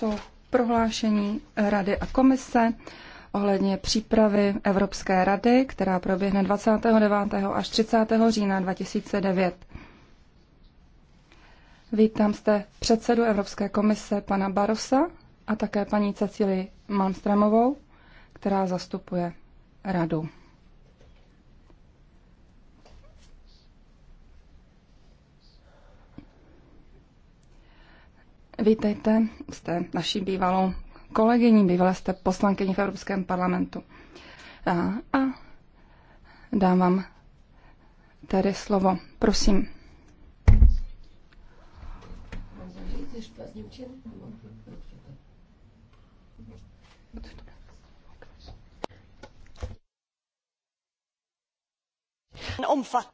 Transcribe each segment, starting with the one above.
jsou prohlášení Rady a komise ohledně přípravy Evropské rady, která proběhne 29. až 30. října 2009. Vítám zde předsedu Evropské komise pana Barosa a také paní Cecily Malmstramovou, která zastupuje radu. Vítejte, jste naší bývalou kolegyní, bývala jste poslankyní v Evropském parlamentu. A, a dám vám tedy slovo. Prosím.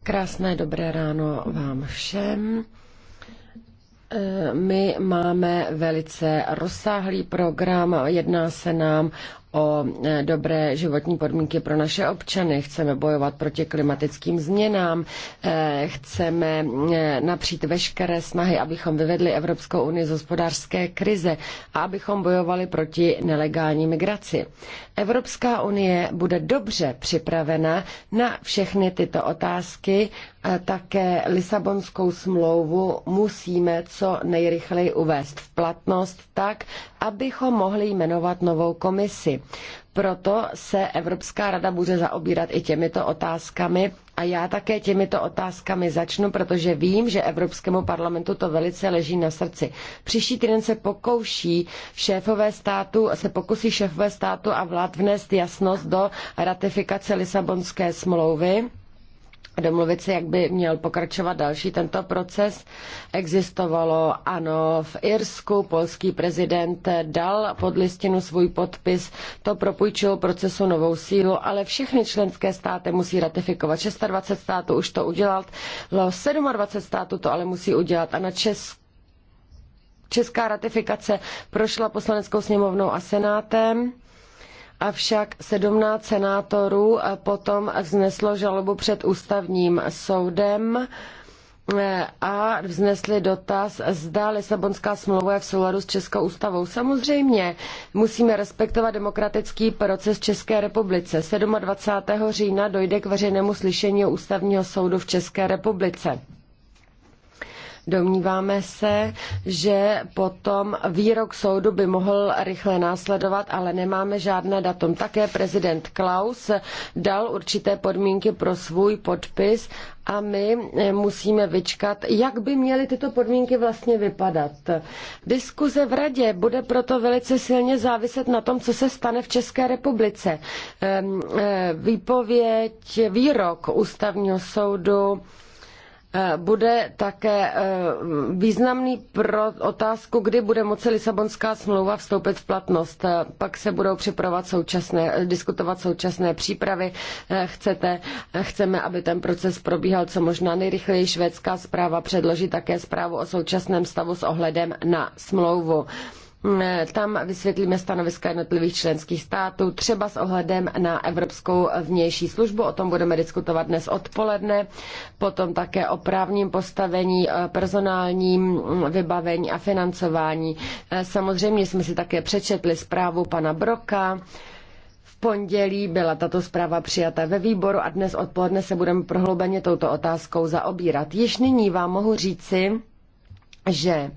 Krásné dobré ráno vám všem. My máme velice rozsáhlý program, jedná se nám o e, dobré životní podmínky pro naše občany, chceme bojovat proti klimatickým změnám, e, chceme e, napřít veškeré snahy, abychom vyvedli Evropskou unii z hospodářské krize a abychom bojovali proti nelegální migraci. Evropská unie bude dobře připravena na všechny tyto otázky také Lisabonskou smlouvu musíme co nejrychleji uvést v platnost tak, abychom mohli jmenovat novou komisi. Proto se Evropská rada bude zaobírat i těmito otázkami a já také těmito otázkami začnu, protože vím, že Evropskému parlamentu to velice leží na srdci. Příští týden se pokouší šéfové státu, se pokusí šéfové státu a vlád vnést jasnost do ratifikace Lisabonské smlouvy domluvit se, jak by měl pokračovat další tento proces. Existovalo, ano, v Irsku polský prezident dal pod listinu svůj podpis, to propůjčilo procesu novou sílu, ale všechny členské státy musí ratifikovat. 26 států už to udělal, 27 států to ale musí udělat a na Česku Česká ratifikace prošla poslaneckou sněmovnou a senátem Avšak 17 senátorů potom vzneslo žalobu před ústavním soudem eh, a vznesli dotaz, zda Lisabonská smlouva je v souladu s Českou ústavou. Samozřejmě musíme respektovat demokratický proces České republice. 27. října dojde k veřejnému slyšení ústavního soudu v České republice. Domníváme se, že potom výrok soudu by mohl rychle následovat, ale nemáme žádné datum. Také prezident Klaus dal určité podmínky pro svůj podpis a my eh, musíme vyčkat, jak by měly tyto podmínky vlastně vypadat. Diskuze v radě bude proto velice silně záviset na tom, co se stane v České republice. Ehm, eh, výpověď, výrok ústavního soudu Eh, bude také eh, významný pro otázku, kdy bude moci Lisabonská smlouva vstoupit v platnost. Eh, pak se budou připravovat současné, diskutovat současné přípravy. Chcete, chceme, aby ten proces probíhal co možná nejrychleji. Švédská zpráva předloží také zprávu o současném stavu s ohledem na smlouvu. Tam vysvětlíme stanoviska jednotlivých členských států, třeba s ohledem na Evropskou vnější službu. O tom budeme diskutovat dnes odpoledne. Potom také o právním postavení, eh, personálním mm, vybavení a financování. Eh, samozřejmě jsme si také přečetli zprávu pana Broka V pondělí byla tato zpráva přijata ve výboru a dnes odpoledne se budeme prohloubeně touto otázkou zaobírat. Již nyní vám mohu říci, že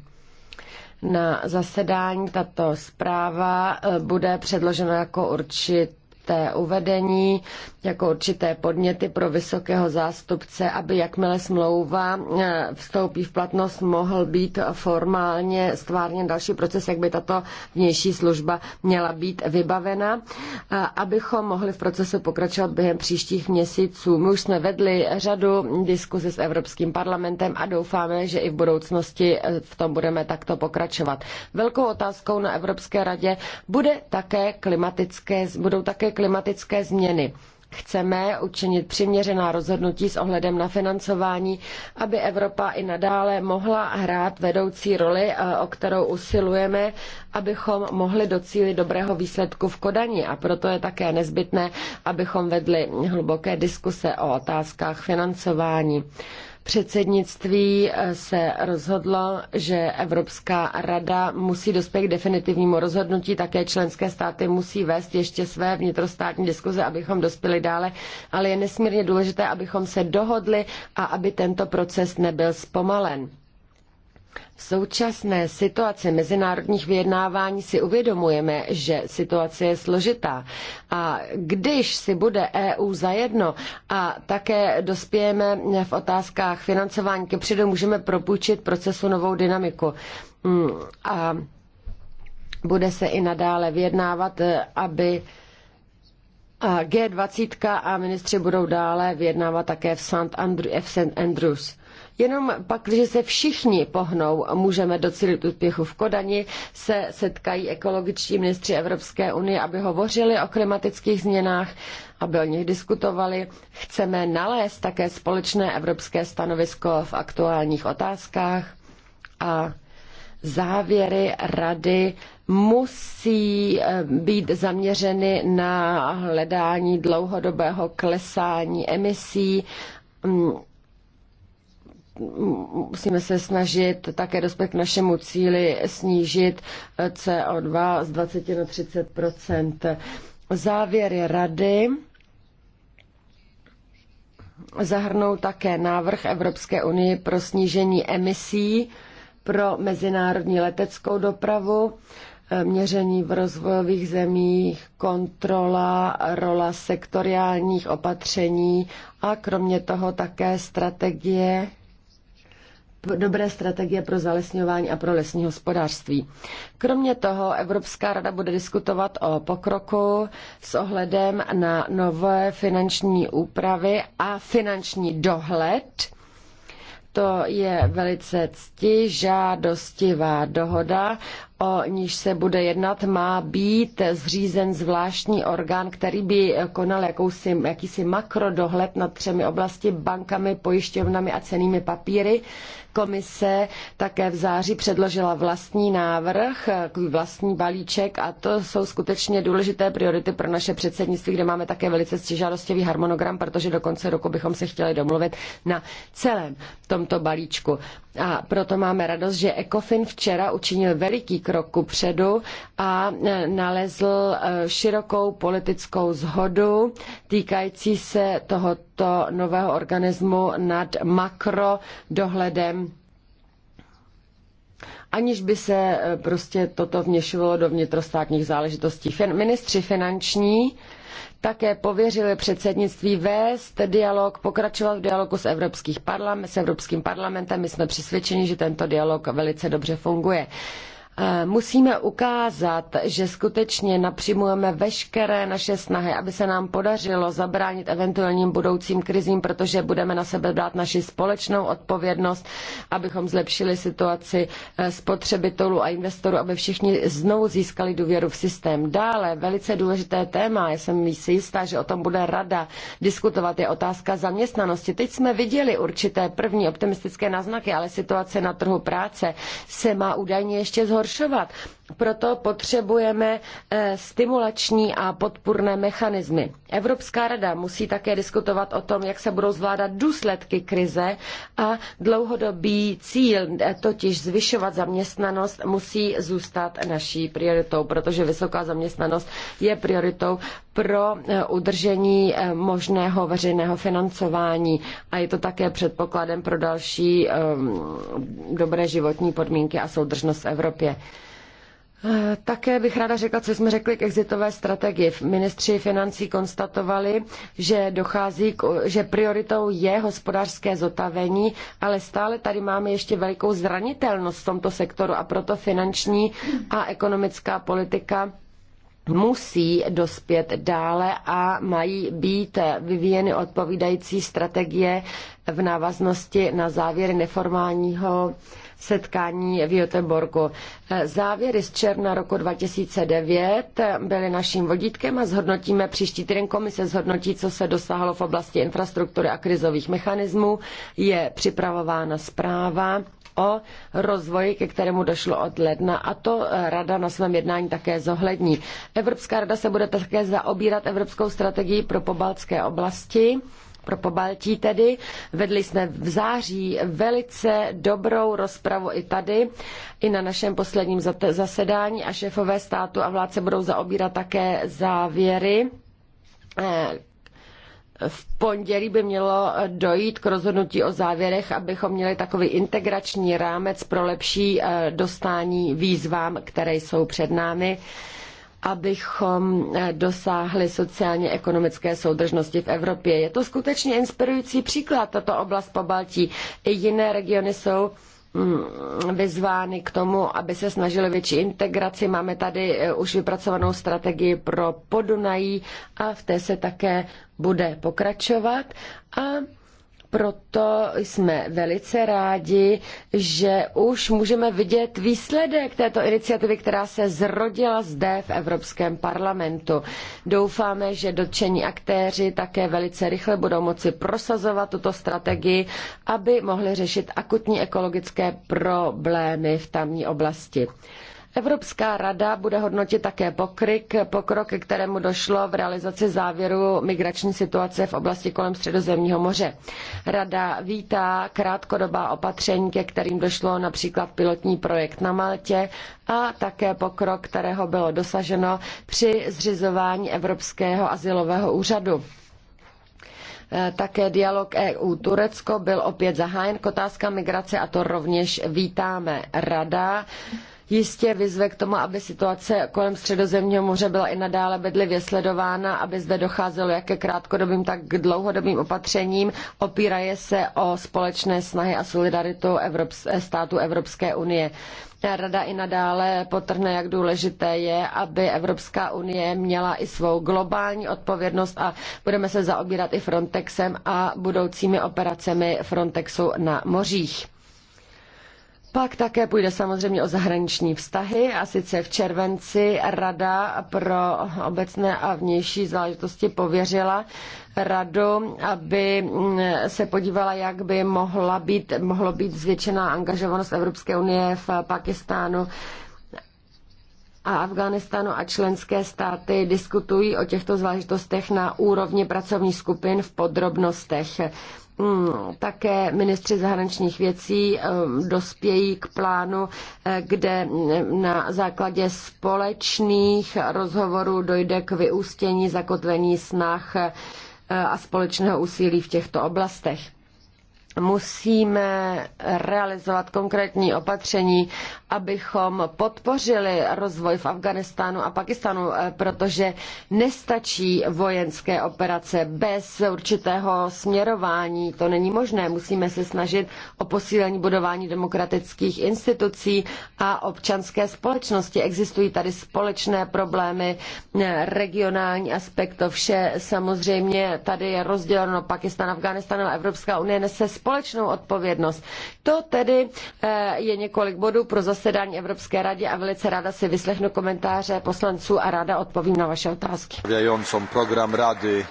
na zasedání tato zpráva eh, bude předložena jako určit jisté uvedení, jako určité podněty pro vysokého zástupce, aby jakmile smlouva eh, vstoupí v platnost, mohl být formálně stvárněn další proces, jak by tato vnější služba měla být vybavena, eh, abychom mohli v procesu pokračovat během příštích měsíců. My už jsme vedli řadu diskuzi s Evropským parlamentem a doufáme, že i v budoucnosti eh, v tom budeme takto pokračovat. Velkou otázkou na Evropské radě bude také klimatické, budou také klimatické změny. Chceme učinit přiměřená rozhodnutí s ohledem na financování, aby Evropa i nadále mohla hrát vedoucí roli, eh, o kterou usilujeme, abychom mohli docílit dobrého výsledku v Kodani. A proto je také nezbytné, abychom vedli hluboké diskuse o otázkách financování. Předsednictví eh, se rozhodlo, že Evropská rada musí dospět k definitivnímu rozhodnutí, také členské státy musí vést ještě své vnitrostátní diskuze, abychom dospěli dále, ale je nesmírně důležité, abychom se dohodli a aby tento proces nebyl zpomalen. V současné situaci mezinárodních vyjednávání si uvědomujeme, že situace je složitá. A když si bude EU zajedno a také dospějeme v otázkách financování ke předu, můžeme propůjčit procesu novou dynamiku. Hmm, a bude se i nadále vyjednávat, eh, aby eh, G20 a ministři budou dále vyjednávat také v St. Andrews. Jenom pak, když se všichni pohnou, můžeme docílit úspěchu v Kodani, se setkají ekologičtí ministři Evropské unie, aby hovořili o klimatických změnách, aby o nich diskutovali. Chceme nalézt také společné evropské stanovisko v aktuálních otázkách a závěry rady musí eh, být zaměřeny na hledání dlouhodobého klesání emisí mm, musíme se snažit také dospět k našemu cíli snížit CO2 z 20 na 30 Závěry rady zahrnou také návrh Evropské unie pro snížení emisí pro mezinárodní leteckou dopravu, měření v rozvojových zemích, kontrola, rola sektoriálních opatření a kromě toho také strategie dobré strategie pro zalesňování a pro lesní hospodářství. Kromě toho Evropská rada bude diskutovat o pokroku s ohledem na nové finanční úpravy a finanční dohled. To je velice ctižádostivá dohoda o níž se bude jednat, má být zřízen zvláštní orgán, který by konal jakousi, jakýsi makrodohled nad třemi oblasti bankami, pojišťovnami a cenými papíry. Komise také v září předložila vlastní návrh, vlastní balíček a to jsou skutečně důležité priority pro naše předsednictví, kde máme také velice stěžádostivý harmonogram, protože do konce roku bychom se chtěli domluvit na celém tomto balíčku. A proto máme radost, že ECOFIN včera učinil veliký kroku předu a e, nalezl e, širokou politickou zhodu týkající se tohoto nového organismu nad makrodohledem aniž by se e, prostě toto vněšovalo do vnitrostátních záležitostí. Fin- ministři finanční také pověřili předsednictví vést dialog, pokračovat v dialogu s, parlament, s Evropským parlamentem. My jsme přesvědčeni, že tento dialog velice dobře funguje. Eh, musíme ukázat, že skutečně napřimujeme veškeré naše snahy, aby se nám podařilo zabránit eventuálním budoucím krizím, protože budeme na sebe brát naši společnou odpovědnost, abychom zlepšili situaci eh, spotřebitelů a investorů, aby všichni znovu získali důvěru v systém. Dále, velice důležité téma, já jsem si jistá, že o tom bude rada diskutovat, je otázka zaměstnanosti. Teď jsme viděli určité první optimistické náznaky, ale situace na trhu práce se má údajně ještě zhoršit zhoršovat. Proto potřebujeme eh, stimulační a podpůrné mechanismy. Evropská rada musí také diskutovat o tom, jak se budou zvládat důsledky krize a dlouhodobý cíl, eh, totiž zvyšovat zaměstnanost, musí zůstat naší prioritou, protože vysoká zaměstnanost je prioritou pro eh, udržení možného veřejného financování a je to také předpokladem pro další ehm, dobré životní podmínky a soudržnost v Evropě. Eh, také bych ráda řekla, co jsme řekli k exitové strategii. Ministři financí konstatovali, že dochází, k, že prioritou je hospodářské zotavení, ale stále tady máme ještě velikou zranitelnost v tomto sektoru a proto finanční a ekonomická politika musí dospět dále a mají být vyvíjeny odpovídající strategie v návaznosti na závěry neformálního setkání v Göteborgu. Závěry z června roku 2009 byly naším vodítkem a zhodnotíme příští týden komise zhodnotí, co se dosáhlo v oblasti infrastruktury a krizových mechanismů. Je připravována zpráva o rozvoji, ke kterému došlo od ledna a to rada na svém jednání také zohlední. Evropská rada se bude také zaobírat Evropskou strategií pro pobaltské oblasti pro Pobaltí tedy. Vedli jsme v září velice dobrou rozpravu i tady, i na našem posledním zasedání a šéfové státu a vládce budou zaobírat také závěry. Eh, v pondělí by mělo dojít k rozhodnutí o závěrech, abychom měli takový integrační rámec pro lepší eh, dostání výzvám, které jsou před námi abychom eh, dosáhli sociálně ekonomické soudržnosti v Evropě. Je to skutečně inspirující příklad, tato oblast po Baltí. I jiné regiony jsou mm, vyzvány k tomu, aby se snažili větší integraci. Máme tady eh, už vypracovanou strategii pro Podunají a v té se také bude pokračovat. A proto jsme velice rádi, že už můžeme vidět výsledek této iniciativy, která se zrodila zde v Evropském parlamentu. Doufáme, že dotčení aktéři také velice rychle budou moci prosazovat tuto strategii, aby mohli řešit akutní ekologické problémy v tamní oblasti. Evropská rada bude hodnotit také pokryk, pokrok, ke kterému došlo v realizaci závěru migrační situace v oblasti kolem Středozemního moře. Rada vítá krátkodobá opatření, ke kterým došlo například pilotní projekt na Maltě a také pokrok, kterého bylo dosaženo při zřizování Evropského asilového úřadu. Eh, také dialog EU-Turecko byl opět zahájen k otázkám migrace a to rovněž vítáme. Rada jistě vyzve k tomu, aby situace kolem Středozemního moře byla i nadále bedlivě sledována, aby zde docházelo jak ke krátkodobým, tak k dlouhodobým opatřením. Opíraje se o společné snahy a solidaritu Evrops- států Evropské unie. Rada i nadále potrhne, jak důležité je, aby Evropská unie měla i svou globální odpovědnost a budeme se zaobírat i Frontexem a budoucími operacemi Frontexu na mořích. Pak také půjde samozřejmě o zahraniční vztahy a sice v červenci Rada pro obecné a vnější záležitosti pověřila radu, aby mm, se podívala, jak by mohla být, mohlo být zvětšená angažovanost Evropské unie v Pakistánu a Afganistánu a členské státy diskutují o těchto záležitostech na úrovni pracovních skupin v podrobnostech. Mm, také ministři zahraničních věcí um, dospějí k plánu, eh, kde mm, na základě společných rozhovorů dojde k vyústění zakotvení snah eh, a společného úsilí v těchto oblastech musíme realizovat konkrétní opatření abychom podpořili rozvoj v Afghánistánu a Pakistanu, eh, protože nestačí vojenské operace bez určitého směrování. To není možné. Musíme se snažit o posílení budování demokratických institucí a občanské společnosti. Existují tady společné problémy, eh, regionální aspekt, to vše samozřejmě tady je rozděleno Pakistan, Afghánistán, ale Evropská unie nese společnou odpovědnost. To tedy eh, je několik bodů pro zase zasedání Evropské rady a velice ráda si vyslechnu komentáře poslanců a ráda odpovím na vaše otázky. Program rady.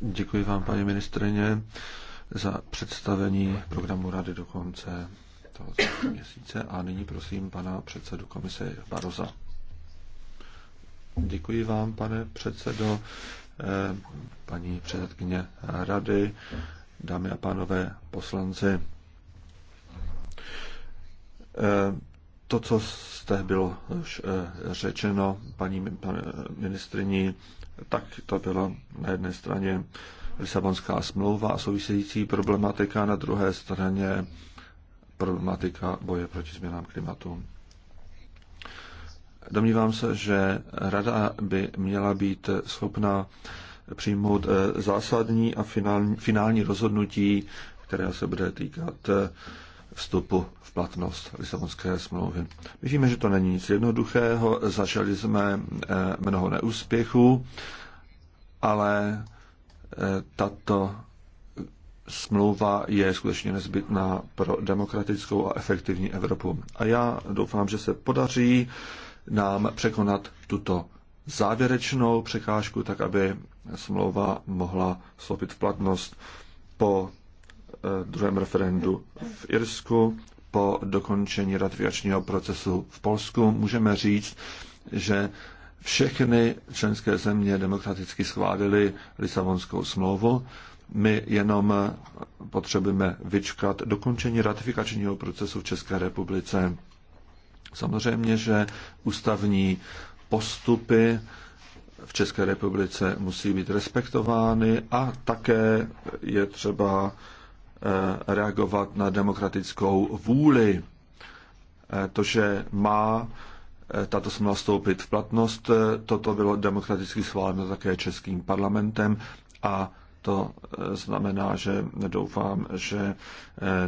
Děkuji vám, paní ministrině, za představení programu rady do konce tohoto měsíce a nyní prosím pana předsedu komise Baroza. Děkuji vám, pane předsedo, eh, paní předsedkyně rady, dámy a pánové poslanci. To, co jste bylo už eh, řečeno paní eh, ministriní, tak to bylo na jedné straně Lisabonská smlouva a související problematika, na druhé straně problematika boje proti změnám klimatu. Domnívám se, že Rada by měla být schopna přijmout eh, zásadní a finální rozhodnutí, které se bude týkat vstupu v platnost Lisabonské smlouvy. Víme, že to není nic jednoduchého, zažili jsme eh, mnoho neúspěchů, ale eh, tato smlouva je skutečně nezbytná pro demokratickou a efektivní Evropu. A já doufám, že se podaří nám překonat tuto závěrečnou překážku, tak aby smlouva mohla vstoupit v platnost po Eh, druhém referendu v Irsku, po dokončení ratifikačního procesu v Polsku, můžeme říct, že všechny členské země demokraticky schválily Lisabonskou smlouvu. My jenom potřebujeme vyčkat dokončení ratifikačního procesu v České republice. Samozřejmě, že ústavní postupy v České republice musí být respektovány a také je třeba Eh, reagovat na demokratickou vůli. Eh, to, že má eh, tato smlouva vstoupit v platnost, toto bylo demokraticky schváleno také českým parlamentem a to znamená, že doufám, že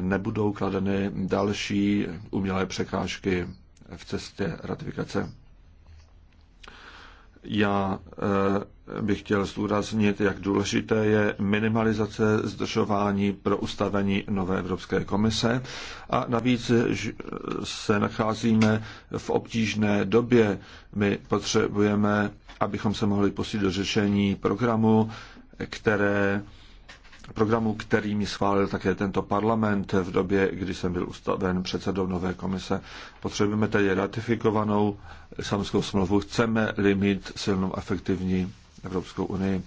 nebudou kladeny další umělé překážky v cestě ratifikace. Já eh, bych chtěl zdůraznit, jak důležité je minimalizace zdržování pro ustavení nové Evropské komise. A navíc se nacházíme v obtížné době. My potřebujeme, abychom se mohli posílit do řešení programu, které programu, který mi schválil také tento parlament v době, kdy jsem byl ustaven předsedou nové komise. Potřebujeme tedy ratifikovanou samskou smlouvu, chceme-li mít silnou efektivní Evropskou unii.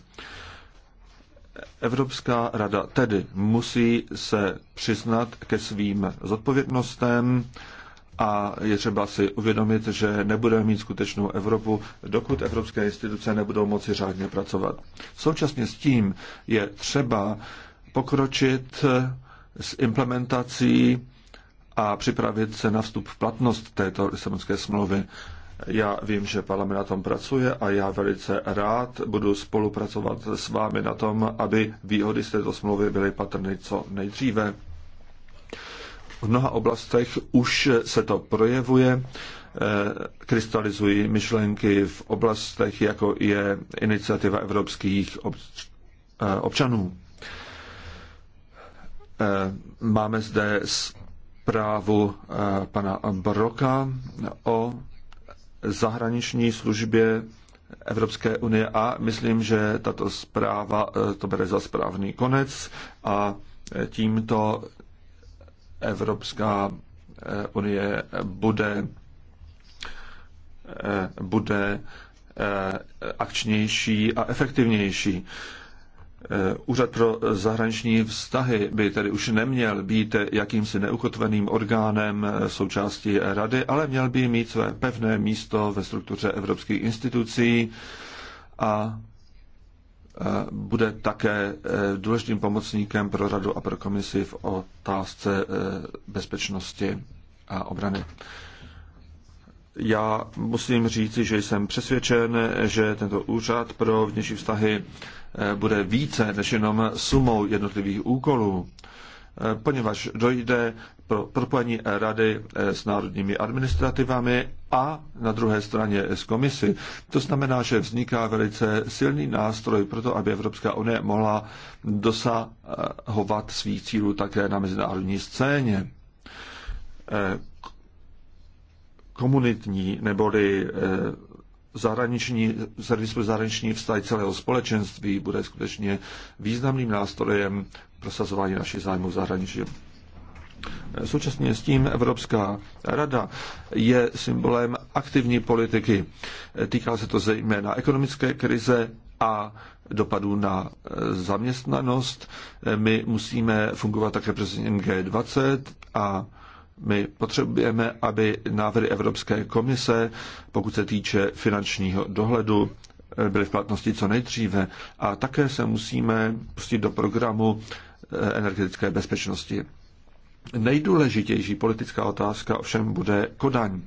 Evropská rada tedy musí se přiznat ke svým zodpovědnostem a je třeba si uvědomit, že nebudeme mít skutečnou Evropu, dokud evropské instituce nebudou moci řádně pracovat. Současně s tím je třeba pokročit s implementací a připravit se na vstup v platnost této Lisabonské smlouvy. Já vím, že parlament na tom pracuje a já velice rád budu spolupracovat s vámi na tom, aby výhody z této smlouvy byly patrny co nejdříve. V mnoha oblastech už se to projevuje, eh, krystalizují myšlenky v oblastech, jako je iniciativa evropských eh, občanů. Eh, máme zde zprávu pana Broka o zahraniční službě Evropské unie a myslím, že tato zpráva eh, to bere za správný konec a eh, tímto Evropská eh, unie bude, bude akčnější a efektivnější. Eh, Úřad pro zahraniční vztahy by tedy už neměl být jakýmsi neukotveným orgánem eh, součástí rady, ale měl by mít své pevné místo ve struktuře evropských institucí a eh, bude také důležitým pomocníkem pro radu a pro komisi v otázce bezpečnosti a obrany. Já musím říci, že jsem přesvědčen, že tento úřad pro vnější vztahy eh, bude více než jenom sumou jednotlivých úkolů, eh, poněvadž dojde pro propojení rady eh, s národními administrativami a na druhé straně s komisí. To znamená, že vzniká velice silný nástroj pro to, aby Evropská unie mohla dosahovat svých cílů také na mezinárodní scéně komunitní neboli eh, zahraniční, servis pro zahraniční vztahy celého společenství bude skutečně významným nástrojem prosazování našich zájmů v zahraničí. Eh, současně s tím Evropská rada je symbolem aktivní politiky. Eh, týká se to zejména ekonomické krize a dopadů na zaměstnanost. My musíme fungovat také přes G20 a my potřebujeme, aby návrhy Evropské komise, pokud se týče finančního dohledu, byly v platnosti co nejdříve. A také se musíme pustit do programu eh, energetické bezpečnosti. Nejdůležitější politická otázka ovšem bude Kodaň.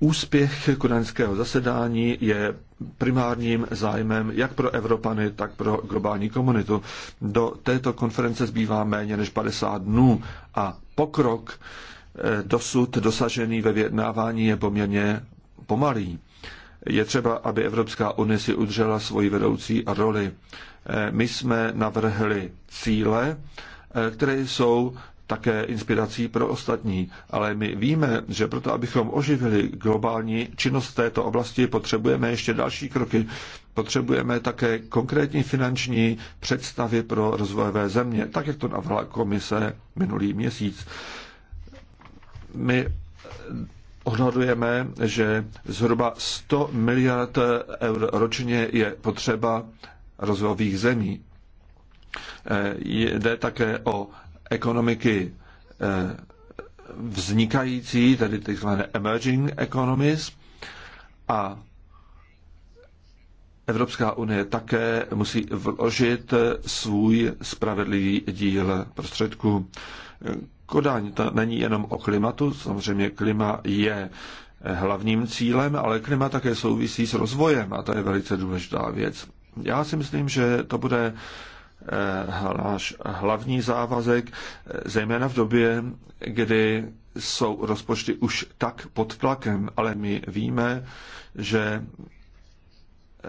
Úspěch kodaňského zasedání je primárním zájmem jak pro Evropany, tak pro globální komunitu. Do této konference zbývá méně než 50 dnů a pokrok eh, dosud dosažený ve vyjednávání je poměrně pomalý. Je třeba, aby Evropská unie si udržela svoji vedoucí roli. Eh, my jsme navrhli cíle, eh, které jsou také inspirací pro ostatní. Ale my víme, že proto, abychom oživili globální činnost této oblasti, potřebujeme ještě další kroky. Potřebujeme také konkrétní finanční představy pro rozvojové země, tak jak to navrhla komise minulý měsíc. My odhadujeme, že zhruba 100 miliard eur ročně je potřeba rozvojových zemí. Eh, jde také o ekonomiky eh, vznikající, tedy tzv. emerging economies, a Evropská unie také musí vložit eh, svůj spravedlivý díl prostředků. Kodaň to není jenom o klimatu, samozřejmě klima je eh, hlavním cílem, ale klima také souvisí s rozvojem a to je velice důležitá věc. Já si myslím, že to bude náš hlavní závazek, zejména v době, kdy jsou rozpočty už tak pod tlakem, ale my víme, že eh,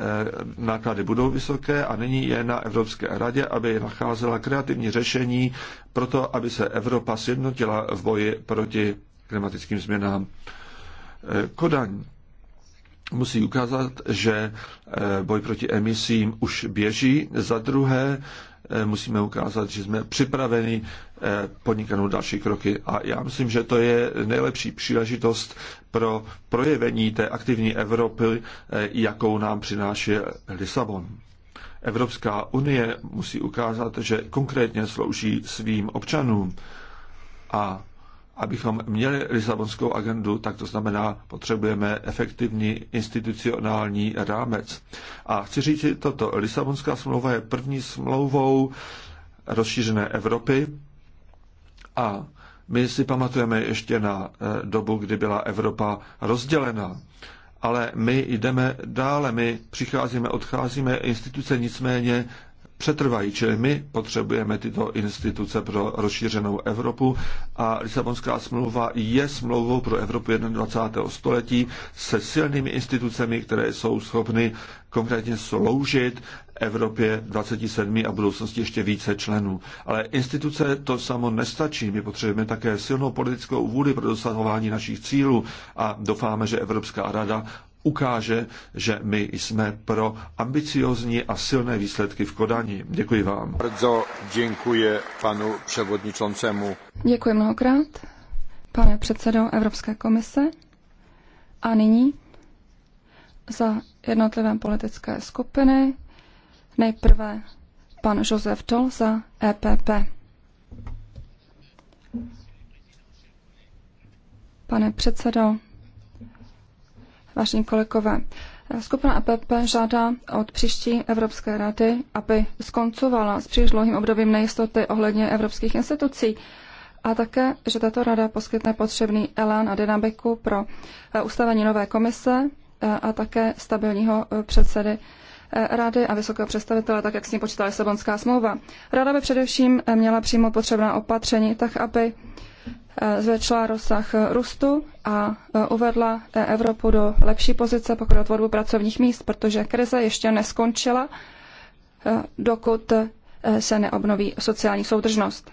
náklady budou vysoké a nyní je na Evropské radě, aby nacházela kreativní řešení pro to, aby se Evropa sjednotila v boji proti klimatickým změnám. Eh, Kodaň musí ukázat, že eh, boj proti emisím už běží. Za druhé, eh, musíme ukázat, že jsme připraveni eh, podniknout další kroky. A já myslím, že to je nejlepší příležitost pro projevení té aktivní Evropy, jakou nám přináší Lisabon. Evropská unie musí ukázat, že konkrétně slouží svým občanům. A abychom měli Lisabonskou agendu, tak to znamená, potřebujeme efektivní institucionální rámec. A chci říct toto. Lisabonská smlouva je první smlouvou rozšířené Evropy a my si pamatujeme ještě na eh, dobu, kdy byla Evropa rozdělena. Ale my jdeme dále, my přicházíme, odcházíme, instituce nicméně přetrvají, čili my potřebujeme tyto instituce pro rozšířenou Evropu a Lisabonská smlouva je smlouvou pro Evropu 21. století se silnými institucemi, které jsou schopny konkrétně sloužit Evropě 27 a budoucnosti ještě více členů. Ale instituce to samo nestačí. My potřebujeme také silnou politickou vůli pro dosahování našich cílů a doufáme, že Evropská rada ukáže, že my jsme pro ambiciozní a silné výsledky v Kodani. Děkuji vám. Bardzo děkuji panu převodničoncemu. Děkuji mnohokrát, pane předsedo Evropské komise. A nyní za jednotlivé politické skupiny. Nejprve pan Josef Tol za EPP. Pane předsedo, vážení kolegové. Skupina EPP žádá od příští Evropské rady, aby skoncovala s příliš dlouhým obdobím nejistoty ohledně evropských institucí a také, že tato rada poskytne potřebný elán a dynamiku pro eh, ustavení nové komise eh, a také stabilního eh, předsedy Rady a vysokého představitele, tak jak s ním počítala Lisabonská smlouva. Rada by především měla přijmout potřebná opatření, tak aby zvětšila rozsah růstu a e, uvedla e, Evropu do lepší pozice, pokud o tvorbu pracovních míst, protože krize ještě neskončila, e, dokud se neobnoví sociální soudržnost.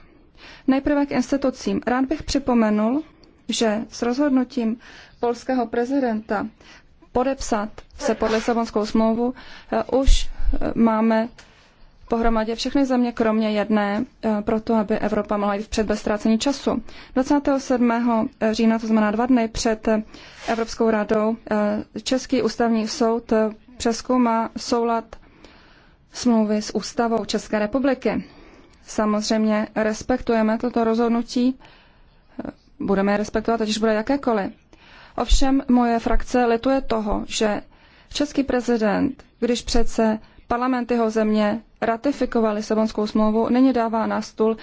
Nejprve k institucím. Rád bych připomenul, že s rozhodnutím polského prezidenta podepsat se pod Lisabonskou smlouvu už máme pohromadě všechny země, kromě jedné, eh, proto aby Evropa mohla jít vpřed bez ztrácení času. 27. Eh, října, to znamená dva dny před eh, Evropskou radou, Český ústavní soud přeskoumá soulad smlouvy s ústavou České republiky. Samozřejmě respektujeme toto rozhodnutí, budeme je respektovat, ať už bude jakékoliv. Ovšem moje frakce lituje toho, že český prezident, když přece parlament jeho země ratifikoval Lisabonskou smlouvu, nyní dává na stůl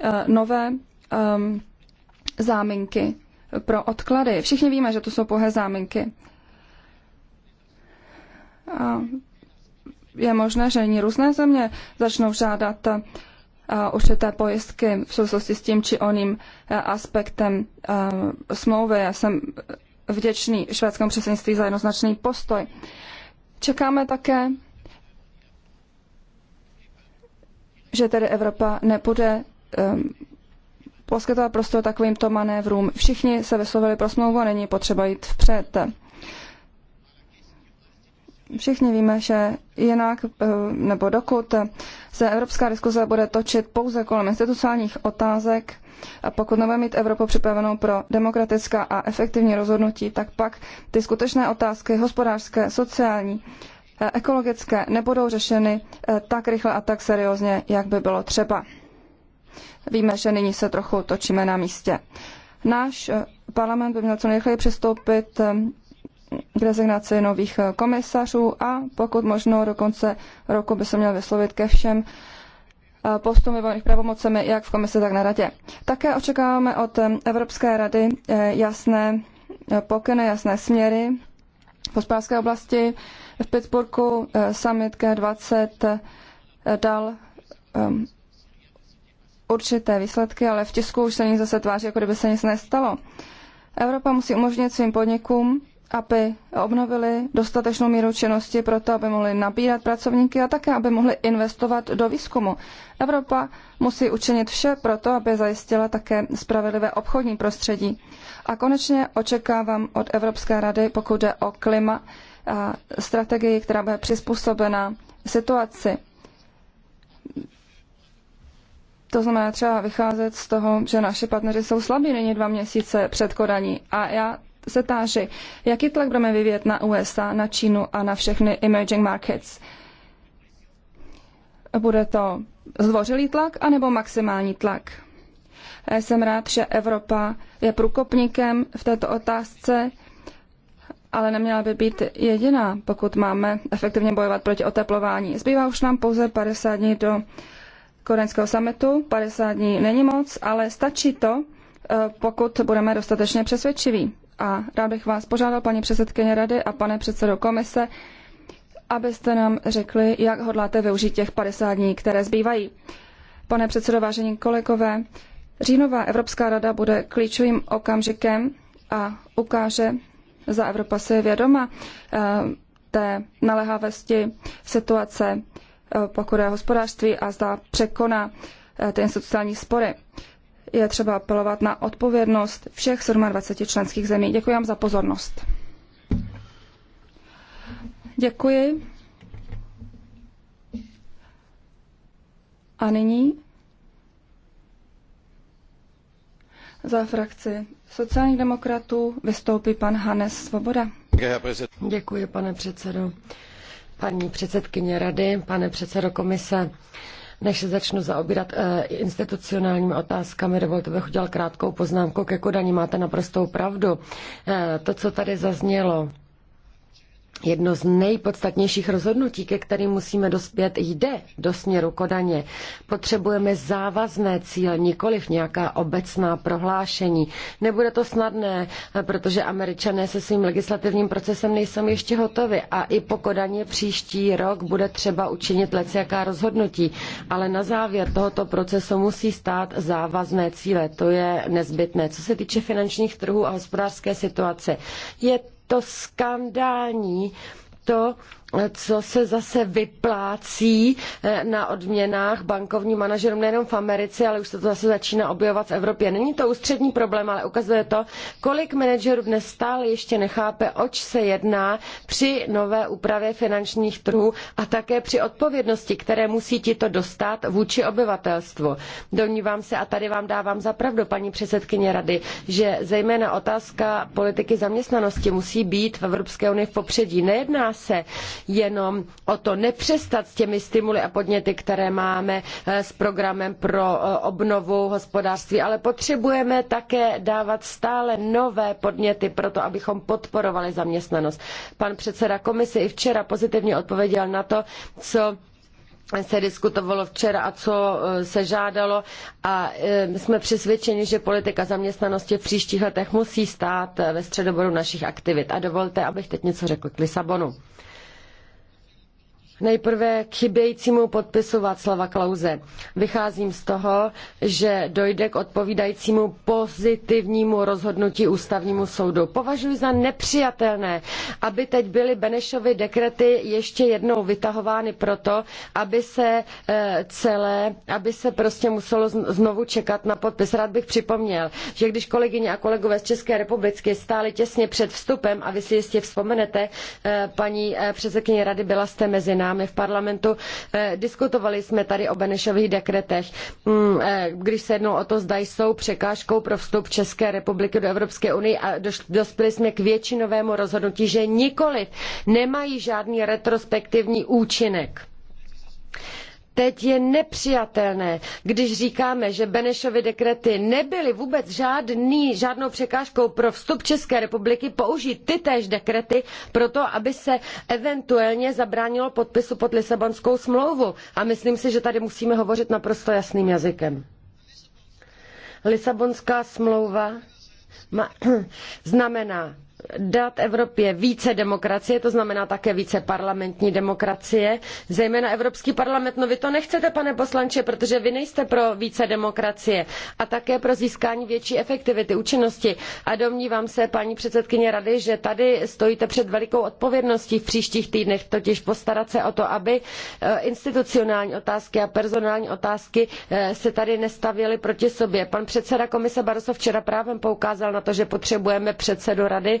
eh, nové ehm, záminky pro odklady. Všichni víme, že to jsou pouhé záminky. A je možné, že nyní různé země začnou žádat eh, určité pojistky v souvislosti s tím či oným eh, aspektem smlouvy. Já jsem vděčný švédskému předsednictví za jednoznačný postoj. Čekáme také že tedy Evropa nepůjde, um, poskytovat prostor takovýmto manévrům. Všichni se vyslovili pro smlouvu a není potřeba jít vpřed. Všichni víme, že jinak ehm, nebo dokud se evropská diskuze bude točit pouze kolem institucionálních otázek, a pokud nebude mít Evropu připravenou pro demokratická a efektivní rozhodnutí, tak pak ty skutečné otázky hospodářské, sociální, Eh, ekologické nebudou řešeny eh, tak rychle a tak seriózně, jak by bylo třeba. Víme, že nyní se trochu točíme na místě. Náš eh, parlament by měl co nejrychleji přistoupit k rezignaci nových komisařů a pokud možno do konce roku by se měl vyslovit ke všem postům vyvolených pravomocemi jak v komisi, tak na radě. Také očekáváme od Evropské rady jasné pokyny, jasné směry v hospodářské oblasti, v Pittsburghu eh, summit G20 eh, dal um, určité výsledky, ale v tisku už se nic zase tváří, jako kdyby se nic nestalo. Evropa musí umožnit svým podnikům, aby obnovili dostatečnou míru činnosti pro to, aby mohli nabírat pracovníky a také, aby mohli investovat do výzkumu. Evropa musí učinit vše pro to, aby zajistila také spravedlivé obchodní prostředí. A konečně očekávám od Evropské rady, pokud jde o klima, strategii, která bude přizpůsobena situaci. To znamená třeba vycházet z toho, že naše partneři jsou slabí nyní dva měsíce před kodaní. A já se táži, jaký tlak budeme vyvíjet na USA, na Čínu a na všechny emerging markets. Bude to zdvořilý tlak anebo maximální tlak? Já jsem rád, že Evropa je průkopníkem v této otázce ale neměla by být jediná, pokud máme efektivně bojovat proti oteplování. Zbývá už nám pouze 50 dní do koreňského summitu. 50 dní není moc, ale stačí to, eh, pokud budeme dostatečně přesvědčiví. A rád bych vás požádal, paní předsedkyně rady a pane předsedo komise, abyste nám řekli, jak hodláte využít těch 50 dní, které zbývají. Pane předsedo, vážení kolegové, říjnová Evropská rada bude klíčovým okamžikem a ukáže, za Evropa si je vědoma eh, té naléhavosti situace, eh, pokud je hospodářství a zda překoná eh, ty institucionální spory. Je třeba apelovat na odpovědnost všech 27 členských zemí. Děkuji vám za pozornost. Děkuji. A nyní za frakci sociálních demokratů vystoupí pan Hanes Svoboda. Děkuji, pane předsedo. Paní předsedkyně rady, pane předsedo komise, než se začnu zaobírat e, institucionálními otázkami, dovolte bych udělal krátkou poznámku ke Kodani. Máte naprostou pravdu. E, to, co tady zaznělo, Jedno z nejpodstatnějších rozhodnutí, ke kterým musíme dospět, jde do směru Kodaně. Potřebujeme závazné cíle, nikoliv nějaká obecná prohlášení. Nebude to snadné, protože američané se svým legislativním procesem nejsou ještě hotovi a i po Kodaně příští rok bude třeba učinit jaká rozhodnutí. Ale na závěr tohoto procesu musí stát závazné cíle. To je nezbytné. Co se týče finančních trhů a hospodářské situace, je to skandální to, co se zase vyplácí eh, na odměnách bankovním manažerům nejenom v Americe, ale už se to zase začíná objevovat v Evropě. Není to ústřední problém, ale ukazuje to, kolik manažerů dnes stále ještě nechápe, oč se jedná při nové úpravě finančních trhů a také při odpovědnosti, které musí tito dostat vůči obyvatelstvu. Domnívám se, a tady vám dávám zapravdu, paní předsedkyně rady, že zejména otázka politiky zaměstnanosti musí být v Evropské unii v popředí. Nejedná se jenom o to nepřestat s těmi stimuly a podněty, které máme eh, s programem pro eh, obnovu hospodářství, ale potřebujeme také dávat stále nové podněty pro to, abychom podporovali zaměstnanost. Pan předseda komise i včera pozitivně odpověděl na to, co se diskutovalo včera a co eh, se žádalo a jsme přesvědčeni, že politika zaměstnanosti v příštích letech musí stát ve středoboru našich aktivit. A dovolte, abych teď něco řekl k Lisabonu. Nejprve k chybějícímu podpisu Václava Klauze. Vycházím z toho, že dojde k odpovídajícímu pozitivnímu rozhodnutí ústavnímu soudu. Považuji za nepřijatelné, aby teď byly Benešovy dekrety ještě jednou vytahovány proto, aby se e, celé, aby se prostě muselo znovu čekat na podpis. Rád bych připomněl, že když kolegyně a kolegové z České republiky stáli těsně před vstupem, a vy si jistě vzpomenete, e, paní e, předsedkyně rady byla jste mezi námi, námi v parlamentu. Eh, diskutovali jsme tady o Benešových dekretech. Mm, eh, když se jednou o to zda jsou překážkou pro vstup České republiky do Evropské unie a dospěli jsme k většinovému rozhodnutí, že nikoliv nemají žádný retrospektivní účinek. Teď je nepřijatelné, když říkáme, že Benešovy dekrety nebyly vůbec žádný, žádnou překážkou pro vstup České republiky použít tytéž dekrety pro to, aby se eventuálně zabránilo podpisu pod Lisabonskou smlouvu. A myslím si, že tady musíme hovořit naprosto jasným jazykem. Lisabonská smlouva znamená dát Evropě více demokracie, to znamená také více parlamentní demokracie, zejména Evropský parlament. No vy to nechcete, pane poslanče, protože vy nejste pro více demokracie a také pro získání větší efektivity, účinnosti. A domnívám se, paní předsedkyně rady, že tady stojíte před velikou odpovědností v příštích týdnech, totiž postarat se o to, aby eh, institucionální otázky a personální otázky eh, se tady nestavěly proti sobě. Pan předseda komise Barroso včera právem poukázal na to, že potřebujeme předsedu rady,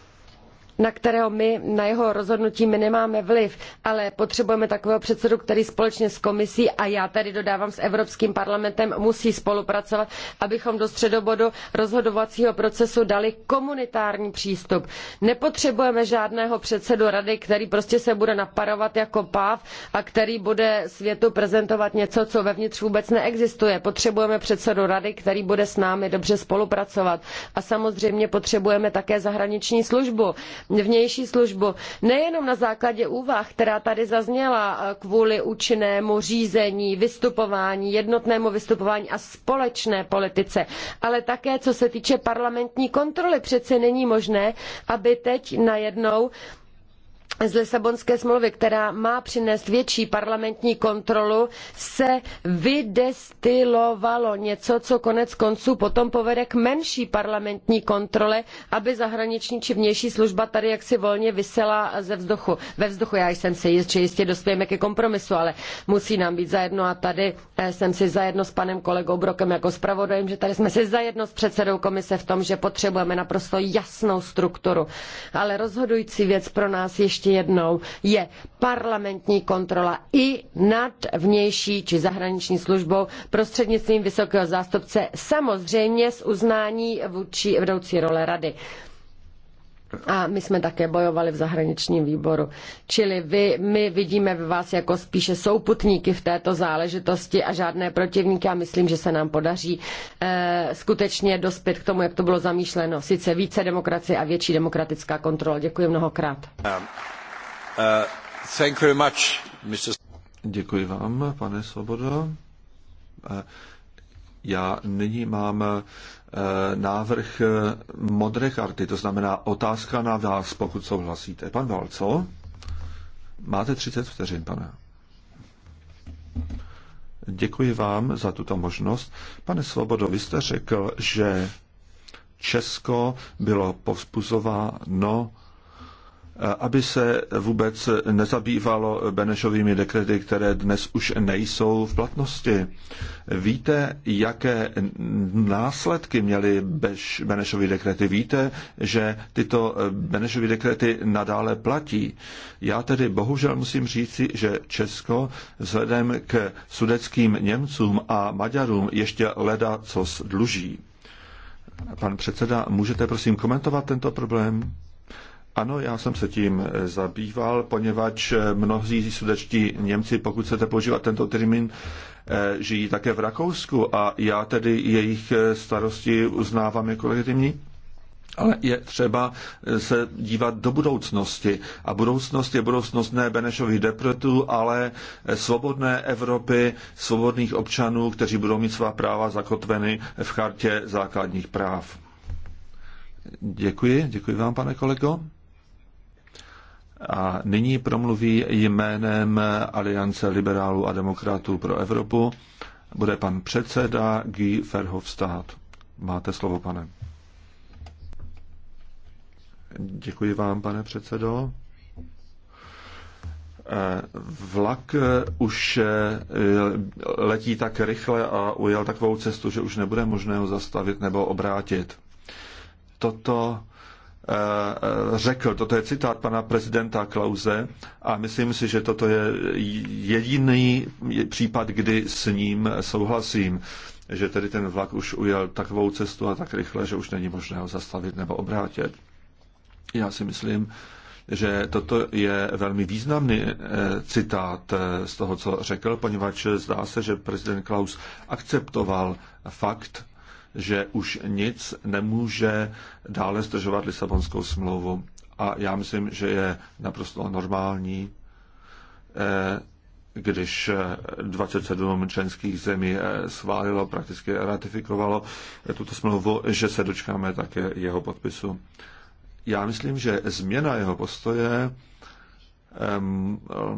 na kterého my, na jeho rozhodnutí my nemáme vliv, ale potřebujeme takového předsedu, který společně s komisí a já tady dodávám s Evropským parlamentem musí spolupracovat, abychom do středobodu rozhodovacího procesu dali komunitární přístup. Nepotřebujeme žádného předsedu rady, který prostě se bude naparovat jako páv a který bude světu prezentovat něco, co vevnitř vůbec neexistuje. Potřebujeme předsedu rady, který bude s námi dobře spolupracovat. A samozřejmě potřebujeme také zahraniční službu vnější službu. Nejenom na základě úvah, která tady zazněla eh, kvůli účinnému řízení, vystupování, jednotnému vystupování a společné politice, ale také co se týče parlamentní kontroly. Přece není možné, aby teď najednou z Lisabonské smlouvy, která má přinést větší parlamentní kontrolu, se vydestilovalo něco, co konec konců potom povede k menší parlamentní kontrole, aby zahraniční či vnější služba tady jaksi volně vysela ze vzduchu. Ve vzduchu já jsem si jist, že jistě dospějeme ke kompromisu, ale musí nám být zajedno a tady eh, jsem si zajedno s panem kolegou Brokem jako zpravodajem, že tady jsme si zajedno s předsedou komise v tom, že potřebujeme naprosto jasnou strukturu. Ale rozhodující věc pro nás ještě ještě jednou, je parlamentní kontrola i nad vnější či zahraniční službou prostřednictvím vysokého zástupce, samozřejmě s uznání vůči vedoucí role rady. A my jsme také bojovali v zahraničním výboru. Čili vy, my vidíme ve vás jako spíše souputníky v této záležitosti a žádné protivníky a myslím, že se nám podaří eh, skutečně dospět k tomu, jak to bylo zamýšleno. Sice více demokracie a větší demokratická kontrola. Děkuji mnohokrát. Um. Uh, Děkuji vám, pane Svobodo. Eh, já nyní mám eh, návrh eh, modré karty, to znamená otázka na vás, pokud souhlasíte. Pan Valco, máte 30 vteřin, pane. Děkuji vám za tuto možnost. Pane Svobodo, vy jste řekl, že Česko bylo povzbuzováno aby se vůbec nezabývalo Benešovými dekrety, které dnes už nejsou v platnosti. Víte, jaké následky měly Benešovy dekrety? Víte, že tyto Benešovy dekrety nadále platí? Já tedy bohužel musím říci, že Česko vzhledem k sudeckým Němcům a Maďarům ještě leda co dluží. Pan předseda, můžete prosím komentovat tento problém? Ano, já jsem se tím eh, zabýval, poněvadž eh, mnozí sudečtí Němci, pokud chcete používat tento termín, eh, žijí také v Rakousku a já tedy jejich starosti uznávám jako legitimní. Ale je třeba se dívat do budoucnosti. A budoucnost je budoucnost ne Benešových depretů, ale svobodné Evropy, svobodných občanů, kteří budou mít svá práva zakotveny v chartě základních práv. Děkuji, děkuji vám, pane kolego. A nyní promluví jménem Aliance liberálů a demokratů pro Evropu. Bude pan předseda Guy Verhofstadt. Máte slovo, pane. Děkuji vám, pane předsedo. Vlak už eh, letí tak rychle a ujel takovou cestu, že už nebude možné ho zastavit nebo obrátit. Toto Eh, řekl, toto je citát pana prezidenta Klauze a myslím si, že toto je jediný případ, kdy s ním souhlasím, že tedy ten vlak už ujel takovou cestu a tak rychle, že už není možné ho zastavit nebo obrátit. Já si myslím, že toto je velmi významný eh, citát eh, z toho, co řekl, poněvadž zdá se, že prezident Klaus akceptoval fakt, že už nic nemůže dále zdržovat Lisabonskou smlouvu. A já myslím, že je naprosto normální, eh, když 27 členských zemí eh, schválilo, prakticky ratifikovalo eh, tuto smlouvu, že se dočkáme také jeho podpisu. Já myslím, že změna jeho postoje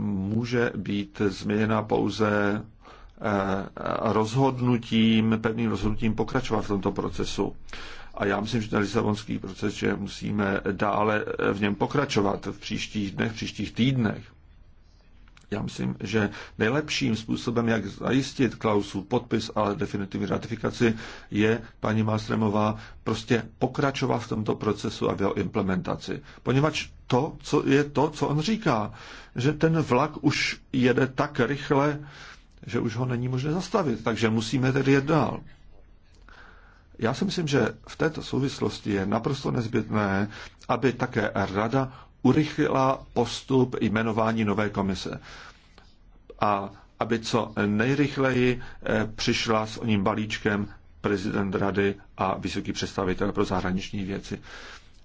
může být změněna pouze Eh, rozhodnutím, pevným rozhodnutím pokračovat v tomto procesu. A já myslím, že ten lisabonský proces, že musíme dále eh, v něm pokračovat v příštích dnech, v příštích týdnech. Já myslím, že nejlepším způsobem, jak zajistit klausu podpis a definitivní ratifikaci, je, paní Mástremová, prostě pokračovat v tomto procesu a v jeho implementaci. Poněvadž to, co je to, co on říká, že ten vlak už jede tak rychle, že už ho není možné zastavit, takže musíme tedy jet dál. Já si myslím, že v této souvislosti je naprosto nezbytné, aby také Rada urychlila postup jmenování nové komise a aby co nejrychleji eh, přišla s oním balíčkem prezident Rady a vysoký představitel pro zahraniční věci.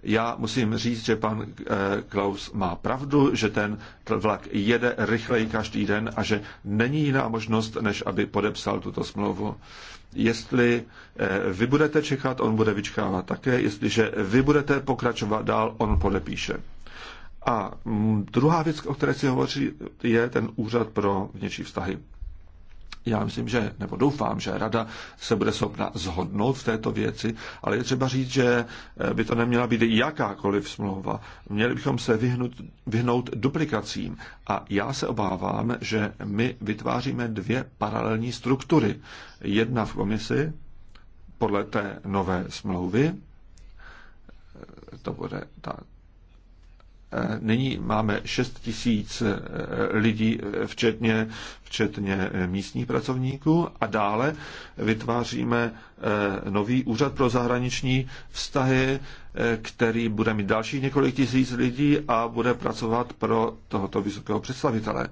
Já musím říct, že pan eh, Klaus má pravdu, že ten vlak jede rychleji každý den a že není jiná možnost, než aby podepsal tuto smlouvu. Jestli eh, vy budete čekat, on bude vyčkávat také. Jestliže vy budete pokračovat dál, on podepíše. A mm, druhá věc, o které si hovoří, je ten úřad pro vnější vztahy. Já myslím, že, nebo doufám, že rada se bude schopna zhodnout v této věci, ale je třeba říct, že eh, by to neměla být jakákoliv smlouva. Měli bychom se vyhnout, vyhnout duplikacím. A já se obávám, že my vytváříme dvě paralelní struktury. Jedna v komisi podle té nové smlouvy, eh, to bude ta Nyní máme 6 tisíc eh, lidí, eh, včetně, včetně eh, místních pracovníků a dále vytváříme nový úřad pro zahraniční vztahy, který bude mít další několik tisíc lidí a bude pracovat pro tohoto vysokého představitele.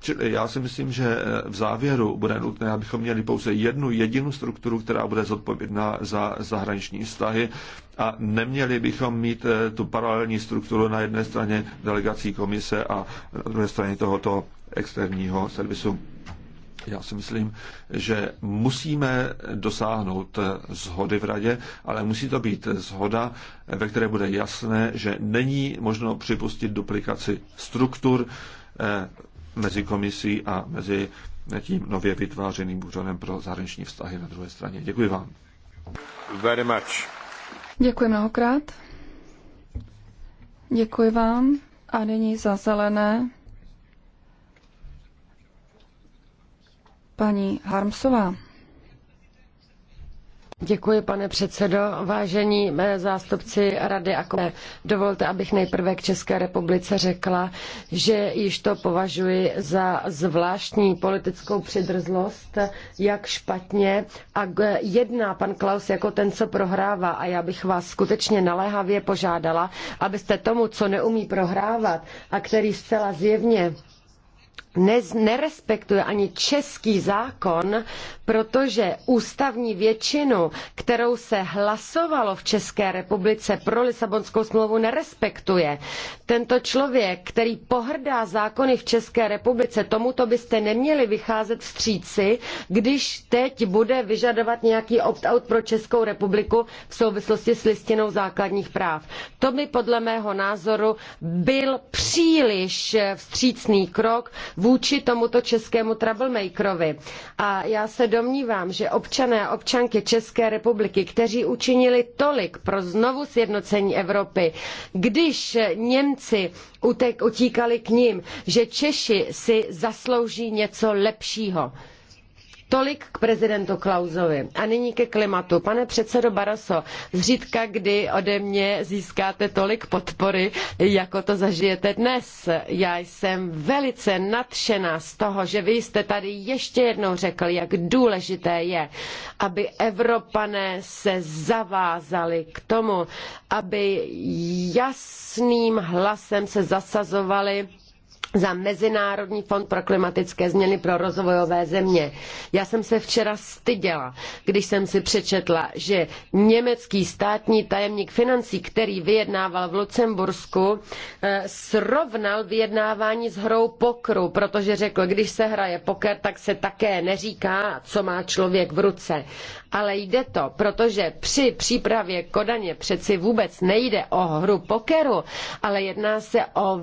Čili já si myslím, že eh, v závěru bude nutné, abychom měli pouze jednu jedinou strukturu, která bude zodpovědná za zahraniční vztahy a neměli bychom mít eh, tu paralelní strukturu na jedné straně delegací komise a na druhé straně tohoto externího servisu. Já si myslím, že musíme dosáhnout zhody eh, v radě, ale musí to být zhoda, ve které bude jasné, že není možno připustit duplikaci struktur, mezi komisí a mezi tím nově vytvářeným úřadem pro zahraniční vztahy na druhé straně. Děkuji vám. Very much. Děkuji mnohokrát. Děkuji vám. A nyní za zelené paní Harmsová. Děkuji, pane předsedo. Vážení eh, zástupci Rady a komise, dovolte, abych nejprve k České republice řekla, že již to považuji za zvláštní politickou přidrzlost, jak špatně a jedná pan Klaus jako ten, co prohrává. A já bych vás skutečně naléhavě požádala, abyste tomu, co neumí prohrávat a který zcela zjevně nerespektuje ani český zákon, protože ústavní většinu, kterou se hlasovalo v České republice pro Lisabonskou smlouvu, nerespektuje. Tento člověk, který pohrdá zákony v České republice, tomuto byste neměli vycházet vstříci, když teď bude vyžadovat nějaký opt-out pro Českou republiku v souvislosti s listinou základních práv. To by podle mého názoru byl příliš vstřícný krok vůči vůči tomuto českému troublemakerovi. A já se domnívám, že občané a občanky České republiky, kteří učinili tolik pro znovu sjednocení Evropy, když Němci utek, utíkali k ním, že Češi si zaslouží něco lepšího. Tolik k prezidentu Klausovi. A nyní ke klimatu. Pane předsedo Barroso, zřídka kdy ode mě získáte tolik podpory, jako to zažijete dnes. Já jsem velice nadšená z toho, že vy jste tady ještě jednou řekl, jak důležité je, aby Evropané se zavázali k tomu, aby jasným hlasem se zasazovali za Mezinárodní fond pro klimatické změny pro rozvojové země. Já jsem se včera styděla, když jsem si přečetla, že německý státní tajemník financí, který vyjednával v Lucembursku, eh, srovnal vyjednávání s hrou pokru, protože řekl, když se hraje poker, tak se také neříká, co má člověk v ruce ale jde to, protože při přípravě Kodaně přeci vůbec nejde o hru pokeru, ale jedná se o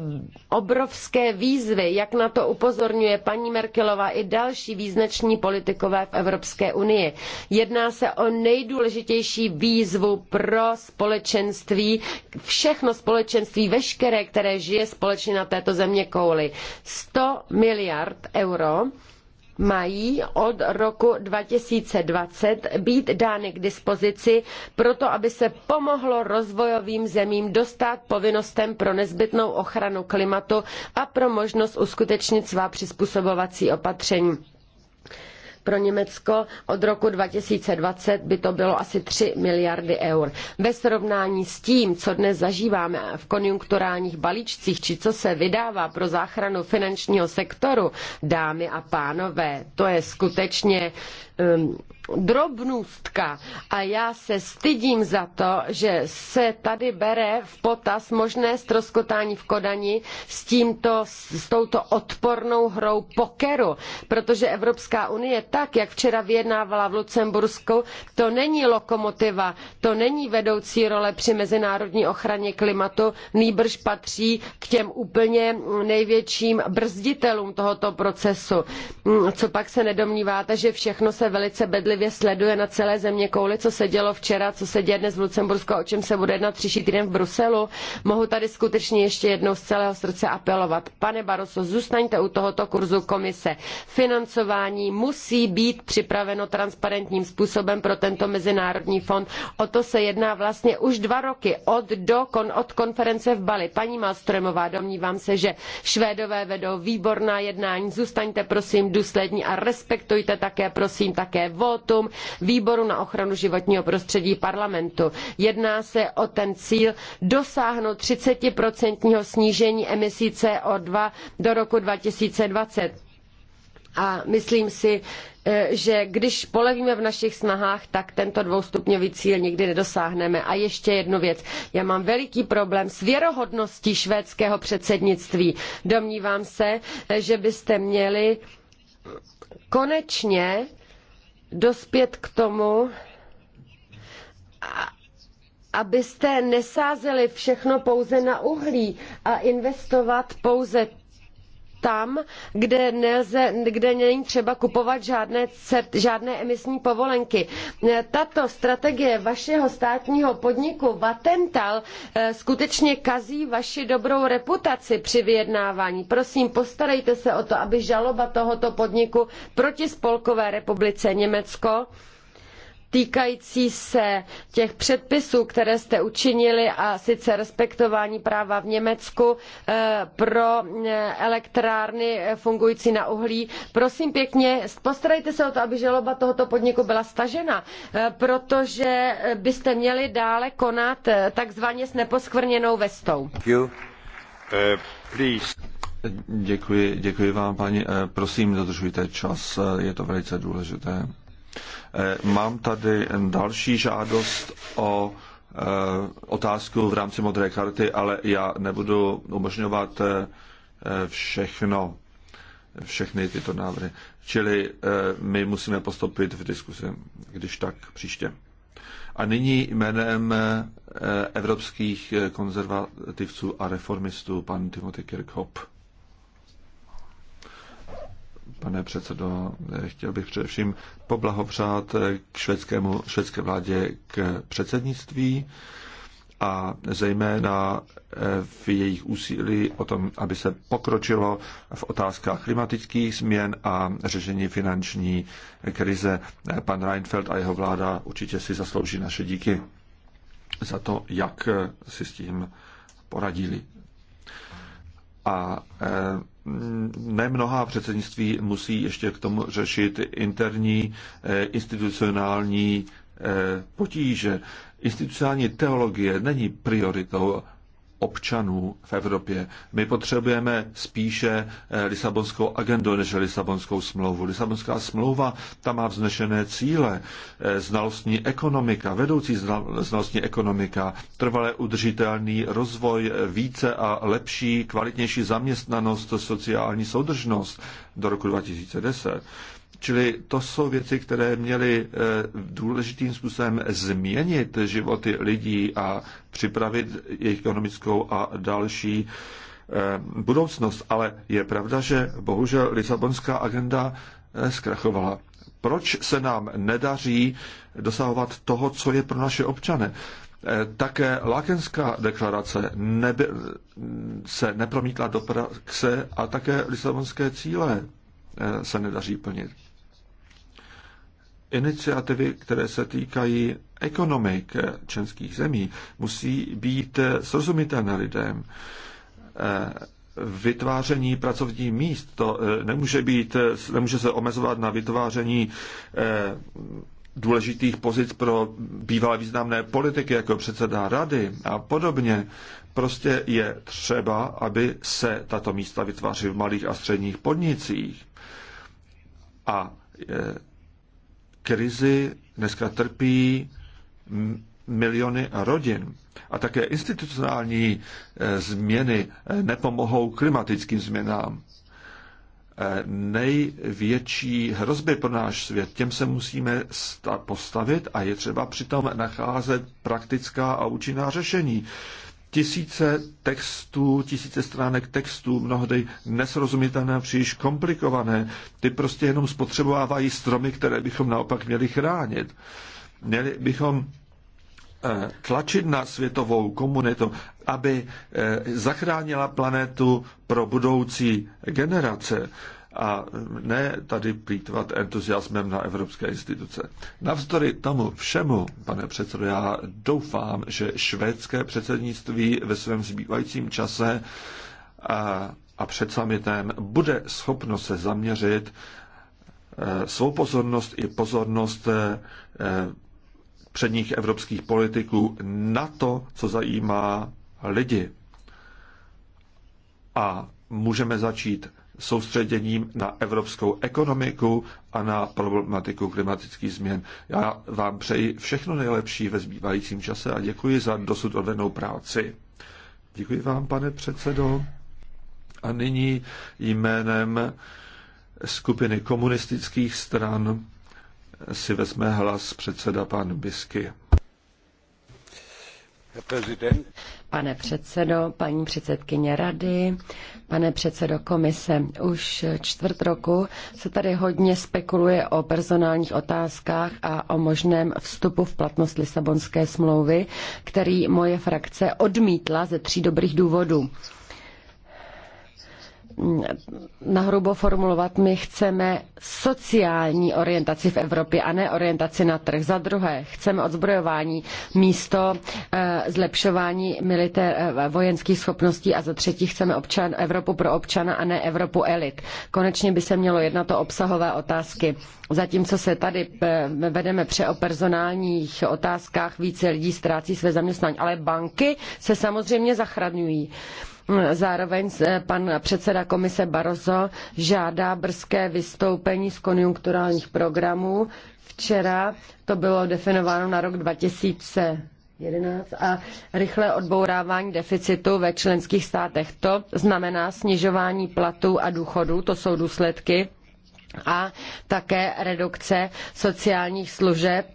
obrovské výzvy, jak na to upozorňuje paní Merkelová i další význační politikové v Evropské unii. Jedná se o nejdůležitější výzvu pro společenství, všechno společenství veškeré, které žije společně na této země kouli. 100 miliard euro mají od roku 2020 být dány k dispozici proto, aby se pomohlo rozvojovým zemím dostat povinnostem pro nezbytnou ochranu klimatu a pro možnost uskutečnit svá přizpůsobovací opatření pro Německo od roku 2020 by to bylo asi 3 miliardy eur. Ve srovnání s tím, co dnes zažíváme v konjunkturálních balíčcích, či co se vydává pro záchranu finančního sektoru, dámy a pánové, to je skutečně Ehm, drobnůstka a já se stydím za to, že se tady bere v potaz možné stroskotání v Kodani s, tímto, s touto odpornou hrou pokeru, protože Evropská unie tak, jak včera vyjednávala v Lucembursku, to není lokomotiva, to není vedoucí role při mezinárodní ochraně klimatu, nýbrž patří k těm úplně největším brzditelům tohoto procesu. Hm, Co pak se nedomníváte, že všechno se se velice bedlivě sleduje na celé země kouli, co se dělo včera, co se děje dnes v Lucembursku a o čem se bude jednat příští týden v Bruselu. Mohu tady skutečně ještě jednou z celého srdce apelovat. Pane Barroso, zůstaňte u tohoto kurzu komise. Financování musí být připraveno transparentním způsobem pro tento mezinárodní fond. O to se jedná vlastně už dva roky od, do, kon, od konference v Bali. Paní Malstromová, domnívám se, že Švédové vedou výborná jednání. Zůstaňte prosím důslední a respektujte také prosím také votum výboru na ochranu životního prostředí parlamentu. Jedná se o ten cíl dosáhnout 30% snížení emisí CO2 do roku 2020. A myslím si, eh, že když polevíme v našich snahách, tak tento dvoustupňový cíl nikdy nedosáhneme. A ještě jednu věc. Já mám veliký problém s věrohodností švédského předsednictví. Domnívám se, že byste měli konečně dospět k tomu, abyste nesázeli všechno pouze na uhlí a investovat pouze tam, kde, nelze, kde není třeba kupovat žádné, cert, žádné emisní povolenky. Tato strategie vašeho státního podniku Vatental eh, skutečně kazí vaši dobrou reputaci při vyjednávání. Prosím, postarejte se o to, aby žaloba tohoto podniku proti Spolkové republice Německo týkající se těch předpisů, které jste učinili, a sice respektování práva v Německu eh, pro eh, elektrárny eh, fungující na uhlí. Prosím pěkně, postarejte se o to, aby žaloba tohoto podniku byla stažena, protože byste měli dále konat takzvaně s neposkvrněnou vestou. Děkuji, děkuji vám, paní. Prosím, dodržujte čas, je to velice důležité. Eh, mám tady další žádost o eh, otázku v rámci modré karty, ale já nebudu umožňovat eh, všechno, všechny tyto návrhy. Čili my musíme postoupit v diskusi, když tak příště. A nyní jménem evropských konzervativců a reformistů pan Timothy Kirkhope pane předsedo. Chtěl bych především poblahopřát k švédskému, švédské vládě k předsednictví a zejména eh, v jejich úsilí o tom, aby se pokročilo v otázkách klimatických změn a řešení finanční krize. Pan Reinfeldt a jeho vláda určitě si zaslouží naše díky za to, jak si s tím poradili. A e, nemnohá předsednictví musí ještě k tomu řešit interní e, institucionální e, potíže. Institucionální teologie není prioritou občanů v Evropě. My potřebujeme spíše eh, Lisabonskou agendu než Lisabonskou smlouvu. Lisabonská smlouva tam má vznešené cíle. Eh, znalostní ekonomika, vedoucí znalostní ekonomika, trvalé udržitelný rozvoj, eh, více a lepší, kvalitnější zaměstnanost, sociální soudržnost do roku 2010. Čili to jsou věci, které měly eh, důležitým způsobem změnit životy lidí a připravit jejich ekonomickou a další eh, budoucnost. Ale je pravda, že bohužel Lisabonská agenda eh, zkrachovala. Proč se nám nedaří dosahovat toho, co je pro naše občany? Také Lakenská deklarace neby, se nepromítla do praxe a také Lisabonské cíle se nedaří plnit iniciativy, které se týkají ekonomik členských zemí, musí být srozumitelné lidem. Eh, vytváření pracovních míst to eh, nemůže, být, eh, nemůže se omezovat na vytváření důležitých pozic pro bývalé významné politiky, jako předseda rady a podobně. Prostě je třeba, aby se tato místa vytvářely v malých a středních podnicích. A krizi dneska trpí miliony rodin. A také institucionální e, změny e, nepomohou klimatickým změnám. E, největší hrozby pro náš svět, těm se musíme postavit a je třeba přitom nacházet praktická a účinná řešení tisíce textů, tisíce stránek textů, mnohdy nesrozumitelné, příliš komplikované. Ty prostě jenom spotřebovávají stromy, které bychom naopak měli chránit. Měli bychom eh, tlačit na světovou komunitu, aby eh, zachránila planetu pro budoucí generace a ne tady plítvat entuziasmem na evropské instituce. Navzdory tomu všemu, pane předsedo, já doufám, že švédské předsednictví ve svém zbývajícím čase a, a před samitem bude schopno se zaměřit eh, svou pozornost i pozornost eh, předních evropských politiků na to, co zajímá lidi. A můžeme začít soustředěním na evropskou ekonomiku a na problematiku klimatických změn. Já vám přeji všechno nejlepší ve zbývajícím čase a děkuji za dosud odvednou práci. Děkuji vám, pane předsedo. A nyní jménem skupiny komunistických stran si vezme hlas předseda pan Bisky pane předsedo, paní předsedkyně rady, pane předsedo komise. Už čtvrt roku se tady hodně spekuluje o personálních otázkách a o možném vstupu v platnost Lisabonské smlouvy, který moje frakce odmítla ze tří dobrých důvodů nahrubo formulovat, my chceme sociální orientaci v Evropě a ne orientaci na trh. Za druhé, chceme odzbrojování místo eh, zlepšování eh, vojenských schopností a za třetí chceme občan, Evropu pro občana a ne Evropu elit. Konečně by se mělo jednat o obsahové otázky. Zatímco se tady eh, vedeme pře o personálních otázkách, více lidí ztrácí své zaměstnání, ale banky se samozřejmě zachraňují. Zároveň eh, pan předseda komise Barroso žádá brzké vystoupení z konjunkturálních programů. Včera to bylo definováno na rok 2000. 11 a rychlé odbourávání deficitu ve členských státech. To znamená snižování platů a důchodů, to jsou důsledky a také redukce sociálních služeb,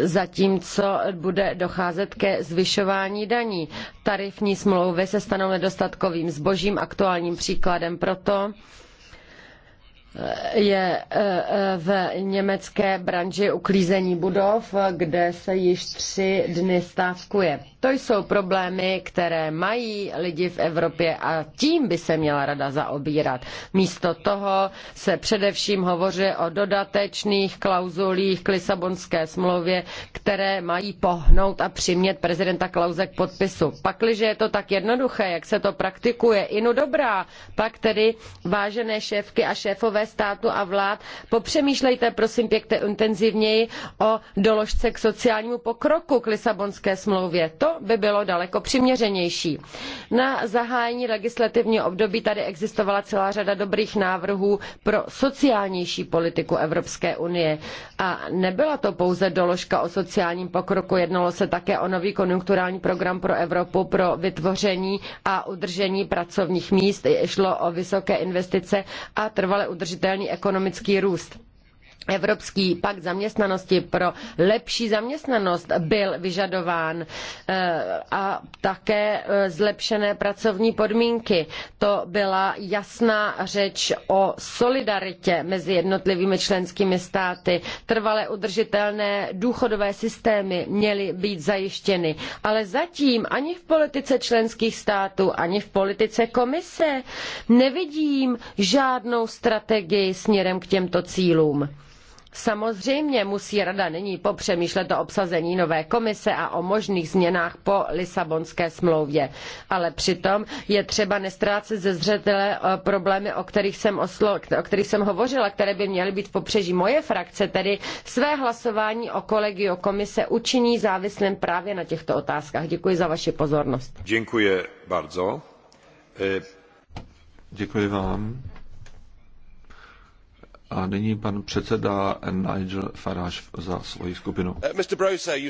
zatímco bude docházet ke zvyšování daní. Tarifní smlouvy se stanou nedostatkovým zbožím, aktuálním příkladem pro to je e, e, v německé branži uklízení budov, kde se již tři dny stávkuje. To jsou problémy, které mají lidi v Evropě a tím by se měla rada zaobírat. Místo toho se především hovoří o dodatečných klauzulích k Lisabonské smlouvě, které mají pohnout a přimět prezidenta Klauze k podpisu. Pakliže je to tak jednoduché, jak se to praktikuje, inu no dobrá, pak tedy vážené šéfky a šéfové šéfové státu a vlád, popřemýšlejte prosím pěkně intenzivněji o doložce k sociálnímu pokroku k Lisabonské smlouvě. To by bylo daleko přiměřenější. Na zahájení legislativního období tady existovala celá řada dobrých návrhů pro sociálnější politiku Evropské unie. A nebyla to pouze doložka o sociálním pokroku, jednalo se také o nový konjunkturální program pro Evropu pro vytvoření a udržení pracovních míst. Šlo o vysoké investice a trvale udržení udržitelný ekonomický růst. Evropský pakt zaměstnanosti pro lepší zaměstnanost byl vyžadován eh, a také eh, zlepšené pracovní podmínky. To byla jasná řeč o solidaritě mezi jednotlivými členskými státy. Trvale udržitelné důchodové systémy měly být zajištěny. Ale zatím ani v politice členských států, ani v politice komise nevidím žádnou strategii směrem k těmto cílům. Samozřejmě musí rada nyní popřemýšlet o obsazení nové komise a o možných změnách po Lisabonské smlouvě. Ale přitom je třeba nestrácet ze zřetele eh, problémy, o kterých, jsem oslo, o kterých jsem hovořila, které by měly být v popřeží moje frakce, tedy své hlasování o kolegiu komise učiní závislým právě na těchto otázkách. Děkuji za vaši pozornost. Děkuji bardzo. Děkuji vám. A nyní pan předseda Nigel Farage za svoji skupinu. Uh,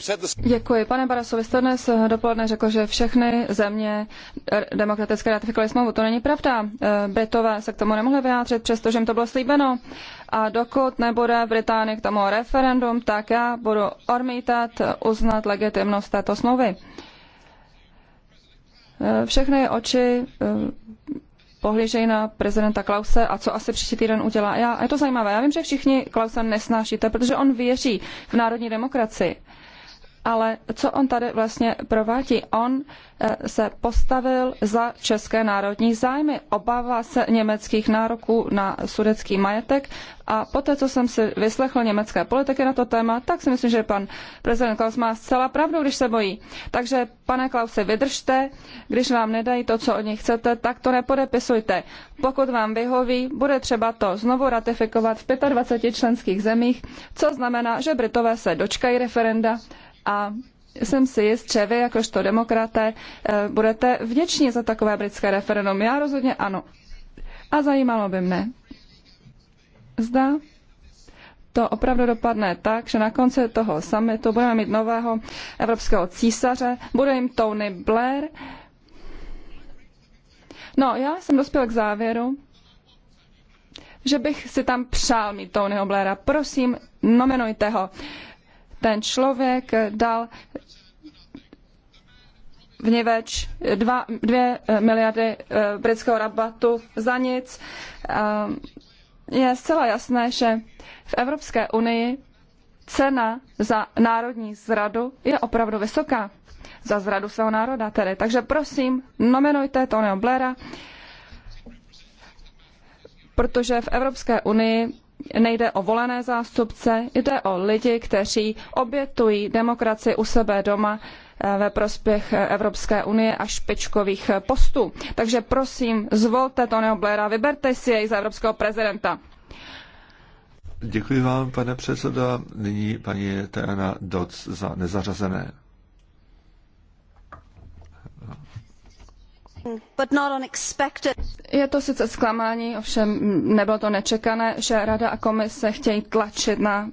Děkuji. Pane Baraso, vy jste dnes eh, dopoledne řekl, že všechny země eh, demokratické ratifikovaly smlouvu. To není pravda. Eh, Britové se k tomu nemohli vyjádřit, přestože jim to bylo slíbeno. A dokud nebude v Británii k tomu referendum, tak já budu odmítat uznat legitimnost této smlouvy. Všechny oči pohlížejí na prezidenta Klause a co asi příští týden udělá. Já, je to zajímavé. Já vím, že všichni Klausa nesnášíte, protože on věří v národní demokracii ale co on tady vlastně provádí? On eh, se postavil za české národní zájmy, obává se německých nároků na sudecký majetek a poté, co jsem si vyslechl německé politiky na to téma, tak si myslím, že pan prezident Klaus má zcela pravdu, když se bojí. Takže, pane Klausi, vydržte, když vám nedají to, co od nich chcete, tak to nepodepisujte. Pokud vám vyhoví, bude třeba to znovu ratifikovat v 25 členských zemích, co znamená, že Britové se dočkají referenda a jsem si jist, že vy, jakožto demokraté, eh, budete vděční za takové britské referendum. Já rozhodně ano. A zajímalo by mne, zda to opravdu dopadne tak, že na konci toho summitu budeme mít nového evropského císaře, bude jim Tony Blair. No, já jsem dospěl k závěru, že bych si tam přál mít Tonyho Blaira. Prosím, nominujte ho. Uh, ten člověk dal v něveč dvě eh, miliardy eh, britského rabatu za nic. Eh, je zcela jasné, že v Evropské unii cena za národní zradu je opravdu vysoká. Za zradu svého národa tedy. Takže prosím, nominujte Tonyho Blaira, protože v Evropské unii nejde o volené zástupce, jde o lidi, kteří obětují demokracii u sebe doma eh, ve prospěch Evropské unie a špičkových postů. Takže prosím, zvolte Tonyho Blaira, vyberte si jej za evropského prezidenta. Děkuji vám, pane předseda. Nyní paní Tena Doc za nezařazené. Je to sice zklamání, ovšem nebylo to nečekané, že Rada a Komise chtějí tlačit na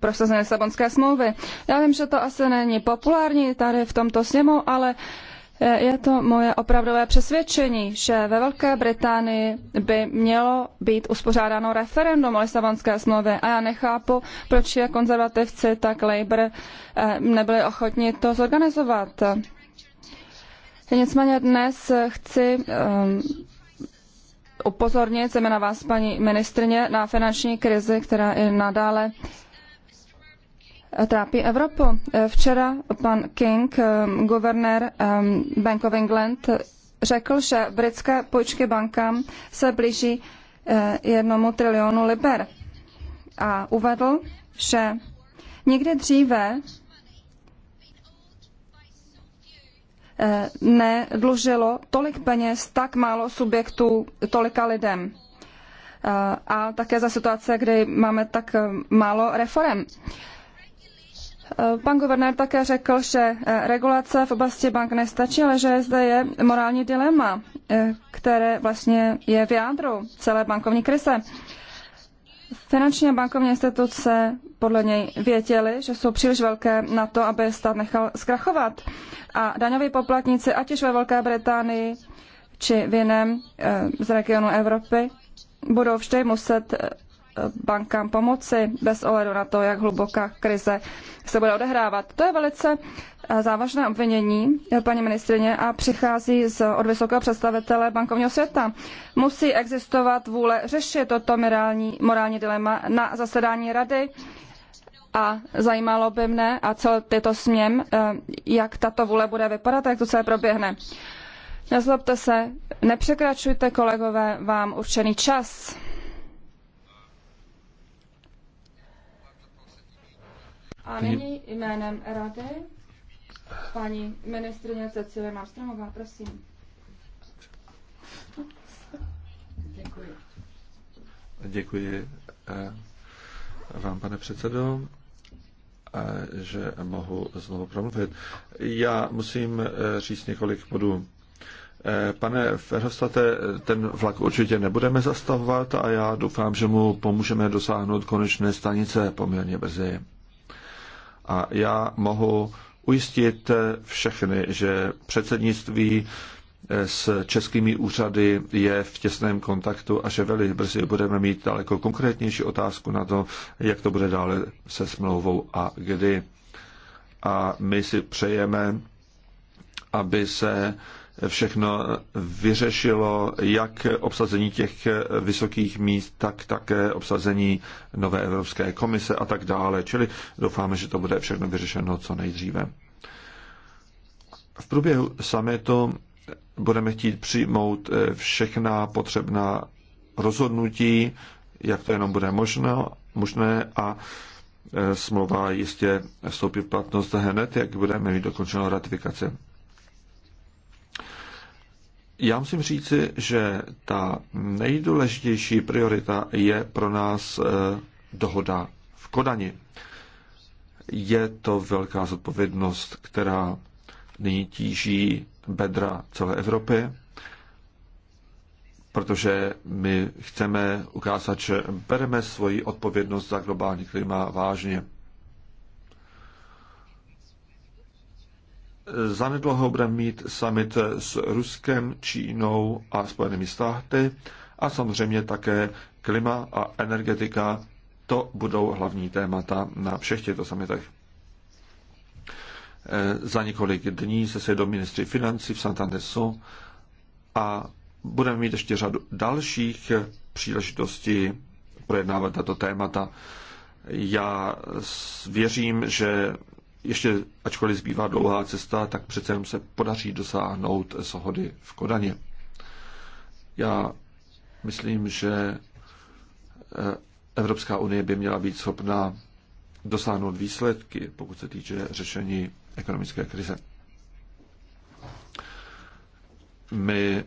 prosazení Lisabonské smlouvy. Já vím, že to asi není populární tady v tomto sněmu, ale eh, je to moje opravdové přesvědčení, že ve Velké Británii by mělo být uspořádáno referendum o Lisabonské smlouvě a já nechápu, proč je konzervativci tak Labour eh, nebyli ochotni to zorganizovat. Nicméně dnes chci ehm, upozornit, zejména vás, paní ministrně, na finanční krizi, která i nadále eh, trápí Evropu. Eh, včera pan King, ehm, guvernér ehm, Bank of England, řekl, že britské půjčky bankám se blíží eh, jednomu trilionu liber. A uvedl, že nikdy dříve nedlužilo tolik peněz, tak málo subjektů, tolika lidem. Eh, a také za situace, kdy máme tak eh, málo reform. Eh, pan guvernér také řekl, že regulace v oblasti bank nestačí, ale že zde je morální dilema, které vlastně je v jádru celé bankovní krize. Finanční a bankovní instituce podle něj věděli, že jsou příliš velké na to, aby je stát nechal zkrachovat. A daňoví poplatníci, ať už ve Velké Británii či v jiném eh, z regionu Evropy, budou vždy muset eh, bankám pomoci bez ohledu na to, jak hluboká krize se bude odehrávat. To je velice eh, závažné obvinění, paní ministrině, a přichází z, od vysokého představitele bankovního světa. Musí existovat vůle řešit toto morální, morální dilema na zasedání rady a zajímalo by mne a celé tyto směm, eh, jak tato vůle bude vypadat a jak to celé proběhne. Nezlobte se, nepřekračujte, kolegové, vám určený čas. A nyní jménem Rady paní ministrině Cecilie Marstromová, prosím. Děkuji. Děkuji eh, vám, pane předsedo že mohu znovu promluvit. Já musím eh, říct několik bodů. Eh, pane Ferhostate, ten vlak určitě nebudeme zastavovat a já doufám, že mu pomůžeme dosáhnout konečné stanice poměrně brzy. A já mohu ujistit eh, všechny, že předsednictví s českými úřady je v těsném kontaktu a že velmi brzy budeme mít daleko konkrétnější otázku na to, jak to bude dále se smlouvou a kdy. A my si přejeme, aby se všechno vyřešilo, jak obsazení těch vysokých míst, tak také obsazení nové Evropské komise a tak dále. Čili doufáme, že to bude všechno vyřešeno co nejdříve. V průběhu to budeme chtít přijmout eh, všechna potřebná rozhodnutí, jak to jenom bude možno, možné a eh, smlouva jistě vstoupí v platnost hned, jak budeme mít dokončenou ratifikaci. Já musím říci, že ta nejdůležitější priorita je pro nás eh, dohoda v Kodani. Je to velká zodpovědnost, která nyní tíží bedra celé Evropy, protože my chceme ukázat, že bereme svoji odpovědnost za globální klima vážně. Zanedlouho budeme mít summit s Ruskem, Čínou a Spojenými státy a samozřejmě také klima a energetika. To budou hlavní témata na všech těchto summitech. Eh, za několik dní se sejdou ministry financí v Santandesu a budeme mít ještě řadu dalších příležitostí projednávat tato témata. Já věřím, že ještě ačkoliv zbývá dlouhá cesta, tak přece jenom se podaří dosáhnout shody v Kodaně. Já myslím, že eh, Evropská unie by měla být schopna dosáhnout výsledky, pokud se týče řešení ekonomické krize. My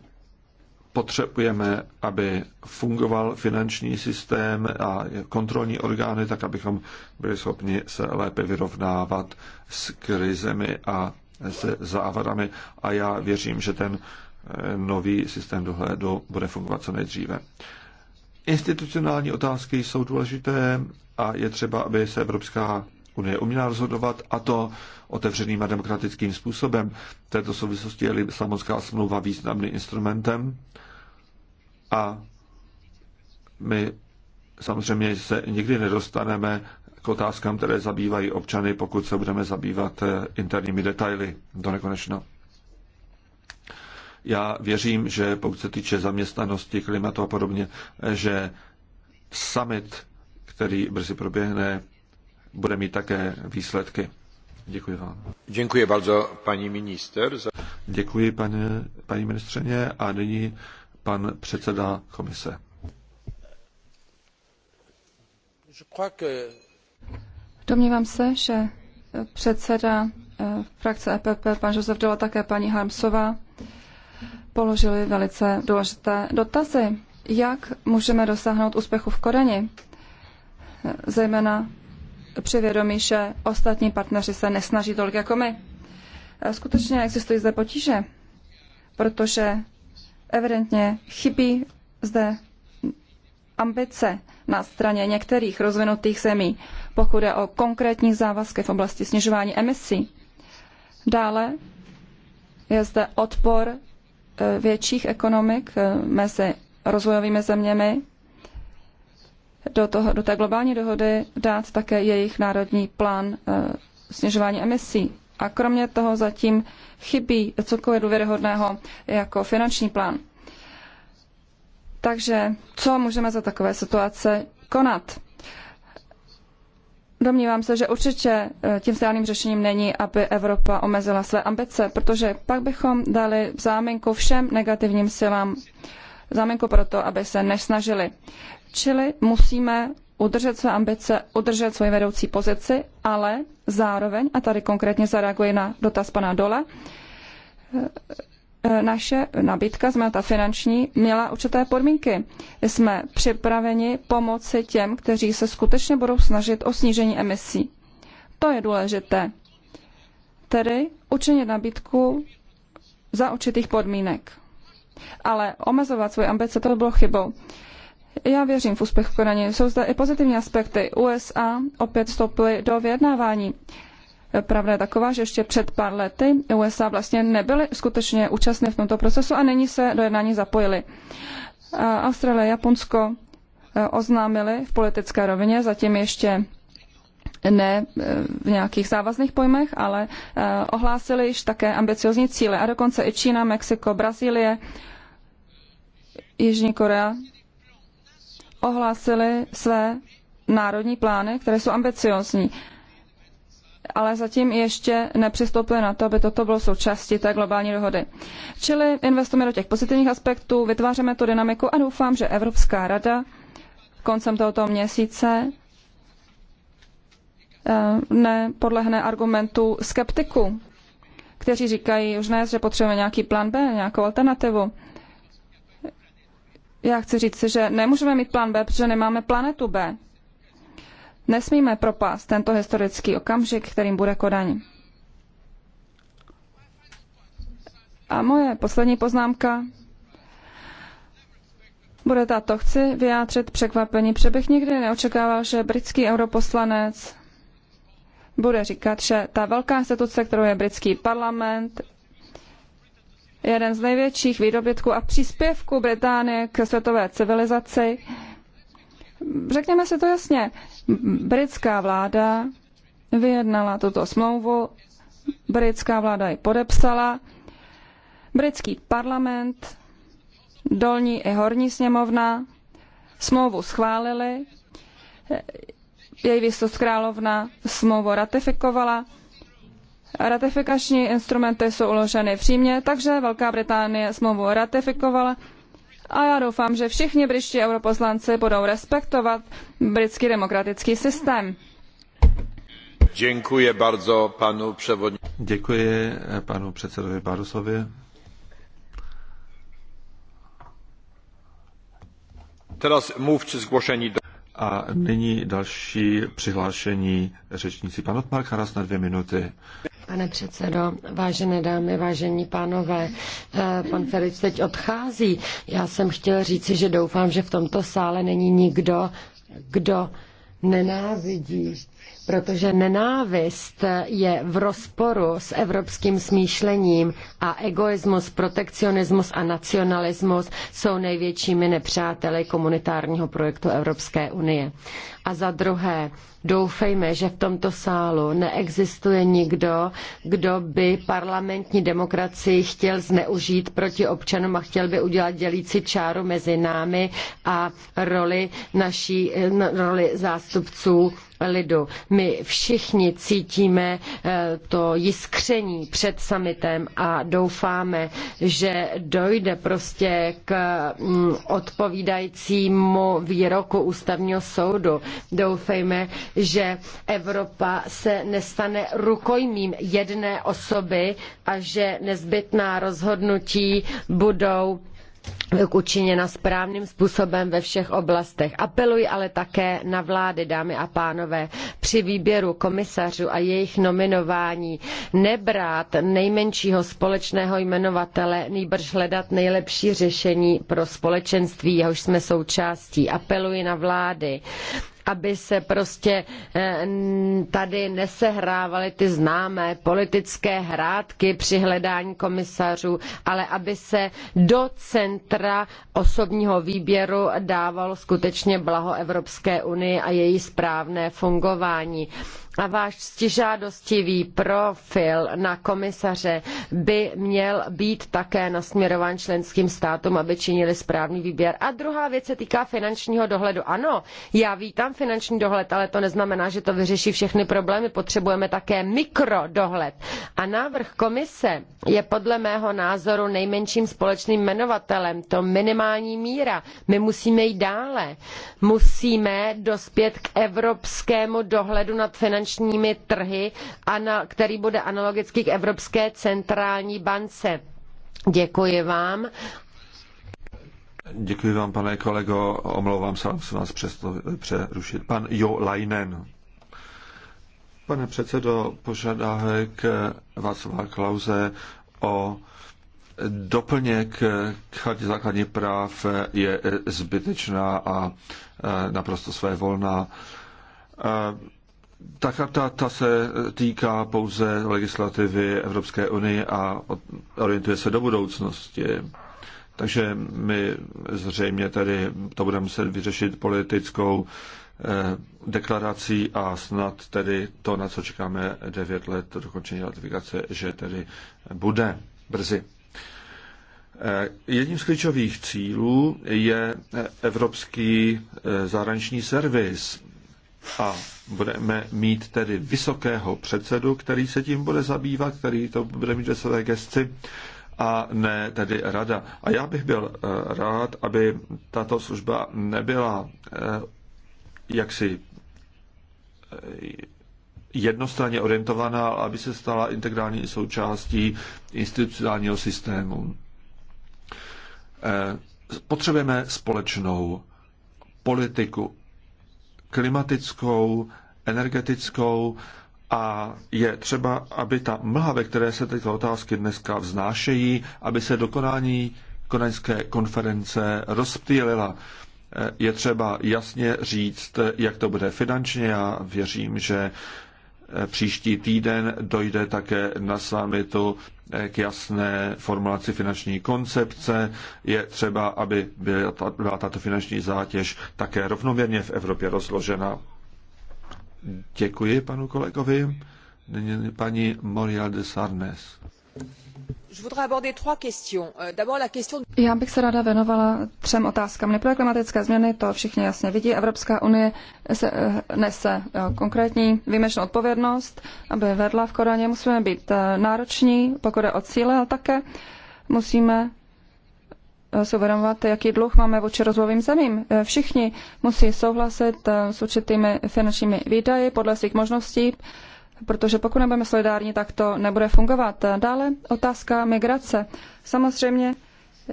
potřebujeme, aby fungoval finanční systém a kontrolní orgány, tak abychom byli schopni se lépe vyrovnávat s krizemi a se závadami. A já věřím, že ten eh, nový systém dohledu bude fungovat co nejdříve. Institucionální otázky jsou důležité a je třeba, aby se Evropská Unie uměla rozhodovat a to otevřeným a demokratickým způsobem. V této souvislosti je Lisabonská smlouva významným instrumentem a my samozřejmě se nikdy nedostaneme k otázkám, které zabývají občany, pokud se budeme zabývat eh, interními detaily do nekonečna. Já věřím, že pokud se týče zaměstnanosti, klimatu a podobně, eh, že summit, který brzy proběhne bude mít také výsledky. Děkuji vám. Děkuji bardzo, paní minister. Za... Děkuji, pane, paní ministřeně. A nyní pan předseda komise. Domnívám se, že předseda eh, frakce EPP, pan Josef Dola, také paní Harmsová, položili velice důležité dotazy. Jak můžeme dosáhnout úspěchu v Koreni? Eh, zejména při vědomí, že ostatní partneři se nesnaží tolik jako my. E, skutečně existují zde potíže, protože evidentně chybí zde ambice na straně některých rozvinutých zemí, pokud je o konkrétní závazky v oblasti snižování emisí. Dále je zde odpor e, větších ekonomik e, mezi rozvojovými zeměmi do, toho, do té globální dohody dát také jejich národní plán eh, snižování emisí. A kromě toho zatím chybí cokoliv důvěryhodného jako finanční plán. Takže co můžeme za takové situace konat? Domnívám se, že určitě eh, tím správným řešením není, aby Evropa omezila své ambice, protože pak bychom dali záminku všem negativním silám, záminku pro to, aby se nesnažili. Čili musíme udržet své ambice, udržet svoji vedoucí pozici, ale zároveň, a tady konkrétně zareaguji na dotaz pana Dole, eh, eh, naše nabídka, znamená ta finanční, měla určité podmínky. Jsme připraveni pomoci těm, kteří se skutečně budou snažit o snížení emisí. To je důležité. Tedy učinit nabídku za určitých podmínek. Ale omezovat svoje ambice, to bylo chybou. Já věřím v úspěch v Kodani. Jsou zde i pozitivní aspekty. USA opět vstoupily do vyjednávání. Pravda je taková, že ještě před pár lety USA vlastně nebyly skutečně účastny v tomto procesu a nyní se do jednání zapojili. Austrálie, Japonsko eh, oznámili v politické rovině, zatím ještě ne eh, v nějakých závazných pojmech, ale eh, ohlásili již také ambiciozní cíle. A dokonce i Čína, Mexiko, Brazílie, Jižní Korea ohlásili své národní plány, které jsou ambiciozní, ale zatím ještě nepřistoupili na to, aby toto bylo součástí té globální dohody. Čili investujeme do těch pozitivních aspektů, vytváříme tu dynamiku a doufám, že Evropská rada koncem tohoto měsíce eh, nepodlehne argumentu skeptiku, kteří říkají už dnes, že potřebujeme nějaký plán B, nějakou alternativu já chci říct, že nemůžeme mít plán B, protože nemáme planetu B. Nesmíme propást tento historický okamžik, kterým bude Kodaň. A moje poslední poznámka bude tato. Chci vyjádřit překvapení, protože bych nikdy neočekával, že britský europoslanec bude říkat, že ta velká instituce, kterou je britský parlament, jeden z největších výdobytků a příspěvků Británie k světové civilizaci. Řekněme si to jasně, britská vláda vyjednala tuto smlouvu, britská vláda ji podepsala, britský parlament, dolní i horní sněmovna smlouvu schválili, její výsost královna smlouvu ratifikovala Ratifikační instrumenty jsou uloženy v Římě, takže Velká Británie smlouvu ratifikovala a já doufám, že všichni britští europoslanci budou respektovat britský demokratický systém. Děkuji bardzo panu převodní... Děkuji eh, panu předsedovi Barusovi. Teraz mluvčí zgłoszeni do... A nyní další přihlášení řečníci. Pan Otmar Karas na dvě minuty. Pane předsedo, vážené dámy, vážení pánové, eh, pan Ferič teď odchází. Já jsem chtěl říci, že doufám, že v tomto sále není nikdo, kdo nenávidí protože nenávist je v rozporu s evropským smýšlením a egoismus, protekcionismus a nacionalismus jsou největšími nepřáteli komunitárního projektu Evropské unie. A za druhé, doufejme, že v tomto sálu neexistuje nikdo, kdo by parlamentní demokracii chtěl zneužít proti občanům a chtěl by udělat dělící čáru mezi námi a roli naší roli zástupců lidu. My všichni cítíme eh, to jiskření před summitem a doufáme, že dojde prostě k mm, odpovídajícímu výroku ústavního soudu. Doufejme, že Evropa se nestane rukojmím jedné osoby a že nezbytná rozhodnutí budou učiněna správným způsobem ve všech oblastech. Apeluji ale také na vlády, dámy a pánové, při výběru komisařů a jejich nominování nebrát nejmenšího společného jmenovatele, nýbrž hledat nejlepší řešení pro společenství, jehož jsme součástí. Apeluji na vlády, aby se prostě eh, tady nesehrávaly ty známé politické hrátky při hledání komisařů, ale aby se do centra osobního výběru dávalo skutečně blaho Evropské unie a její správné fungování a váš stižádostivý profil na komisaře by měl být také nasměrován členským státům, aby činili správný výběr. A druhá věc se týká finančního dohledu. Ano, já vítám finanční dohled, ale to neznamená, že to vyřeší všechny problémy. Potřebujeme také mikrodohled. A návrh komise je podle mého názoru nejmenším společným jmenovatelem, to minimální míra. My musíme jít dále. Musíme dospět k evropskému dohledu nad finančním finančními trhy, který bude analogický k Evropské centrální bance. Děkuji vám. Děkuji vám, pane kolego. Omlouvám se, musím vás přesto, přerušit. Pan Jo Leinen. Pane předsedo, požadávek Václava Klauze o doplněk k chartě základních práv je zbytečná a naprosto své volná ta charta ta se týká pouze legislativy Evropské unie a orientuje se do budoucnosti. Takže my zřejmě tady to budeme muset vyřešit politickou eh, deklarací a snad tedy to, na co čekáme 9 let do dokončení ratifikace, že tedy bude brzy. Eh, jedním z klíčových cílů je Evropský eh, zahraniční servis, a budeme mít tedy vysokého předsedu, který se tím bude zabývat, který to bude mít ve své gesci a ne tedy rada. A já bych byl eh, rád, aby tato služba nebyla eh, jaksi eh, jednostranně orientovaná, aby se stala integrální součástí institucionálního systému. Potřebujeme společnou politiku, klimatickou, energetickou a je třeba, aby ta mlha, ve které se tyto otázky dneska vznášejí, aby se dokonání konaňské konference rozptýlila. Je třeba jasně říct, jak to bude finančně. Já věřím, že Příští týden dojde také na summitu k jasné formulaci finanční koncepce. Je třeba, aby byla tato finanční zátěž také rovnoměrně v Evropě rozložena. Děkuji panu kolegovi. Nyní paní Moria de Sarnes. Euh, Já bych se ráda věnovala třem otázkám. Nejprve klimatické změny, to všichni jasně vidí. Evropská unie se, eh, nese eh, konkrétní výjimečnou odpovědnost, aby vedla v Koraně. Musíme být eh, nároční, pokud je o cíle, ale také musíme si uvědomovat, jaký dluh máme vůči rozvojovým zemím. Všichni musí souhlasit s určitými finančními výdaji podle svých možností protože pokud nebudeme solidární, tak to nebude fungovat. Dále otázka migrace. Samozřejmě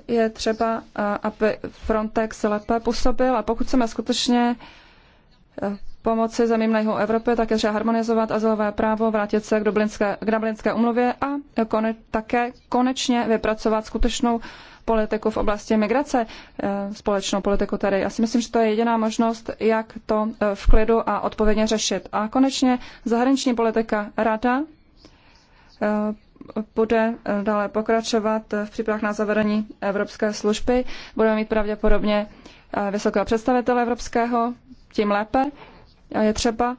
je třeba, aby Frontex lépe působil a pokud chceme skutečně e, pomoci zemím na jihu Evropy, tak je třeba harmonizovat azylové právo, vrátit se k Dublinské, k Dublinské umluvě a kone, také konečně vypracovat skutečnou politiku v oblasti migrace, eh, společnou politiku tady. Já si myslím, že to je jediná možnost, jak to eh, v klidu a odpovědně řešit. A konečně zahraniční politika rada eh, bude dále pokračovat v přípravách na zavedení Evropské služby. Budeme mít pravděpodobně vysokého představitele evropského, tím lépe. Je třeba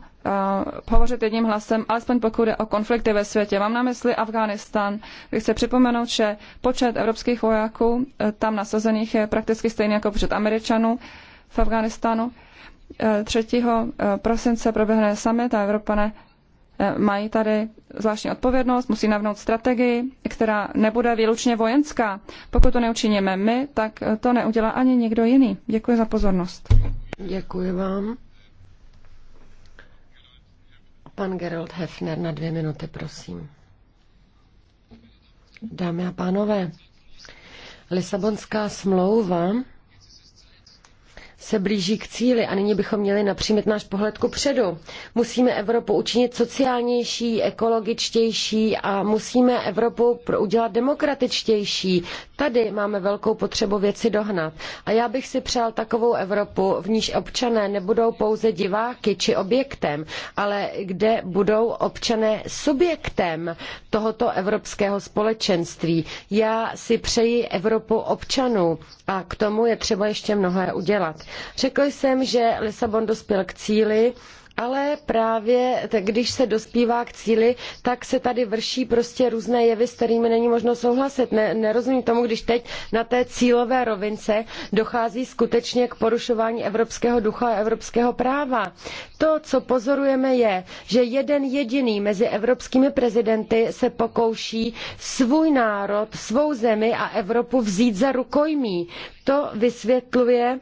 hovořit jedním hlasem, alespoň pokud jde o konflikty ve světě. Mám na mysli Afghánistán, kde chci připomenout, že počet evropských vojáků e, tam nasazených je prakticky stejný jako počet Američanů v Afghánistánu. 3. E, e, prosince proběhne summit a Evropané mají tady zvláštní odpovědnost, musí navnout strategii, která nebude výlučně vojenská. Pokud to neučiníme my, tak to neudělá ani někdo jiný. Děkuji za pozornost. Děkuji vám. Pan Gerald Hefner na dvě minuty, prosím. Dámy a pánové, Lisabonská smlouva se blíží k cíli a nyní bychom měli napřímit náš pohled ku předu. Musíme Evropu učinit sociálnější, ekologičtější a musíme Evropu udělat demokratičtější. Tady máme velkou potřebu věci dohnat. A já bych si přál takovou Evropu, v níž občané nebudou pouze diváky či objektem, ale kde budou občané subjektem tohoto evropského společenství. Já si přeji Evropu občanů, a k tomu je třeba ještě mnohé udělat. Řekl jsem, že Lisabon dospěl k cíli, ale právě když se dospívá k cíli, tak se tady vrší prostě různé jevy, s kterými není možno souhlasit. Ne, nerozumím tomu, když teď na té cílové rovince dochází skutečně k porušování evropského ducha a evropského práva. To, co pozorujeme, je, že jeden jediný mezi evropskými prezidenty se pokouší svůj národ, svou zemi a Evropu vzít za rukojmí. To vysvětluje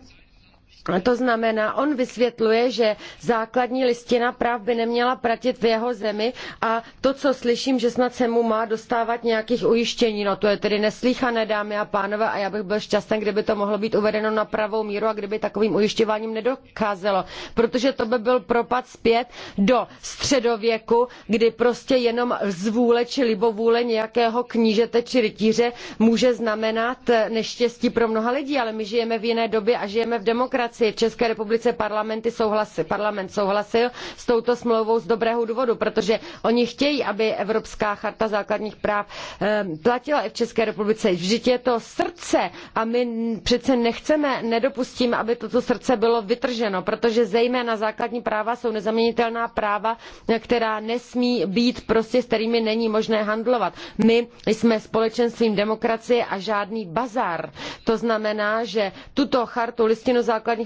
to znamená, on vysvětluje, že základní listina práv by neměla platit v jeho zemi a to, co slyším, že snad se mu má dostávat nějakých ujištění, no to je tedy neslíchané, dámy a pánové, a já bych byl šťastný, kdyby to mohlo být uvedeno na pravou míru a kdyby takovým ujišťováním nedocházelo, protože to by byl propad zpět do středověku, kdy prostě jenom zvůle či libovůle nějakého knížete či rytíře může znamenat neštěstí pro mnoha lidí, ale my žijeme v jiné době a žijeme v demokracii demokracii v České republice parlamenty souhlasí, parlament souhlasil s touto smlouvou z dobrého důvodu, protože oni chtějí, aby Evropská charta základních práv ehm, platila i v České republice. Vždyť je to srdce a my přece nechceme, nedopustíme, aby toto srdce bylo vytrženo, protože zejména základní práva jsou nezaměnitelná práva, která nesmí být prostě, s kterými není možné handlovat. My jsme společenstvím demokracie a žádný bazar. To znamená, že tuto chartu listinu základních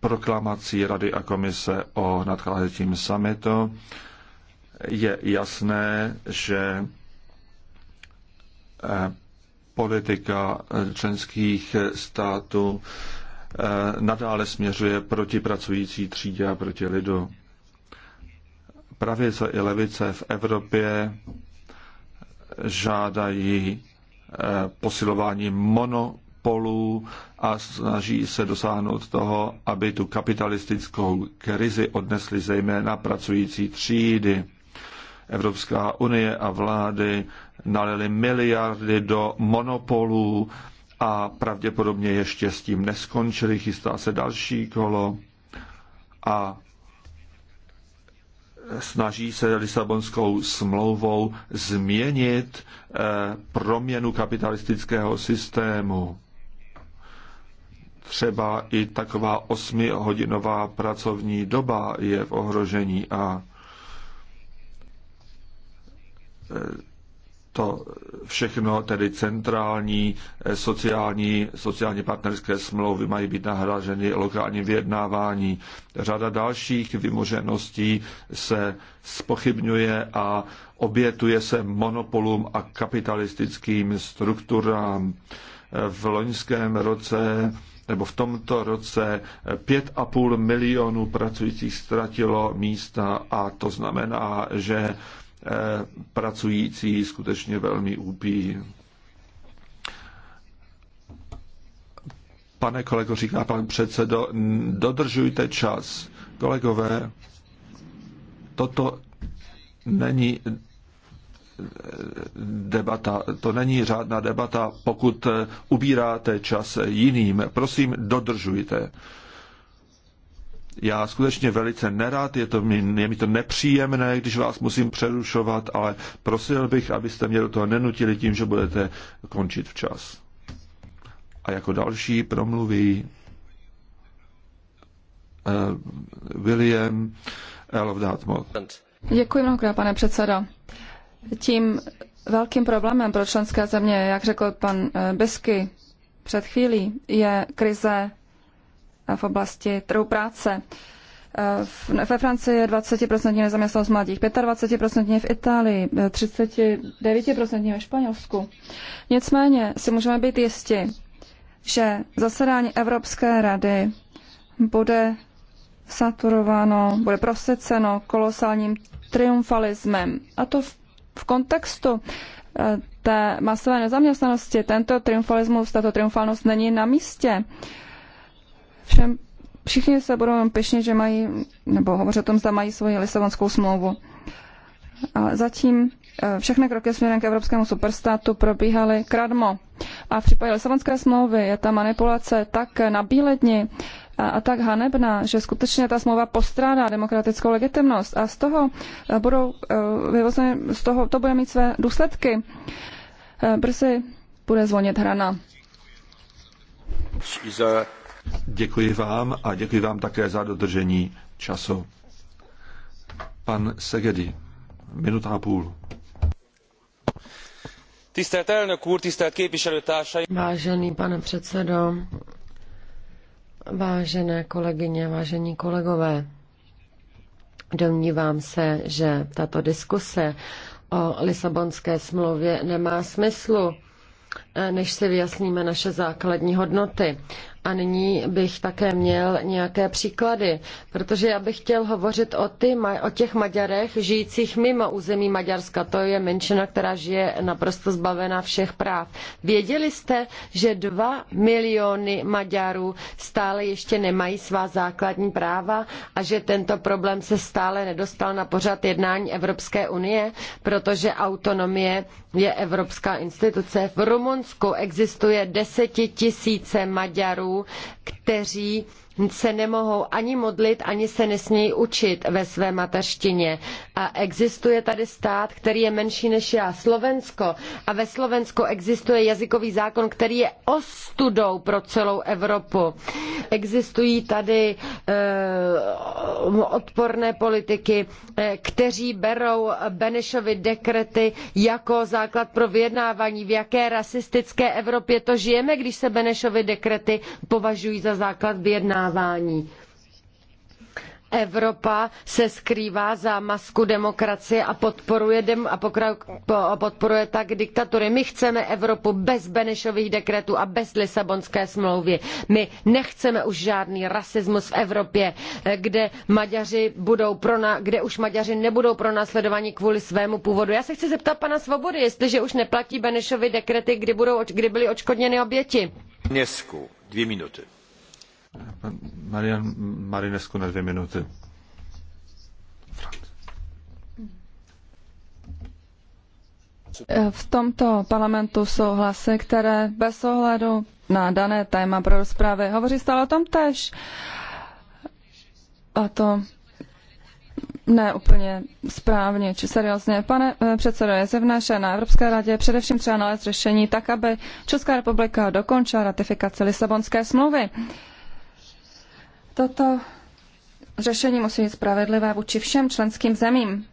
proklamací Rady a Komise o nadcházejícím summitu je jasné, že eh, politika eh, členských států eh, nadále směřuje proti pracující třídě a proti lidu. Pravice i levice v Evropě žádají posilování mono spolu a snaží se dosáhnout toho, aby tu kapitalistickou krizi odnesly zejména pracující třídy. Evropská unie a vlády nalili miliardy do monopolů a pravděpodobně ještě s tím neskončili, chystá se další kolo a snaží se Lisabonskou smlouvou změnit eh, proměnu kapitalistického systému třeba i taková osmihodinová pracovní doba je v ohrožení a e, to všechno, tedy centrální e, sociální, sociálně partnerské smlouvy mají být nahraženy lokálním vyjednávání. Řada dalších vymožeností se spochybňuje a obětuje se monopolům a kapitalistickým strukturám. E, v loňském roce nebo v tomto roce 5,5 milionů pracujících ztratilo místa a to znamená, že eh, pracující skutečně velmi úpí. Pane kolego, říká pan předsedo, dodržujte čas. Kolegové, toto není debata. To není řádná debata, pokud eh, ubíráte čas jiným. Prosím, dodržujte. Já skutečně velice nerad, je, to, je mi to nepříjemné, když vás musím přerušovat, ale prosil bych, abyste mě do toho nenutili tím, že budete končit včas. A jako další promluví eh, William L. Dartmouth. Děkuji mnohokrát, pane předseda. Tím velkým problémem pro členské země, jak řekl pan eh, Besky před chvílí, je krize eh, v oblasti trhu práce. Eh, ve Francii je 20% nezaměstnanost mladých, 25% v Itálii, 39% ve Španělsku. Nicméně si můžeme být jisti, že zasedání Evropské rady bude saturováno, bude prosyceno kolosálním triumfalismem. A to v v kontextu eh, té masové nezaměstnanosti tento triumfalismus, tato triumfalnost není na místě. Všem, všichni se budou pišnit, že mají, nebo hovořit o tom, zda mají svoji lisabonskou smlouvu. A zatím eh, všechny kroky směrem k evropskému superstátu probíhaly kradmo. A v případě Lisabonské smlouvy je ta manipulace tak na bíledni, a tak hanebná, že skutečně ta smlouva postrádá demokratickou legitimnost a z toho eh, budou eh, vyvozeny, z toho to bude mít své důsledky. Eh, brzy bude zvonit hrana. Děkuji vám a děkuji vám také za dodržení času. Pan Segedi, minuta a půl. Vážený pane předsedo, Vážené kolegyně, vážení kolegové, domnívám se, že tato diskuse o Lisabonské smlouvě nemá smyslu, než si vyjasníme naše základní hodnoty. A nyní bych také měl nějaké příklady, protože já bych chtěl hovořit o, ty, o těch Maďarech žijících mimo území Maďarska. To je menšina, která žije naprosto zbavená všech práv. Věděli jste, že dva miliony Maďarů stále ještě nemají svá základní práva a že tento problém se stále nedostal na pořad jednání Evropské unie, protože autonomie je evropská instituce. V Rumunsku existuje desetitisíce Maďarů, kteří se nemohou ani modlit, ani se nesmějí učit ve své mateřštině. A existuje tady stát, který je menší než já, Slovensko. A ve Slovensku existuje jazykový zákon, který je ostudou pro celou Evropu. Existují tady eh, odporné politiky, eh, kteří berou Benešovy dekrety jako základ pro vyjednávání. V jaké rasistické Evropě to žijeme, když se Benešovy dekrety považují za základ vyjednávání? vyjednávání. Evropa se skrývá za masku demokracie a podporuje, dem, a pokra, a podporuje tak diktatury. My chceme Evropu bez Benešových dekretů a bez Lisabonské smlouvy. My nechceme už žádný rasismus v Evropě, eh, kde, Maďaři budou na- kde už Maďaři nebudou pronásledováni kvůli svému původu. Já se chci zeptat pana Svobody, jestliže už neplatí Benešovy dekrety, kdy, budou, kdy byly očkodněny oběti. Dnesku, dvě minuty. Marian Marinesku na dvě minuty. V tomto parlamentu jsou hlasy, které bez ohledu na dané téma pro rozprávy hovoří stále o tom tež. A to ne úplně správně či seriózně. Pane eh, předsedo, je zjevné, že na Evropské radě především třeba nalézt řešení tak, aby Česká republika dokončila ratifikaci Lisabonské smlouvy. Uh, Toto řešení musí být spravedlivé vůči všem členským zemím.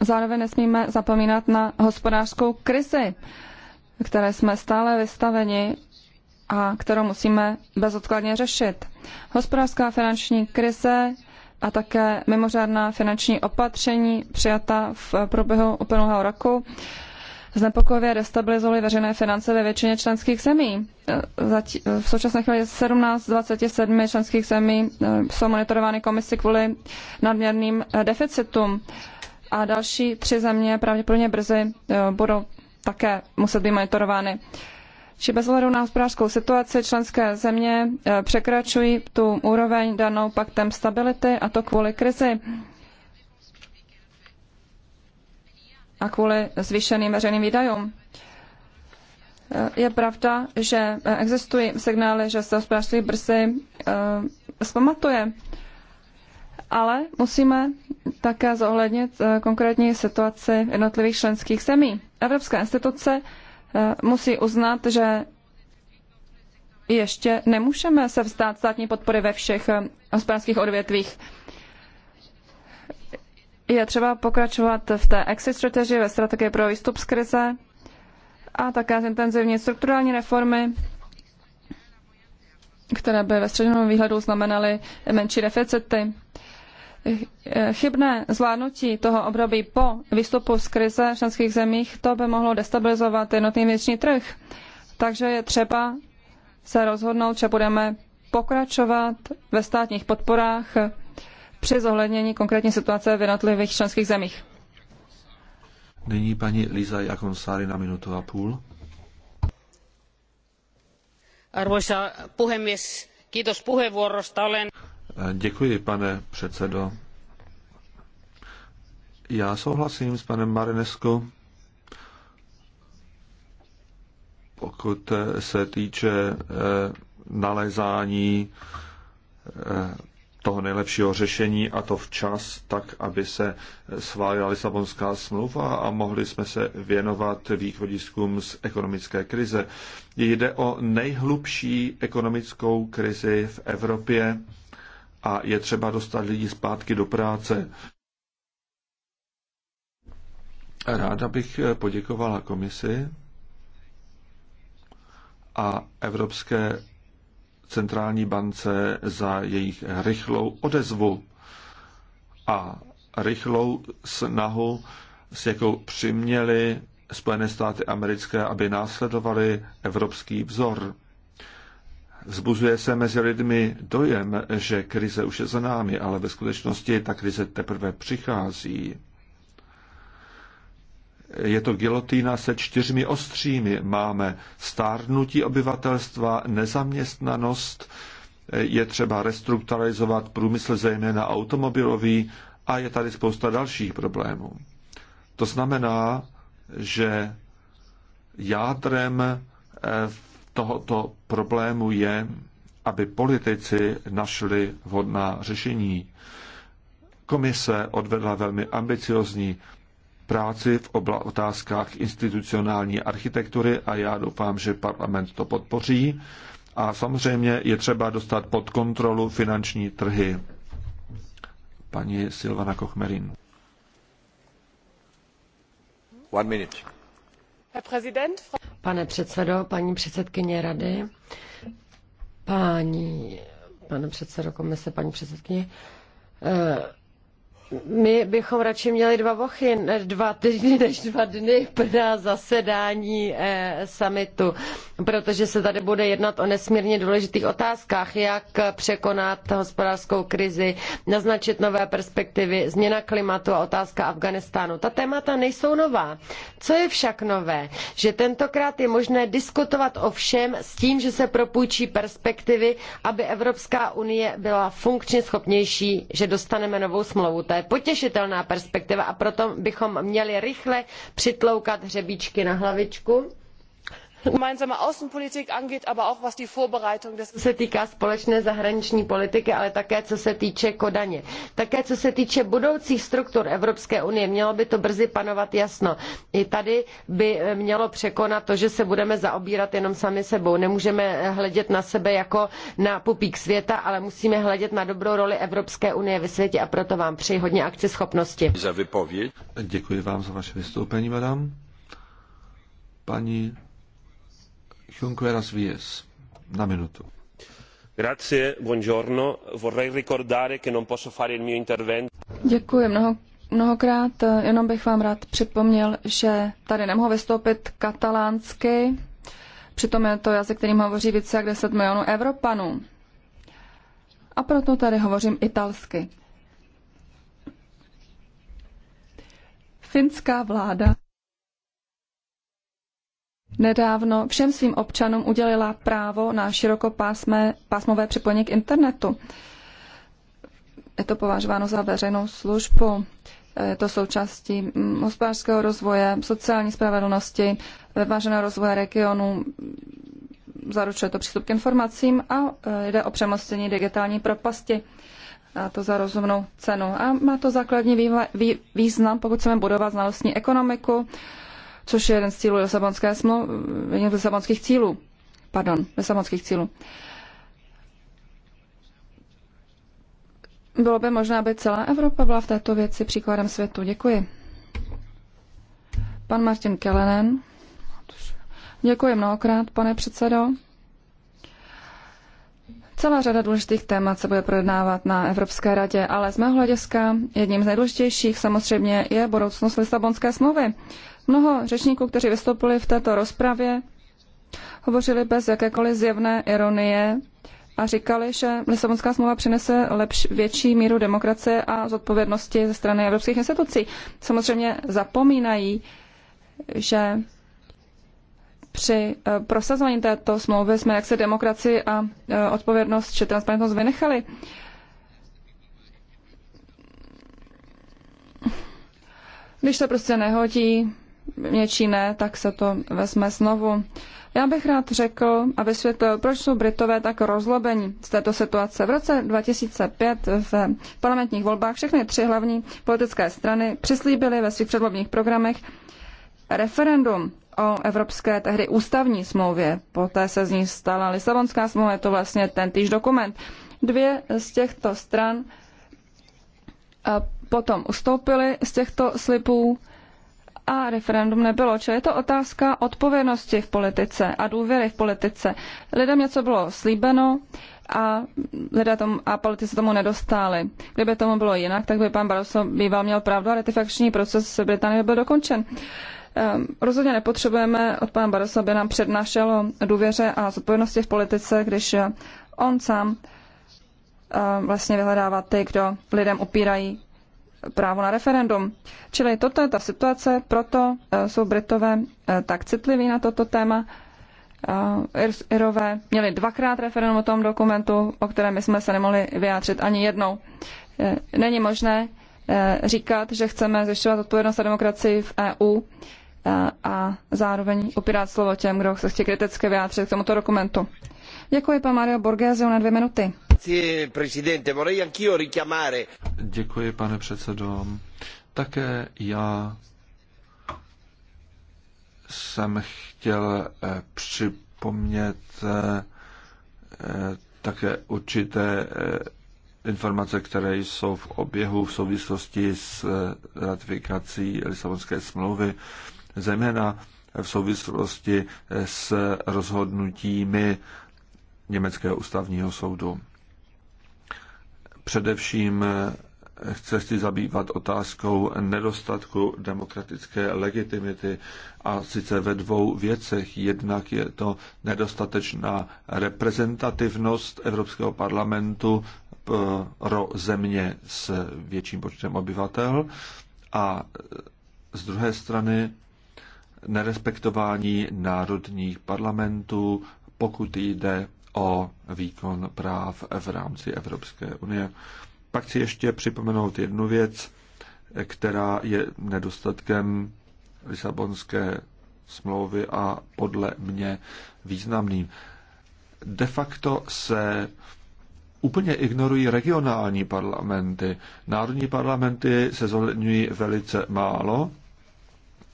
Zároveň nesmíme zapomínat na hospodářskou krizi, které jsme stále vystaveni a kterou musíme bezodkladně řešit. Hospodářská a finanční krize a také mimořádná finanční opatření přijata v průběhu uplynulého roku znepokojivě destabilizovaly veřejné finance ve většině členských zemí. E, e, v současné chvíli 17 z 27 členských zemí e, jsou monitorovány komisi kvůli nadměrným deficitům a další tři země pravděpodobně brzy budou také muset být monitorovány. Či bez ohledu na hospodářskou situaci členské země překračují tu úroveň danou paktem stability a to kvůli krizi. a kvůli zvýšeným veřejným výdajům. Je pravda, že existují signály, že se hospodářství brzy eh, zpamatuje, ale musíme také zohlednit eh, konkrétní situaci jednotlivých členských zemí. Evropské instituce eh, musí uznat, že ještě nemůžeme se vzdát státní podpory ve všech hospodářských odvětvích. Je třeba pokračovat v té exit strategii, ve strategii pro výstup z krize a také zintenzivní strukturální reformy, které by ve středním výhledu znamenaly menší deficity. Chybné zvládnutí toho období po výstupu z krize v členských zemích, to by mohlo destabilizovat jednotný vnitřní trh. Takže je třeba se rozhodnout, že budeme pokračovat ve státních podporách při zohlednění konkrétní situace v jednotlivých členských zemích. Nyní paní Liza Jakonsári na minutu a půl. Arvoisa puhemies, kiitos puheenvuorosta. Olen... Děkuji, pane předsedo. Já souhlasím s panem Marinesku, pokud se týče eh, nalezání eh, toho nejlepšího řešení a to včas, tak aby se schválila Lisabonská smlouva a mohli jsme se věnovat východiskům z ekonomické krize. Jde o nejhlubší ekonomickou krizi v Evropě a je třeba dostat lidi zpátky do práce. Ráda bych poděkovala komisi a Evropské centrální bance za jejich rychlou odezvu a rychlou snahu, s jakou přiměli Spojené státy americké, aby následovali evropský vzor. Zbuzuje se mezi lidmi dojem, že krize už je za námi, ale ve skutečnosti ta krize teprve přichází. Je to gilotýna se čtyřmi ostřími. Máme stárnutí obyvatelstva, nezaměstnanost, je třeba restrukturalizovat průmysl, zejména automobilový, a je tady spousta dalších problémů. To znamená, že jádrem eh, tohoto problému je, aby politici našli vhodná řešení. Komise odvedla velmi ambiciozní práci v obla otázkách institucionální architektury a já doufám, že parlament to podpoří. A samozřejmě je třeba dostat pod kontrolu finanční trhy. Paní Silvana Kochmerin. One minute. Pane předsedo, paní předsedkyně rady, paní, pane předsedo komise, paní předsedkyně, eh, my bychom radši měli dva vochy, dva týdny než dva dny na zasedání eh, summitu, protože se tady bude jednat o nesmírně důležitých otázkách, jak překonat hospodářskou krizi, naznačit nové perspektivy, změna klimatu a otázka Afganistánu. Ta témata nejsou nová. Co je však nové? Že tentokrát je možné diskutovat o všem s tím, že se propůjčí perspektivy, aby Evropská unie byla funkčně schopnější, že dostaneme novou smlouvu. To ale potěšitelná perspektiva a proto bychom měli rychle přitloukat hřebíčky na hlavičku co se týká společné zahraniční politiky, ale také co se týče Kodaně. Také co se týče budoucích struktur Evropské unie, mělo by to brzy panovat jasno. I tady by eh, mělo překonat to, že se budeme zaobírat jenom sami sebou. Nemůžeme eh, hledět na sebe jako na pupík světa, ale musíme hledět na dobrou roli Evropské unie ve světě a proto vám přeji hodně akceschopnosti. Za Děkuji vám za vaše vystoupení, madam. pani minutu. Děkuji mnoho, mnohokrát. Jenom bych vám rád připomněl, že tady nemohu vystoupit katalánsky. Přitom je to jazyk, kterým hovoří více jak 10 milionů Evropanů. A proto tady hovořím italsky. Finská vláda nedávno všem svým občanům udělila právo na širokopásmé pásmové připojení k internetu. Je to považováno za veřejnou službu. Je to součástí mm, hospodářského rozvoje, sociální spravedlnosti, vyváženého rozvoje regionu, zaručuje to přístup k informacím a e, jde o přemostění digitální propasti. A to za rozumnou cenu. A má to základní význam, pokud chceme budovat znalostní ekonomiku, což je jeden z cílů Lisabonské smlouvy, jeden z Lisabonských cílů. Pardon, Lisabonských cílů. Bylo by možné, aby celá Evropa byla v této věci příkladem světu. Děkuji. Pan Martin Kelenen. Děkuji mnohokrát, pane předsedo. Celá řada důležitých témat se bude projednávat na Evropské radě, ale z mého hlediska jedním z nejdůležitějších samozřejmě je budoucnost Lisabonské smlouvy. Mnoho řečníků, kteří vystoupili v této rozpravě, hovořili bez jakékoliv zjevné ironie a říkali, že Lisabonská smlouva přinese lepší, větší míru demokracie a zodpovědnosti ze strany evropských institucí. Samozřejmě zapomínají, že při eh, prosazování této smlouvy jsme jaksi demokracii a eh, odpovědnost či transparentnost vynechali. Když se prostě nehodí něčí ne, tak se to vezme znovu. Já bych rád řekl a vysvětlil, proč jsou Britové tak rozlobení z této situace. V roce 2005 v parlamentních volbách všechny tři hlavní politické strany přislíbily ve svých předlobních programech referendum o evropské tehdy ústavní smlouvě. Poté se z ní stala Lisabonská smlouva, je to vlastně ten týž dokument. Dvě z těchto stran potom ustoupily z těchto slipů a referendum nebylo. Čili je to otázka odpovědnosti v politice a důvěry v politice. Lidem něco bylo slíbeno a, lidé tomu, a politici tomu nedostáli. Kdyby tomu bylo jinak, tak by pan Barroso býval měl pravdu a ratifikační proces Británie byl dokončen. Uh, Ehm, rozhodně nepotřebujeme od pana Barosa, aby nám přednášelo důvěře a zodpovědnosti v politice, když on sám ehm, vlastně vyhledává ty, kdo lidem upírají právo na referendum. Čili toto je ta situace, proto eh, jsou Britové eh, tak citliví na toto téma. Eh, Irové měli dvakrát referendum o tom dokumentu, o kterém my jsme se nemohli vyjádřit ani jednou. Není možné říkat, že chceme zvyšovat odpovědnost a demokracii v EU, Eh, a zároveň upírat slovo těm, kdo se chtějí kriticky vyjádřit k tomuto dokumentu. Děkuji, pan Mario Borgesio, na dvě minuty. Děkuji, pane předsedo. Také já jsem chtěl eh, připomnět eh, také určité informace, které jsou v oběhu v souvislosti s ratifikací Lisabonské smlouvy zejména v souvislosti s rozhodnutími Německého ústavního soudu. Především chce si zabývat otázkou nedostatku demokratické legitimity a sice ve dvou věcech. Jednak je to nedostatečná reprezentativnost Evropského parlamentu eh, pro země s větším počtem obyvatel a z druhé strany nerespektování národních parlamentů, pokud jde o výkon práv v rámci Evropské unie. Pak chci ještě připomenout jednu věc, která je nedostatkem Lisabonské smlouvy a podle mě významným. De facto se úplně ignorují regionální parlamenty. Národní parlamenty se zohledňují velice málo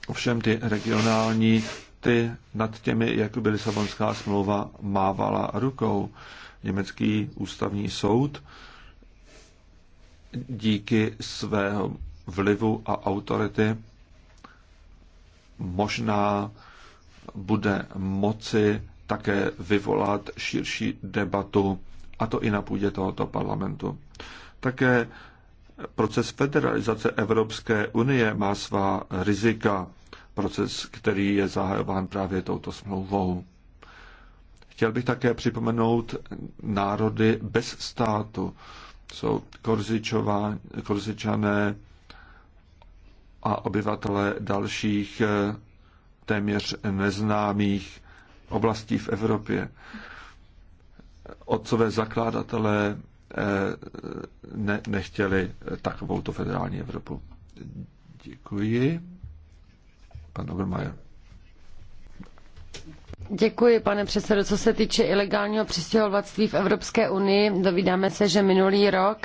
Ovšem ty regionální, ty nad těmi, jako by Lisabonská smlouva mávala rukou. Německý ústavní soud díky svého vlivu a autority možná bude moci také vyvolat širší debatu, a to i na půdě tohoto parlamentu. Také proces federalizace Evropské unie má svá rizika proces, který je zahajován právě touto smlouvou. Chtěl bych také připomenout národy bez státu. Jsou korzičané a obyvatele dalších eh, téměř neznámých oblastí v Evropě. Otcové zakládatelé eh, ne, nechtěli takovouto federální Evropu. Děkuji. Pan Děkuji, pane předsedo. Co se týče ilegálního přistěhovalectví v Evropské unii, dovídáme se, že minulý rok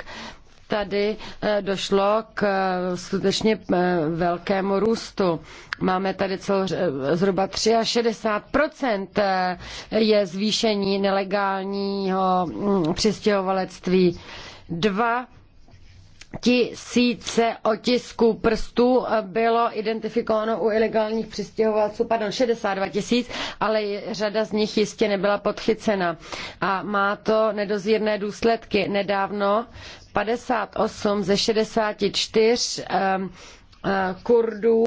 tady eh, došlo k eh, skutečně eh, velkému růstu. Máme tady celo, zhruba 63% je zvýšení nelegálního mm, přistěhovalectví. Dva tisíce otisků prstů bylo identifikováno u ilegálních přistěhovalců, pardon, 62 tisíc, ale řada z nich jistě nebyla podchycena. A má to nedozírné důsledky. Nedávno 58 ze 64 um, Kurdů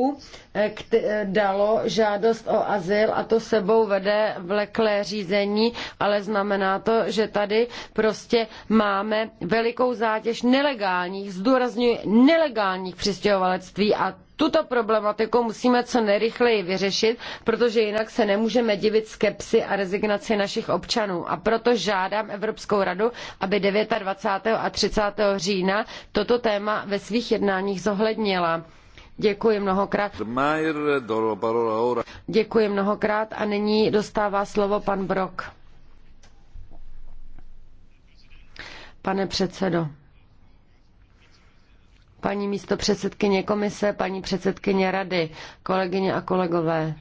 dalo žádost o azyl a to sebou vede vleklé řízení, ale znamená to, že tady prostě máme velikou zátěž nelegálních, zdůrazňuji nelegálních přistěhovalectví a tuto problematiku musíme co nejrychleji vyřešit, protože jinak se nemůžeme divit skepsi a rezignaci našich občanů. A proto žádám Evropskou radu, aby 29. a 30. října toto téma ve svých jednáních zohlednila. Děkuji mnohokrát. Děkuji mnohokrát a nyní dostává slovo pan Brok. Pane předsedo paní místo místopředsedkyně komise, paní předsedkyně rady, kolegyně a kolegové.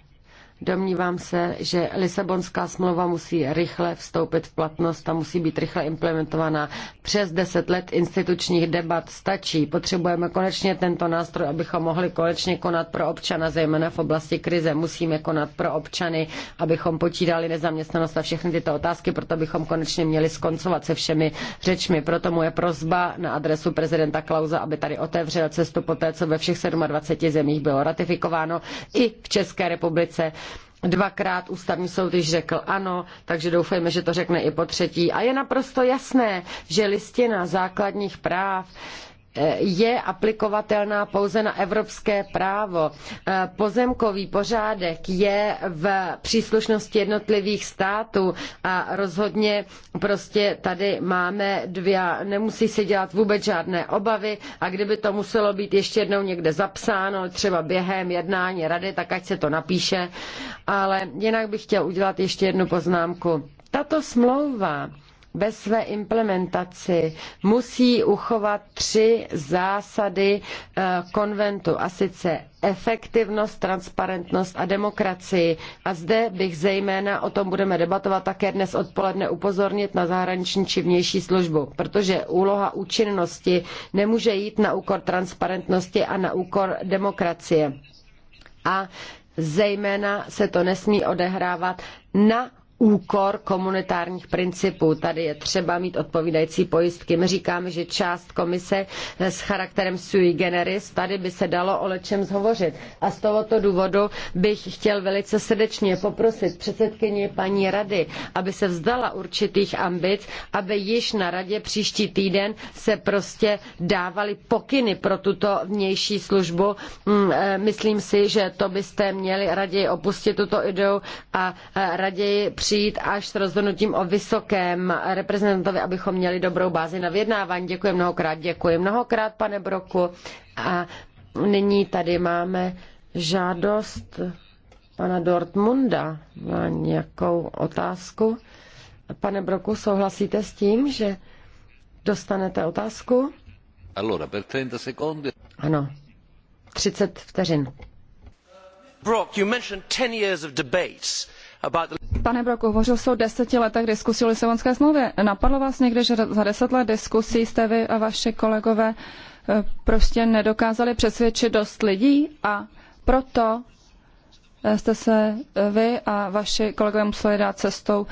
Domnívám se, že Lisabonská smlouva musí rychle vstoupit v platnost a musí být rychle implementovaná. Přes deset let institučních debat stačí. Potřebujeme konečně tento nástroj, abychom mohli konečně konat pro občana, zejména v oblasti krize. Musíme konat pro občany, abychom počítali nezaměstnanost a všechny tyto otázky, proto bychom konečně měli skoncovat se všemi řečmi. Proto moje prozba na adresu prezidenta Klausa, aby tady otevřel cestu po té, co ve všech 27 zemích bylo ratifikováno i v České republice Dvakrát ústavní soud již řekl ano, takže doufejme, že to řekne i po třetí. A je naprosto jasné, že listina základních práv je aplikovatelná pouze na evropské právo. E, pozemkový pořádek je v příslušnosti jednotlivých států a rozhodně prostě tady máme dvě, nemusí se dělat vůbec žádné obavy a kdyby to muselo být ještě jednou někde zapsáno, třeba během jednání rady, tak ať se to napíše. Ale jinak bych chtěl udělat ještě jednu poznámku. Tato smlouva ve své implementaci musí uchovat tři zásady eh, konventu, a sice efektivnost, transparentnost a demokracii. A zde bych zejména, o tom budeme debatovat také dnes odpoledne, upozornit na zahraniční či vnější službu, protože úloha účinnosti nemůže jít na úkor transparentnosti a na úkor demokracie. A zejména se to nesmí odehrávat na úkor komunitárních principů. Tady je třeba mít odpovídající pojistky. My říkáme, že část komise s charakterem sui generis, tady by se dalo o lečem zhovořit. A z tohoto důvodu bych chtěl velice srdečně poprosit předsedkyni paní rady, aby se vzdala určitých ambic, aby již na radě příští týden se prostě dávali pokyny pro tuto vnější službu. Mm, eh, myslím si, že to byste měli raději opustit tuto ideu a eh, raději přijít až s rozhodnutím o vysokém reprezentantovi, abychom měli dobrou bázi na vyjednávání. Děkuji mnohokrát, děkuji mnohokrát, pane Broku. A nyní tady máme žádost pana Dortmunda na nějakou otázku. Pane Broku, souhlasíte s tím, že dostanete otázku? Allora, per 30 secondi. Ano, 30 vteřin. Brock, you mentioned 10 years of debates. Pane Broku, hovořil jste o deseti letech diskusí o Lisabonské smlouvě. Napadlo vás někdy, že za deset let diskusí jste vy a vaši kolegové eh, prostě nedokázali přesvědčit dost lidí a proto eh, jste se eh, vy a vaši kolegové museli dát cestou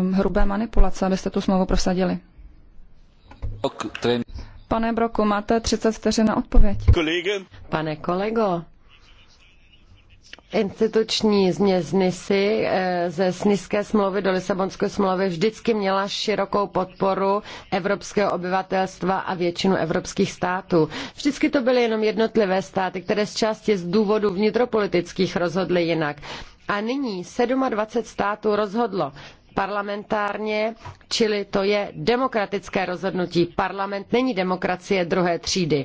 um, hrubé manipulace, abyste tu smlouvu prosadili. Pane Broku, máte 30 vteřin na odpověď. Pane kolego, instituční změny NISY eh, ze Sniské smlouvy do Lisabonské smlouvy vždycky měla širokou podporu evropského obyvatelstva a většinu evropských států. Vždycky to byly jenom jednotlivé státy, které z části z důvodu vnitropolitických rozhodly jinak. A nyní 27 států rozhodlo, parlamentárně, čili to je demokratické rozhodnutí. Parlament není demokracie druhé třídy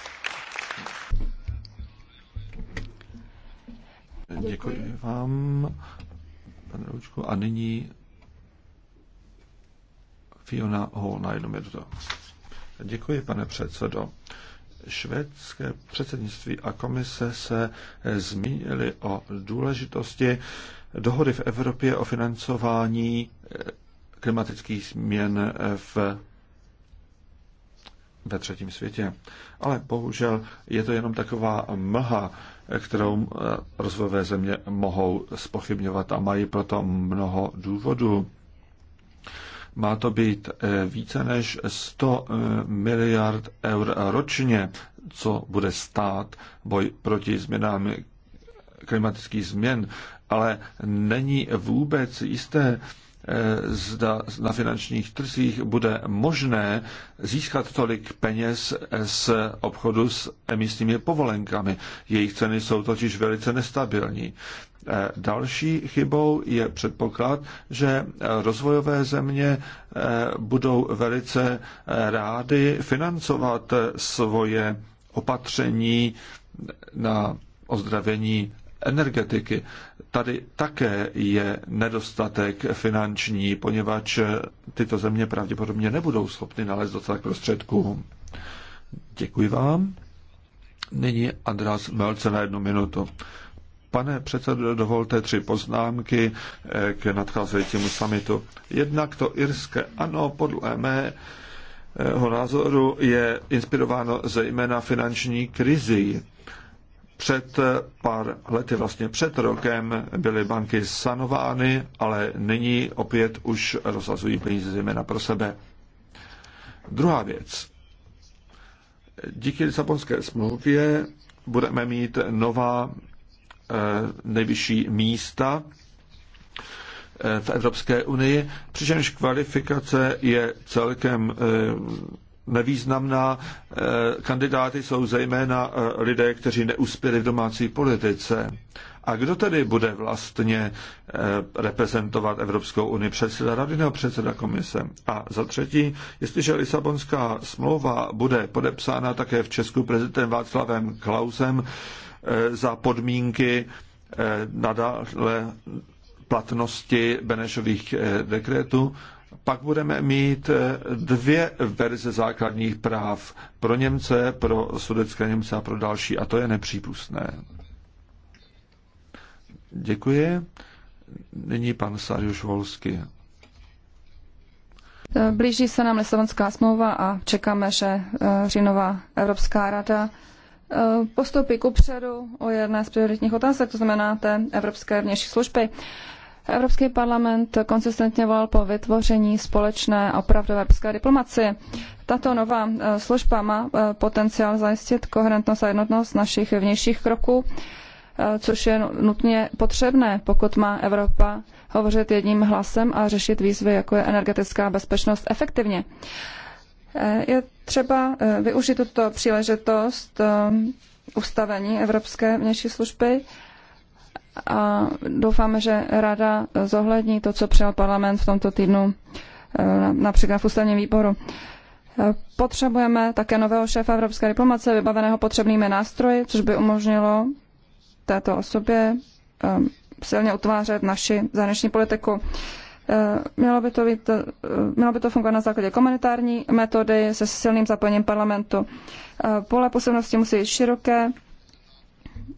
Děkuji vám, pane Ručku. A nyní Fiona Hall na jednu minutu. Děkuji, pane předsedo. Švédské předsednictví a komise se zmínili o důležitosti dohody v Evropě o financování eh, klimatických změn eh, v ve třetím světě. Ale bohužel je to jenom taková mlha kterou eh, rozvojové země mohou spochybňovat a mají proto mnoho důvodů. Má to být eh, více než 100 eh, miliard eur ročně, co bude stát boj proti změnám klimatických změn, ale není vůbec jisté, Eh, zda na finančních trzích bude možné získat tolik peněz z obchodu s emisními povolenkami. Jejich ceny jsou totiž velice nestabilní. Eh, další chybou je předpoklad, že rozvojové země eh, budou velice rády financovat svoje opatření na ozdravení energetiky tady také je nedostatek finanční, poněvadž tyto země pravděpodobně nebudou schopny nalézt dostatek prostředků. Děkuji vám. Nyní András Melce na jednu minutu. Pane předsedo, dovolte tři poznámky k nadcházejícímu samitu. Jednak to irské ano, podle mé jeho názoru je inspirováno zejména finanční krizi. Před pár lety, vlastně před rokem, byly banky sanovány, ale nyní opět už rozhazují peníze zejména pro sebe. Druhá věc. Díky Lisabonské smlouvě budeme mít nová eh, nejvyšší místa eh, v Evropské unii, přičemž kvalifikace je celkem eh, nevýznamná. Eh, kandidáty jsou zejména eh, lidé, kteří neuspěli v domácí politice. A kdo tedy bude vlastně eh, reprezentovat Evropskou unii? Předseda rady nebo předseda komise? A za třetí, jestliže Lisabonská smlouva bude podepsána také v Česku prezidentem Václavem Klausem za podmínky nadále platnosti Benešových dekretů, pak budeme mít eh, dvě verze základních práv pro Němce, pro sudecké Němce a pro další a to je nepřípustné. Děkuji. Nyní pan Sariuš Volsky. Eh, blíží se nám Lisabonská smlouva a čekáme, že eh, říjnová Evropská rada postoupí ku předu o jedné z prioritních otázek, to znamená té Evropské vnější služby. Evropský parlament konsistentně volal po vytvoření společné opravdu evropské diplomacie. Tato nová eh, služba má eh, potenciál zajistit koherentnost a jednotnost našich vnějších kroků, eh, což je nutně potřebné, pokud má Evropa hovořit jedním hlasem a řešit výzvy, jako je energetická bezpečnost, efektivně. Je třeba využít tuto příležitost ustavení Evropské vnější služby a doufáme, že Rada zohlední to, co přijal parlament v tomto týdnu, eh, například v ústavním výboru. Eh, potřebujeme také nového šéfa evropské diplomace, vybaveného potřebnými nástroji, což by umožnilo této osobě eh, silně utvářet naši zahraniční politiku. Mělo by, to být, mělo by to fungovat na základě komunitární metody se silným zapojením parlamentu. Pole působnosti musí být široké,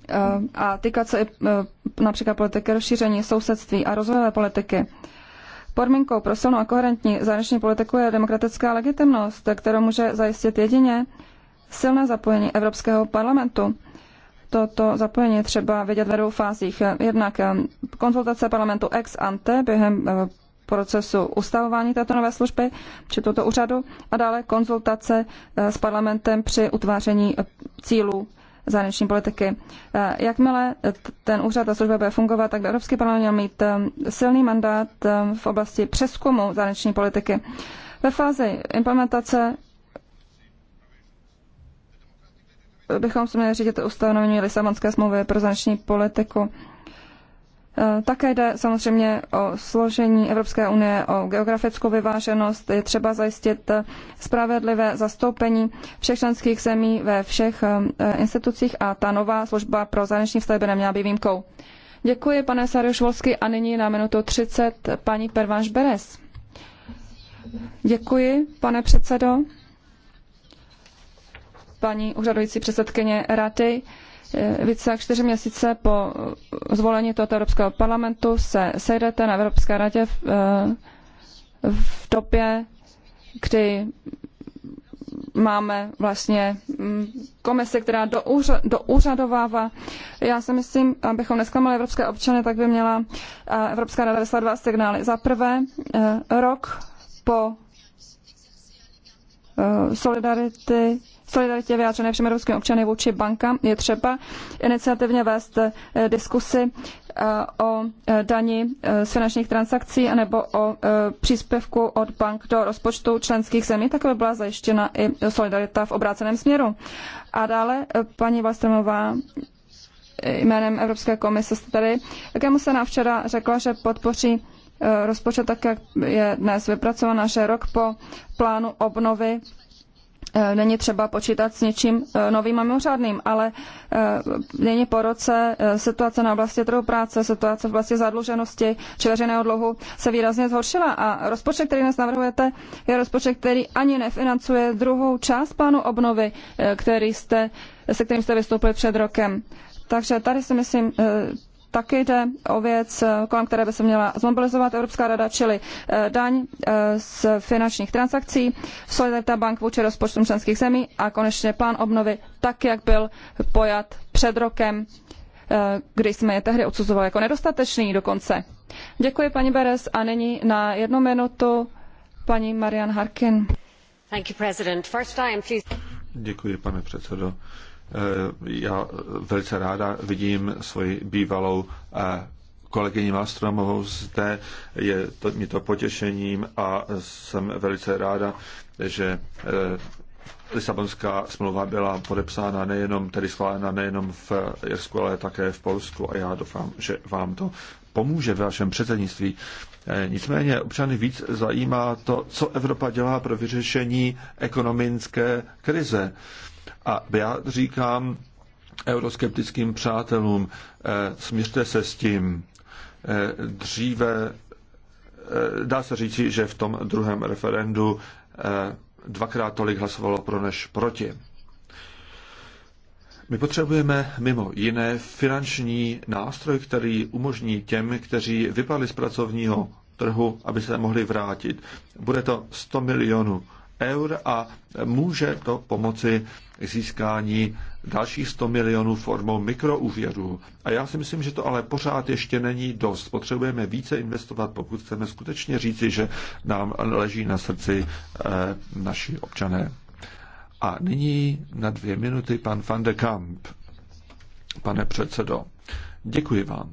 Eh, a týkat se i eh, například politiky rozšíření sousedství a rozvojové politiky. Podmínkou pro silnou a koherentní zahraniční politiku je demokratická legitimnost, kterou může zajistit jedině silné zapojení Evropského parlamentu. Toto zapojení třeba vidět ve dvou fázích. Jednak eh, konzultace parlamentu ex ante během procesu ustavování této nové služby či tohoto úřadu a dále konzultace s parlamentem při utváření cílů zahraniční politiky. Eh, jakmile ten úřad a služba bude fungovat, tak by Evropský parlament měl mít eh, silný mandát eh, v oblasti přeskumu zahraniční politiky. Ve fázi implementace bychom se měli řídit ustanovení Lisabonské smlouvy pro zahraniční politiku. Eh, také jde samozřejmě o složení Evropské unie, o geografickou vyváženost. Je třeba zajistit eh, spravedlivé zastoupení všech členských zemí ve všech eh, institucích a ta nová služba pro zahraniční vztahy by neměla být výjimkou. Děkuji, pane Sariuš a nyní na minutu 30 paní Pervanš Beres. Děkuji, pane předsedo. Paní úřadující předsedkyně Rady. Eh, více jak čtyři měsíce po zvolení tohoto Evropského parlamentu se sejdete na Evropské radě v, eh, v době, kdy máme vlastně mm, komisi, která douřa, Já si myslím, abychom nesklamali evropské občany, tak by měla eh, Evropská rada vyslat dva signály. Za prvé, rok po solidarity solidaritě vyjádřené všem evropským občany vůči bankám je třeba iniciativně vést eh, diskusy eh, o eh, dani z finančních transakcí anebo o příspěvku od bank do rozpočtu členských zemí, tak by byla zajištěna i solidarita v obráceném směru. A dále paní Valstromová jménem Evropské komise jste tady, jakému se nám včera řekla, že podpoří rozpočet tak, jak je dnes vypracován, že rok po plánu obnovy Eh, není třeba počítat s něčím eh, novým a mimořádným, ale eh, není po roce situace na oblasti trhu práce, situace v oblasti zadluženosti či veřejného dluhu se výrazně zhoršila a rozpočet, který dnes navrhujete, je rozpočet, který ani nefinancuje druhou část plánu obnovy, který jste, se kterým jste vystoupili před rokem. Takže tady si myslím, Taky jde o věc, eh, kolem které by se měla zmobilizovat Evropská rada, čili eh, daň eh, z finančních transakcí, solidarita bank vůči rozpočtům členských zemí a konečně plán obnovy, tak jak byl pojat před rokem, kdy jsme je tehdy odsuzovali jako nedostatečný dokonce. Děkuji paní Beres a nyní na jednu minutu paní Marian Harkin. Děkuji, pane předsedo. Eh, já velice ráda vidím svoji bývalou eh, kolegyni Malstromovou zde. Je to, mi to potěšením a jsem velice ráda, že eh, Lisabonská smlouva byla podepsána nejenom, tedy schválena nejenom v Jirsku, ale také v Polsku a já doufám, že vám to pomůže v vašem předsednictví. Nicméně občany víc zajímá to, co Evropa dělá pro vyřešení ekonomické krize. A já říkám euroskeptickým přátelům, eh, směřte se s tím. Eh, dříve, eh, dá se říci, že v tom druhém referendu dvakrát tolik hlasovalo pro než proti. My potřebujeme mimo jiné finanční nástroj, který umožní těm, kteří vypadli z pracovního trhu, aby se mohli vrátit. Bude to 100 milionů eur a může to pomoci získání dalších 100 milionů formou mikroúvěrů. A já si myslím, že to ale pořád ještě není dost. Potřebujeme více investovat, pokud chceme skutečně říci, že nám leží na srdci eh, naši občané. A nyní na dvě minuty pan van de Kamp. Pane předsedo, děkuji vám.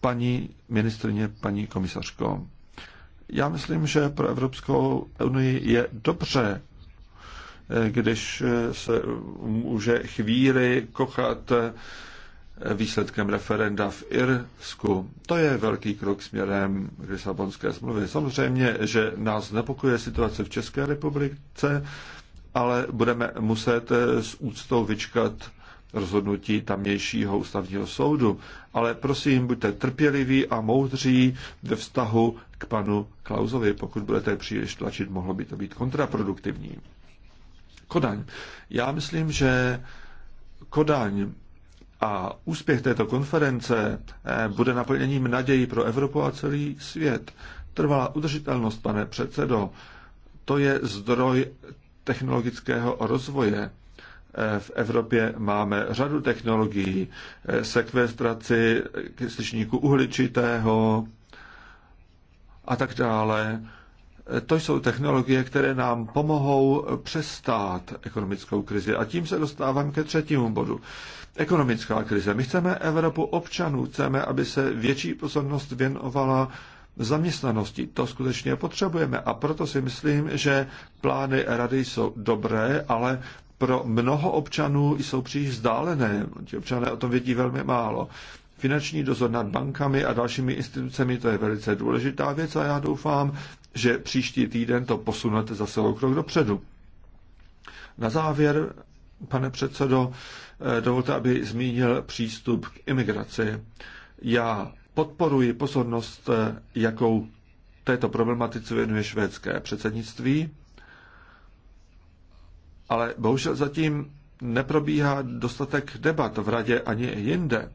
Paní ministrině, paní komisařko, já myslím, že pro Evropskou unii je dobře, když se může chvíli kochat výsledkem referenda v Irsku. To je velký krok směrem k Lisabonské smlouvy. Samozřejmě, že nás nepokuje situace v České republice, ale budeme muset s úctou vyčkat rozhodnutí tamnějšího ústavního soudu. Ale prosím, buďte trpěliví a moudří ve vztahu k panu Klausovi. Pokud budete příliš tlačit, mohlo by to být kontraproduktivní. Kodaň. Já myslím, že Kodaň a úspěch této konference eh, bude naplněním naději pro Evropu a celý svět. Trvalá udržitelnost, pane předsedo, to je zdroj technologického rozvoje. Eh, v Evropě máme řadu technologií, eh, sekvestraci kysličníku uhličitého a tak dále. To jsou technologie, které nám pomohou přestát ekonomickou krizi. A tím se dostávám ke třetímu bodu. Ekonomická krize. My chceme Evropu občanů, chceme, aby se větší pozornost věnovala zaměstnanosti. To skutečně potřebujeme a proto si myslím, že plány rady jsou dobré, ale pro mnoho občanů jsou příliš vzdálené. Ti občané o tom vědí velmi málo. Finanční dozor nad bankami a dalšími institucemi, to je velice důležitá věc a já doufám, že příští týden to posunete zase o krok dopředu. Na závěr, pane předsedo, eh, dovolte, aby zmínil přístup k imigraci. Já podporuji pozornost, eh, jakou této problematice věnuje švédské předsednictví, ale bohužel zatím neprobíhá dostatek debat v radě ani jinde.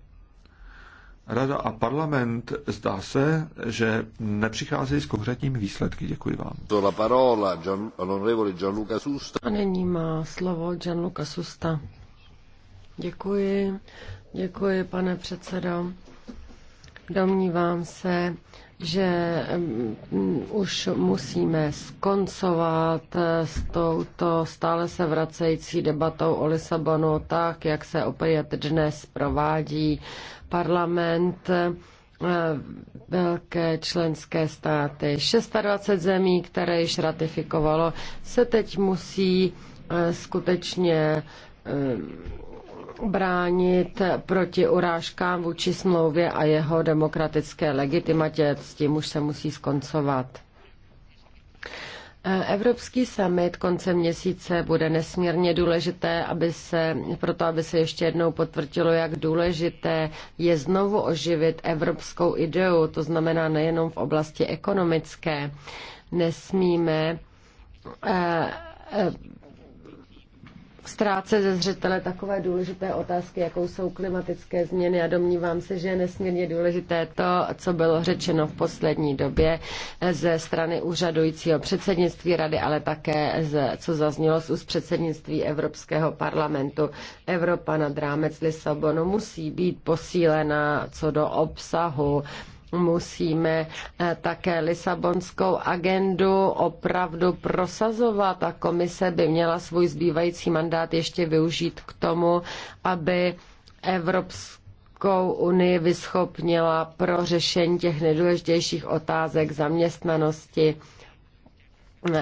Rada a parlament zdá se, že nepřicházejí s konkrétními výsledky. Děkuji vám. La parola, Gian, Gianluca Susta. A nyní má slovo Gianluca Susta. Děkuji, děkuji pane předsedo. Domnívám se, že už musíme skoncovat eh, s touto stále se vracející debatou o Lisabonu, tak jak se opět dnes provádí parlament eh, velké členské státy. 26 zemí, které již ratifikovalo, se teď musí eh, skutečně bránit proti urážkám vůči smlouvě a jeho demokratické legitimatě. S tím už se musí skoncovat. Eh, Evropský summit koncem měsíce bude nesmírně důležité, aby se, proto aby se ještě jednou potvrdilo, jak důležité je znovu oživit evropskou ideu, to znamená nejenom v oblasti ekonomické. Nesmíme eh, eh, ztrácet ze zřetele takové důležité otázky, jakou jsou klimatické změny a domnívám se, že je nesmírně důležité to, co bylo řečeno v poslední době ze strany úřadujícího předsednictví rady, ale také z, co zaznělo z úst předsednictví Evropského parlamentu. Evropa nad rámec Lisabonu musí být posílena co do obsahu musíme eh, také Lisabonskou agendu opravdu prosazovat a komise by měla svůj zbývající mandát ještě využít k tomu, aby Evropskou unii vyschopnila pro řešení těch nejdůležitějších otázek zaměstnanosti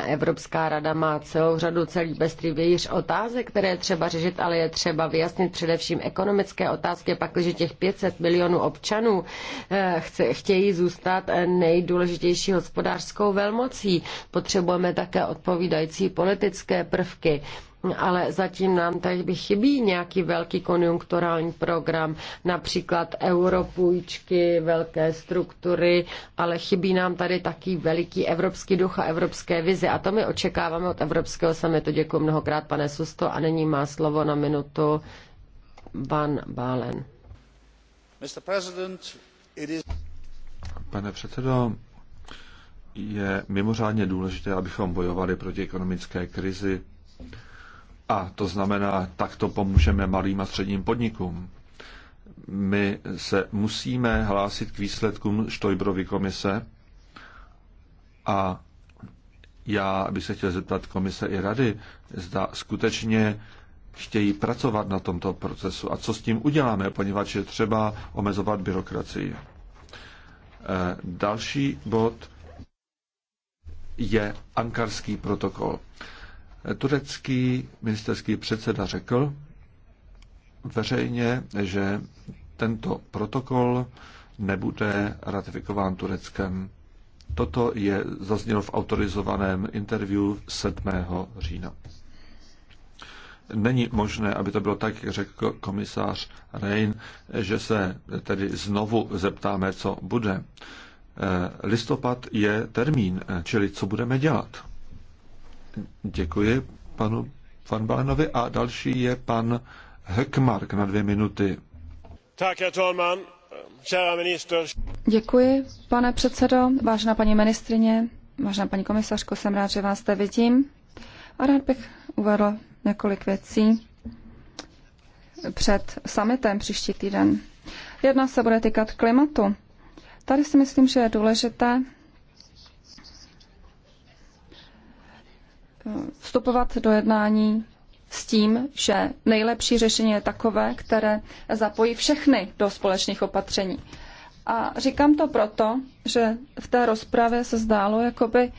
Evropská rada má celou řadu celý vějíř otázek, které je třeba řešit, ale je třeba vyjasnit především ekonomické otázky, pakliže těch 500 milionů občanů eh, chce, chtějí zůstat eh, nejdůležitější hospodářskou velmocí. Potřebujeme také odpovídající politické prvky ale zatím nám tady chybí nějaký velký konjunkturální program, například europůjčky, velké struktury, ale chybí nám tady taky veliký evropský duch a evropské vize a to my očekáváme od Evropského samitu. Děkuji mnohokrát, pane Susto, a nyní má slovo na minutu Van Balen. Pane předsedo, je mimořádně důležité, abychom bojovali proti ekonomické krizi. A to znamená, takto pomůžeme malým a středním podnikům. My se musíme hlásit k výsledkům Štojbrovy komise a já bych se chtěl zeptat komise i rady, zda skutečně chtějí pracovat na tomto procesu a co s tím uděláme, poněvadž je třeba omezovat byrokracii. Eh, další bod je ankarský protokol. Turecký ministerský předseda řekl veřejně, že tento protokol nebude ratifikován Tureckem. Toto je zaznělo v autorizovaném interview 7. října. Není možné, aby to bylo tak, jak řekl komisář Rein, že se tedy znovu zeptáme, co bude. Eh, listopad je termín, eh, čili co budeme dělat. Děkuji panu Van Balenovi a další je pan Hökmark na dvě minuty. Tak, herr talman, minister. Děkuji, pane předsedo, Vážná paní ministrině, vážná paní komisařko, jsem rád, že vás zde vidím. A rád bych uvedl několik věcí před summitem příští týden. Jedna se bude týkat klimatu. Tady si myslím, že je důležité, vstupovat do jednání s tím, že nejlepší řešení je takové, které zapojí všechny do společných opatření. A říkám to proto, že v té rozpravě se zdálo, jakoby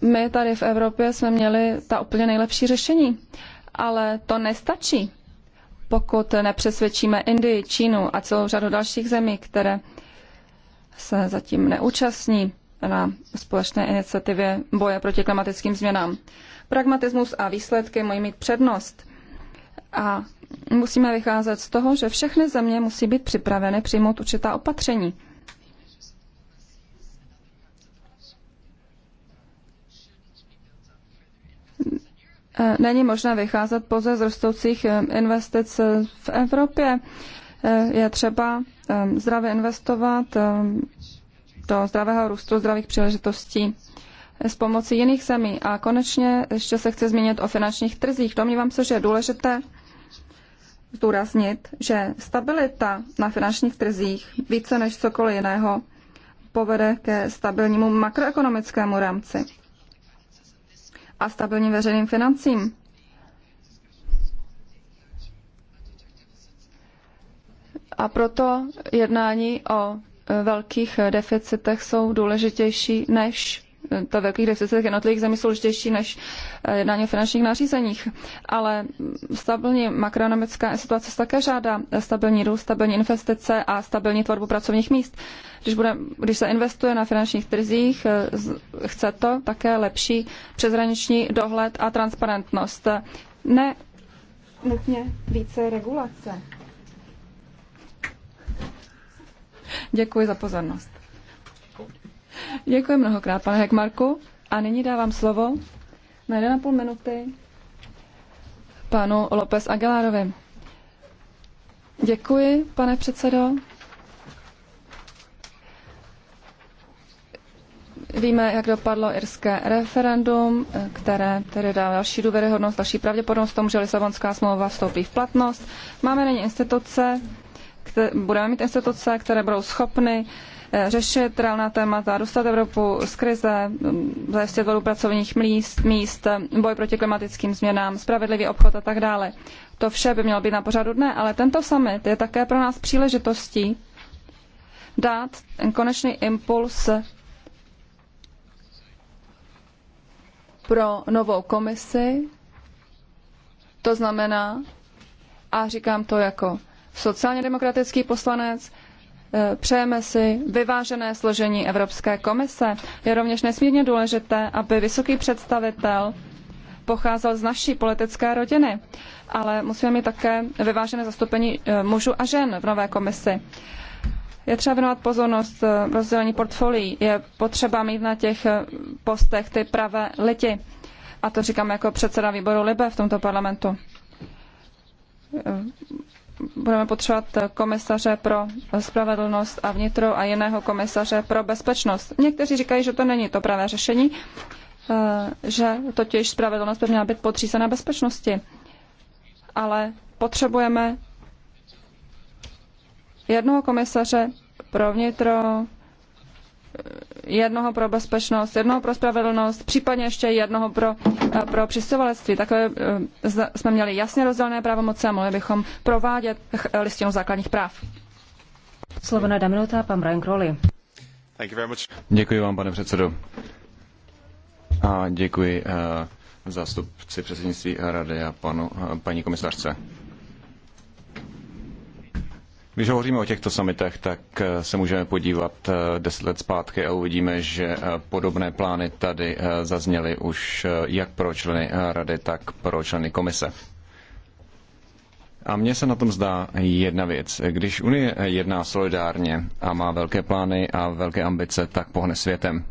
my tady v Evropě jsme měli ta úplně nejlepší řešení. Ale to nestačí, pokud nepřesvědčíme Indii, Čínu a celou řadu dalších zemí, které se zatím neúčastní na společné iniciativě boje proti klimatickým změnám. Pragmatismus a výsledky mají mít přednost. A musíme vycházet z toho, že všechny země musí být připraveny přijmout určitá opatření. Není možné vycházet pouze z rostoucích eh, investic eh, v Evropě. Eh, je třeba zdravě investovat, do zdravého růstu, zdravých příležitostí s pomocí jiných zemí. A konečně ještě se chci zmínit o finančních trzích. Domnívám se, že je důležité zdůraznit, že stabilita na finančních trzích více než cokoliv jiného povede ke stabilnímu makroekonomickému rámci a stabilním veřejným financím. A proto jednání o velkých deficitech jsou důležitější než ta velkých deficitech jednotlivých zemí jsou důležitější než eh, jednání o finančních nařízeních. Ale stabilní makroekonomická situace se také žádá stabilní růst, stabilní investice a stabilní tvorbu pracovních míst. Když, bude, když se investuje na finančních trzích, eh, chce to také lepší přeshraniční dohled a transparentnost. Ne nutně více regulace. Děkuji za pozornost. Děkuji mnohokrát, pane Hekmarku. A nyní dávám slovo na 1,5 minuty panu López Aguilarovi. Děkuji, pane předsedo. Víme, jak dopadlo irské referendum, které tedy dá další důvěryhodnost, další pravděpodobnost tomu, že Lisabonská smlouva vstoupí v platnost. Máme na ně instituce, budeme mít instituce, které budou schopny eh, řešit reálná témata, dostat Evropu z krize, mm, zajistit vodu pracovních míst, míst, boj proti klimatickým změnám, spravedlivý obchod a tak dále. To vše by mělo být na pořadu dne, ale tento summit je také pro nás příležitostí dát konečný impuls pro novou komisi, to znamená, a říkám to jako sociálně demokratický poslanec. E, přejeme si vyvážené složení Evropské komise. Je rovněž nesmírně důležité, aby vysoký představitel pocházel z naší politické rodiny, ale musíme mít také vyvážené zastoupení e, mužů a žen v nové komisi. Je třeba věnovat pozornost e, rozdělení portfolií. Je potřeba mít na těch postech ty pravé lidi. A to říkám jako předseda výboru Libe v tomto parlamentu budeme potřebovat komisaře pro spravedlnost a vnitro a jiného komisaře pro bezpečnost. Někteří říkají, že to není to pravé řešení, eh, že totiž spravedlnost by měla být podřízena bezpečnosti. Ale potřebujeme jednoho komisaře pro vnitro, jednoho pro bezpečnost, jednoho pro spravedlnost, případně ještě jednoho pro, eh, pro přistěhovalectví. Takhle eh, jsme měli jasně rozdělené pravomoce a mohli bychom provádět listinu základních práv. Slovo na minuta, pan Brian Crowley. Děkuji vám, pane předsedo. A děkuji eh, zástupci předsednictví rady a panu, paní komisařce. Když hovoříme o těchto samitech, tak eh, se můžeme podívat eh, deset let zpátky a uvidíme, že eh, podobné plány tady zazněly už jak pro členy rady, tak pro členy komise. A mně se na tom zdá jedna věc. Když Unie jedná solidárně a má velké plány a velké ambice, tak pohne světem.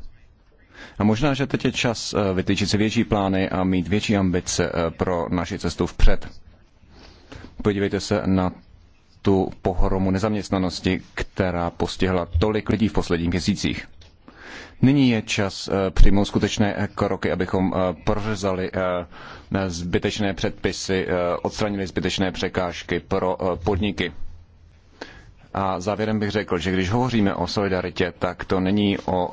A možná, že teď je čas vytýčit si větší plány a mít větší ambice pro naši cestu vpřed. Podívejte se na tu pohromu nezaměstnanosti, která postihla tolik lidí v posledních měsících. Nyní je čas eh, přijmout skutečné eh, kroky, abychom eh, prořezali zbytečné předpisy, odstranili zbytečné překážky pro podniky. A závěrem bych řekl, že když hovoříme o solidaritě, tak to není o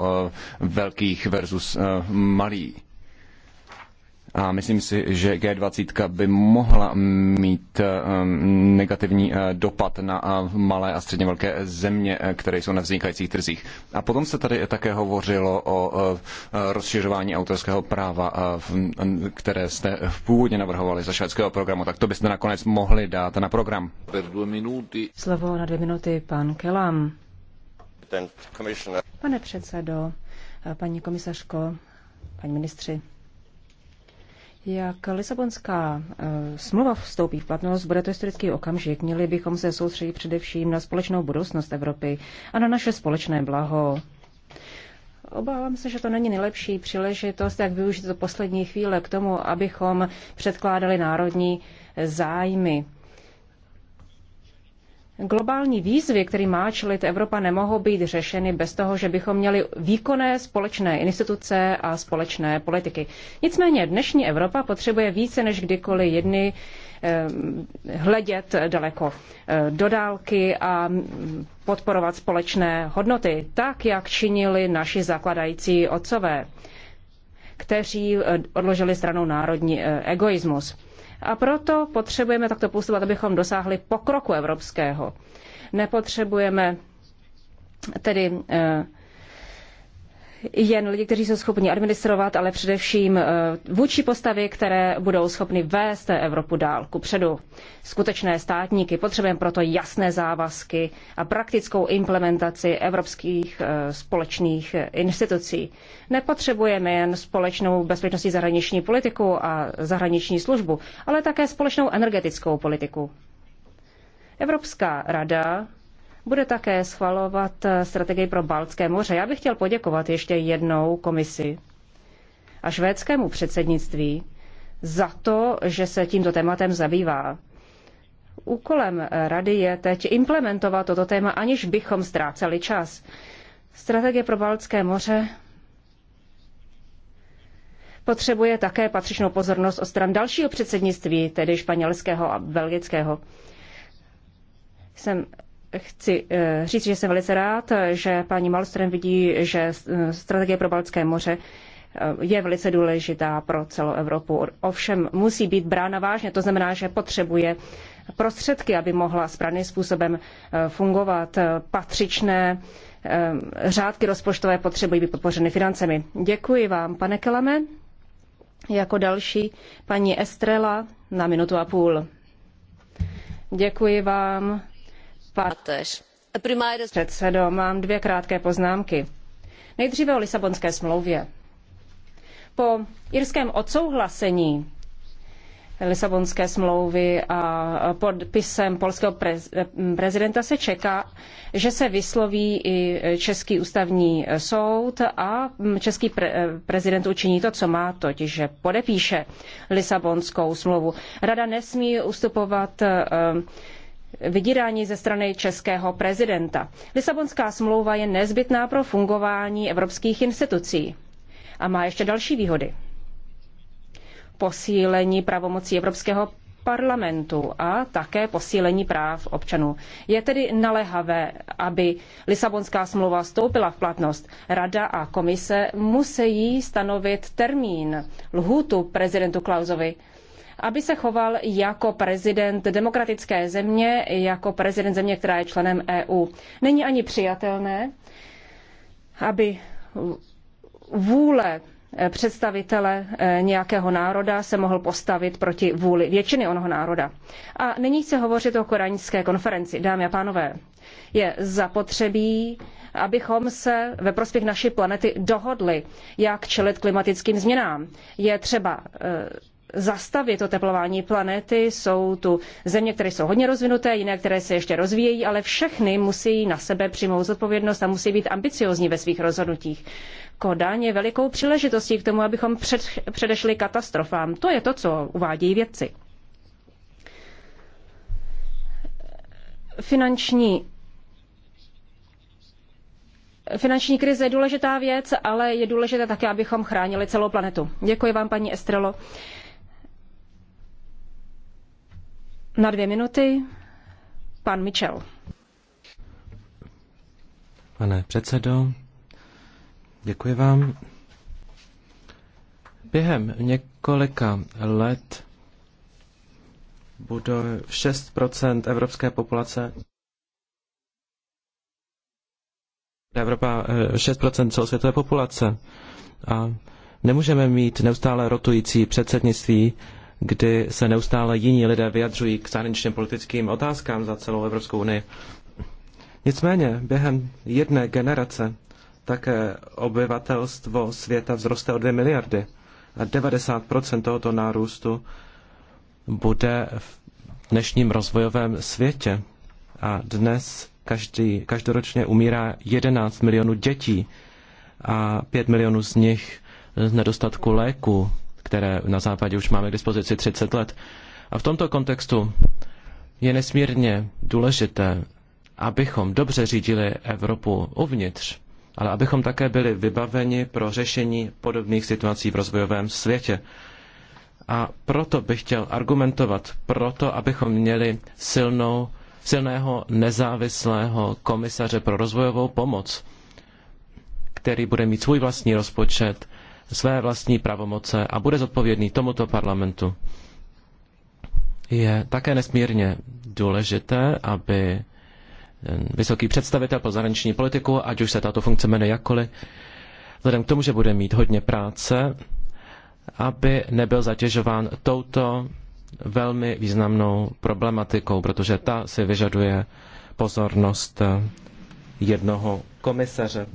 velkých versus malých a myslím si, že G20 by mohla mít eh, negativní eh, dopad na eh, malé a středně velké země, které jsou na vznikajících trzích. A potom se tady také hovořilo o rozšiřování autorského práva, které jste původně navrhovali za švédského programu, tak to byste nakonec mohli dát na program. Slovo na dvě minuty pan Kelam. Pane předsedo, paní komisařko, paní ministři, jak Lisabonská eh, smlouva vstoupí v platnost, bude to historický okamžik. Měli bychom se soustředit především na společnou budoucnost Evropy a na naše společné blaho. Obávám se, že to není nejlepší příležitost, jak využít to poslední chvíle k tomu, abychom předkládali národní zájmy. Globální výzvy, které má čelit Evropa, nemohou být řešeny bez toho, že bychom měli výkonné společné instituce a společné politiky. Nicméně dnešní Evropa potřebuje více než kdykoliv jedny eh, hledět daleko eh, do dálky a mm, podporovat společné hodnoty, tak jak činili naši zakladající otcové, kteří eh, odložili stranou národní egoismus. A proto potřebujeme takto působit, abychom dosáhli pokroku evropského. Nepotřebujeme tedy eh, jen lidi, kteří jsou schopni administrovat, ale především eh, vůči postavy, které budou schopny vést Evropu dál ku předu. Skutečné státníky potřebujeme proto jasné závazky a praktickou implementaci evropských eh, společných eh, institucí. Nepotřebujeme jen společnou bezpečnostní zahraniční politiku a zahraniční službu, ale také společnou energetickou politiku. Evropská rada bude také schvalovat eh, strategii pro Baltské moře. Já bych chtěl poděkovat ještě jednou komisi a švédskému předsednictví za to, že se tímto tématem zabývá. Úkolem eh, rady je teď implementovat toto téma, aniž bychom ztráceli čas. Strategie pro Baltské moře potřebuje také patřičnou pozornost od stran dalšího předsednictví, tedy španělského a belgického. Jsem chci eh, říct, že jsem velice rád, že paní Malström vidí, že eh, strategie pro Baltské moře eh, je velice důležitá pro celou Evropu. Ovšem musí být brána vážně, to znamená, že potřebuje prostředky, aby mohla správným způsobem fungovat. Patřičné řádky rozpočtové potřebují být podpořeny financemi. Děkuji vám, pane Kelame. Jako další paní Estrela na minutu a půl. Děkuji vám. Pane předsedající mám dvě krátké poznámky. Nejdříve o Lisabonské smlouvě. Po irském odsouhlasení Lisabonské smlouvy a podpisem polského prezidenta se čeká, že se vysloví i Český ústavní soud a Český pre- prezident učiní to, co má, totiž že podepíše Lisabonskou smlouvu. Rada nesmí ustupovat eh, vydírání ze strany českého prezidenta. Lisabonská smlouva je nezbytná pro fungování evropských institucí a má ještě další výhody. Posílení pravomocí Evropského parlamentu a také posílení práv občanů. Je tedy naléhavé, aby Lisabonská smlouva vstoupila v platnost. Rada a komise musí stanovit termín, lhůtu prezidentu Klausovi, aby se choval jako prezident demokratické země, jako prezident země, která je členem EU. Není ani přijatelné, aby vůle představitele eh, nějakého národa se mohl postavit proti vůli většiny onoho národa. A nyní se hovořit o koraňské konferenci. Dámy a pánové, je zapotřebí, abychom se ve prospěch naší planety dohodli, jak čelit klimatickým změnám. Je třeba eh, zastavit oteplování planety. Jsou tu země, které jsou hodně rozvinuté, jiné, které se ještě rozvíjejí, ale všechny musí na sebe přijmout zodpovědnost a musí být ambiciozní ve svých rozhodnutích. Kodaň je velikou příležitostí k tomu, abychom před, předešli katastrofám. To je to, co uvádějí vědci. Finanční Finanční krize je důležitá věc, ale je důležité také, abychom chránili celou planetu. Děkuji vám, paní Estrelo. Na dvě minuty pan Mitchell. Pane předsedo, děkuji vám. Během několika let bude 6% evropské populace Evropa 6% eh, celosvětové populace a nemůžeme mít neustále rotující předsednictví kdy se neustále jiní lidé vyjadřují k zahraničně politickým otázkám za celou Evropskou unii. Nicméně během jedné generace také obyvatelstvo světa vzroste o 2 miliardy a 90% tohoto nárůstu bude v dnešním rozvojovém světě. A dnes každý, každoročně umírá 11 milionů dětí a 5 milionů z nich z nedostatku léku které na západě už máme k dispozici 30 let. A v tomto kontextu je nesmírně důležité, abychom dobře řídili Evropu uvnitř, ale abychom také byli vybaveni pro řešení podobných situací v rozvojovém světě. A proto bych chtěl argumentovat, proto abychom měli silnou, silného nezávislého komisaře pro rozvojovou pomoc, který bude mít svůj vlastní rozpočet, své vlastní pravomoce a bude zodpovědný tomuto parlamentu. Je také nesmírně důležité, aby vysoký představitel pro zahraniční politiku, ať už se tato funkce jmenuje jakkoliv, vzhledem k tomu, že bude mít hodně práce, aby nebyl zatěžován touto velmi významnou problematikou, protože ta si vyžaduje pozornost jednoho komisaře.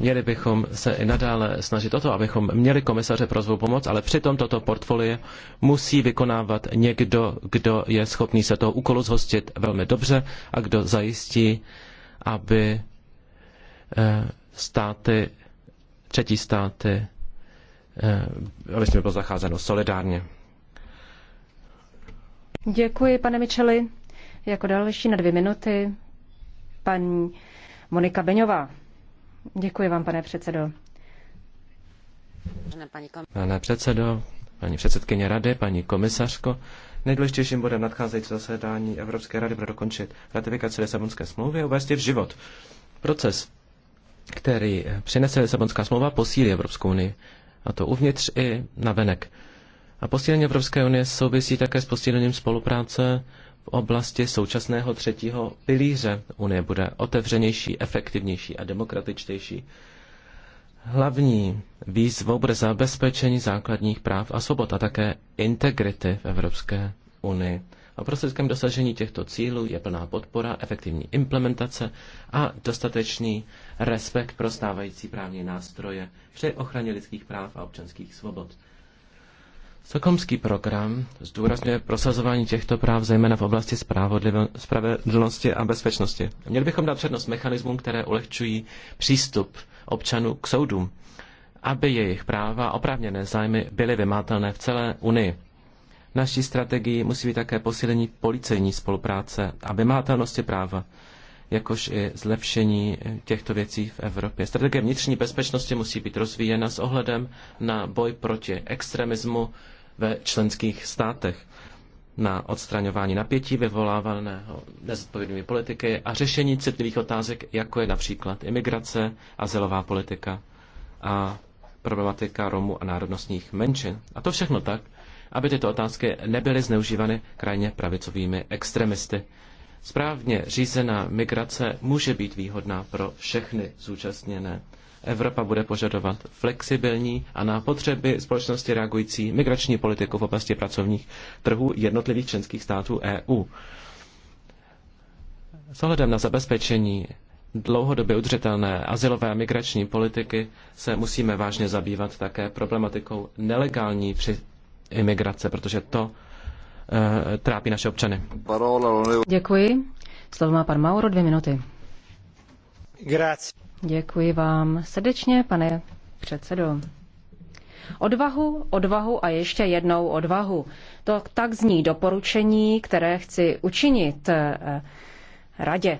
Měli bychom se i nadále snažit o to, abychom měli komisaře pro svou pomoc, ale přitom toto portfolio musí vykonávat někdo, kdo je schopný se toho úkolu zhostit velmi dobře a kdo zajistí, aby eh, státy, třetí státy, eh, aby s nimi bylo zacházeno solidárně. Děkuji, pane Micheli. Jako další na dvě minuty paní Monika Beňová. Děkuji vám, pane předsedo. Pane předsedo, paní předsedkyně rady, paní komisařko, nejdůležitějším bodem nadcházejícího zasedání Evropské rady pro dokončit ratifikaci Lisabonské smlouvy a uvést v život. Proces, který přinese Lisabonská smlouva, posílí Evropskou unii, a to uvnitř i na venek. A posílení Evropské unie souvisí také s posílením spolupráce v oblasti současného třetího pilíře. Unie bude otevřenější, efektivnější a demokratičtější. Hlavní výzvou bude zabezpečení základních práv a svobod a také integrity v Evropské unii. A prostředkem dosažení těchto cílů je plná podpora, efektivní implementace a dostatečný respekt pro stávající právní nástroje při ochraně lidských práv a občanských svobod. Stokholmský program zdůrazňuje prosazování těchto práv zejména v oblasti spravedlnosti a bezpečnosti. Měli bychom dát přednost mechanismům, které ulehčují přístup občanů k soudům, aby jejich práva a oprávněné zájmy byly vymátelné v celé Unii. Naší strategii musí být také posílení policejní spolupráce a vymátelnosti práva jakož i zlepšení eh, těchto věcí v Evropě. Strategie vnitřní bezpečnosti musí být rozvíjena s ohledem na boj proti extremismu ve členských státech na odstraňování napětí vyvolávaného nezodpovědnými politiky a řešení citlivých otázek, jako je například imigrace, azylová politika a problematika Romů a národnostních menšin. A to všechno tak, aby tyto otázky nebyly zneužívány krajně pravicovými extremisty. Správně řízená migrace může být výhodná pro všechny zúčastněné. Evropa bude požadovat flexibilní a na potřeby společnosti reagující migrační politiku v oblasti pracovních trhů jednotlivých členských států EU. S ohledem na zabezpečení dlouhodobě udržitelné asilové a migrační politiky se musíme vážně zabývat také problematikou nelegální při imigrace, protože to Eh, trápí naše občany. Děkuji. Slovo má pan Mauro, dvě minuty. Grazie. Děkuji vám srdečně, pane předsedo. Odvahu, odvahu a ještě jednou odvahu. To tak zní doporučení, které chci učinit eh, radě.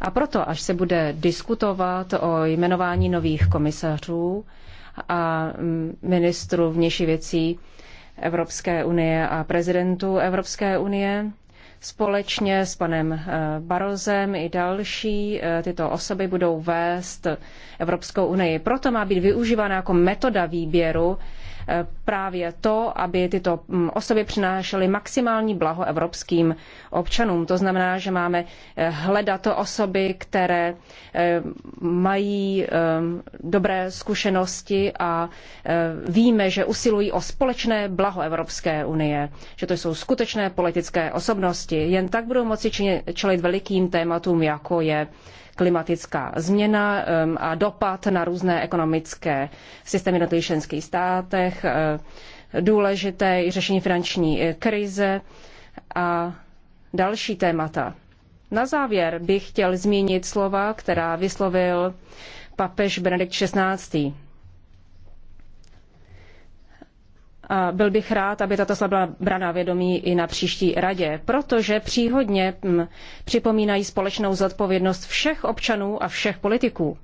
A proto, až se bude diskutovat o jmenování nových komisařů a mm, ministru vnější věcí, Evropské unie a prezidentů Evropské unie. Společně s panem eh, Barozem i další eh, tyto osoby budou vést Evropskou unii. Proto má být využívána jako metoda výběru právě to, aby tyto mm, osoby přinášely maximální blaho evropským občanům. To znamená, že máme eh, hledat osoby, které eh, mají eh, dobré zkušenosti a víme, že usilují o společné blaho Evropské unie, že to jsou skutečné politické osobnosti. Jen tak budou moci čelit velikým tématům, jako je klimatická změna um, a dopad na různé ekonomické systémy na členských státech, uh, důležité i řešení finanční uh, krize a další témata. Na závěr bych chtěl zmínit slova, která vyslovil papež Benedikt XVI byl bych rád, aby tato slova byla brana vědomí i na příští radě, protože příhodně hm, připomínají společnou zodpovědnost všech občanů a všech politiků.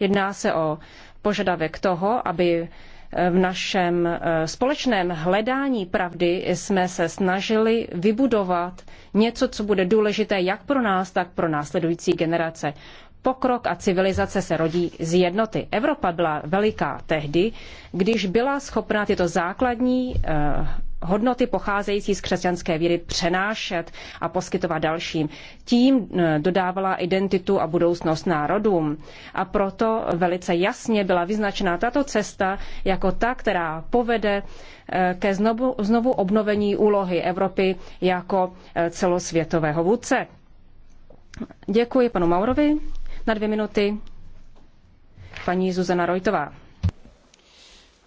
Jedná se o požadavek toho, aby eh, v našem eh, společném hledání pravdy jsme se snažili vybudovat něco, co bude důležité jak pro nás, tak pro následující generace. Pokrok a civilizace se rodí z jednoty. Evropa byla veliká tehdy, když byla schopná tyto základní eh, hodnoty pocházející z křesťanské víry přenášet a poskytovat dalším. Tím eh, dodávala identitu a budoucnost národům. A proto velice jasně byla vyznačena tato cesta jako ta, která povede eh, ke znovu, znovu obnovení úlohy Evropy jako celosvětového vůdce. Děkuji panu Maurovi. Na dvě minuty paní Zuzana Rojtová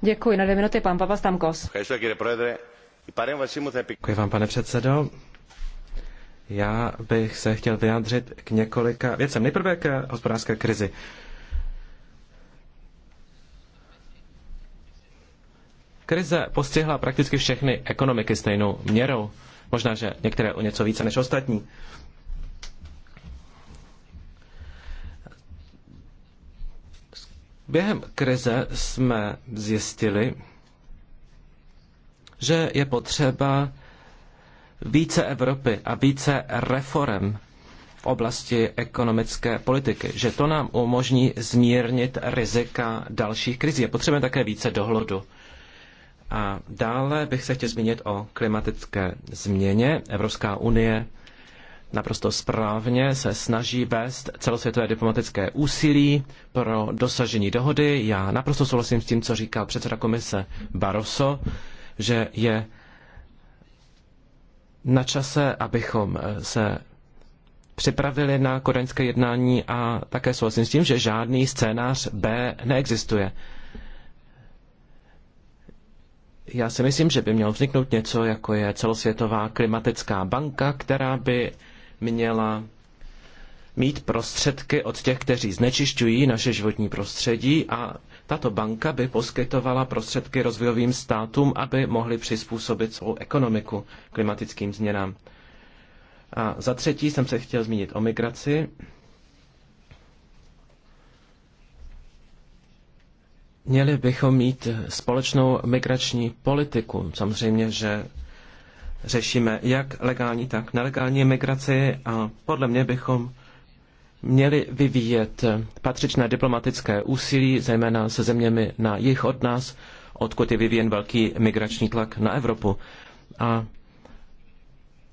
Děkuji, na dvě minuty pan Papastamkos. Děkuji vám, pane předsedo. Já bych se chtěl vyjádřit k několika věcem. Nejprve k hospodářské krizi. Krize postihla prakticky všechny ekonomiky stejnou měrou. Možná, že některé o něco více než ostatní. Během krize jsme zjistili, že je potřeba více Evropy a více reform v oblasti ekonomické politiky, že to nám umožní zmírnit rizika dalších krizí. Je potřebujeme také více dohledu. A dále bych se chtěl zmínit o klimatické změně. Evropská unie naprosto správně se snaží vést celosvětové diplomatické úsilí pro dosažení dohody. Já naprosto souhlasím s tím, co říkal předseda komise Barroso, že je na čase, abychom eh, se připravili na kodaňské jednání a také souhlasím s tím, že žádný scénář B neexistuje. Já si myslím, že by mělo vzniknout něco, jako je celosvětová klimatická banka, která by měla mít prostředky od těch, kteří znečišťují naše životní prostředí a tato banka by poskytovala prostředky rozvojovým státům, aby mohli přizpůsobit svou ekonomiku klimatickým změnám. A za třetí jsem se chtěl zmínit o migraci. Měli bychom mít společnou migrační politiku. Samozřejmě, že řešíme jak legální, tak nelegální migraci a podle mě bychom měli vyvíjet patřičné diplomatické úsilí, zejména se zeměmi na jih od nás, odkud je vyvíjen velký migrační tlak na Evropu. A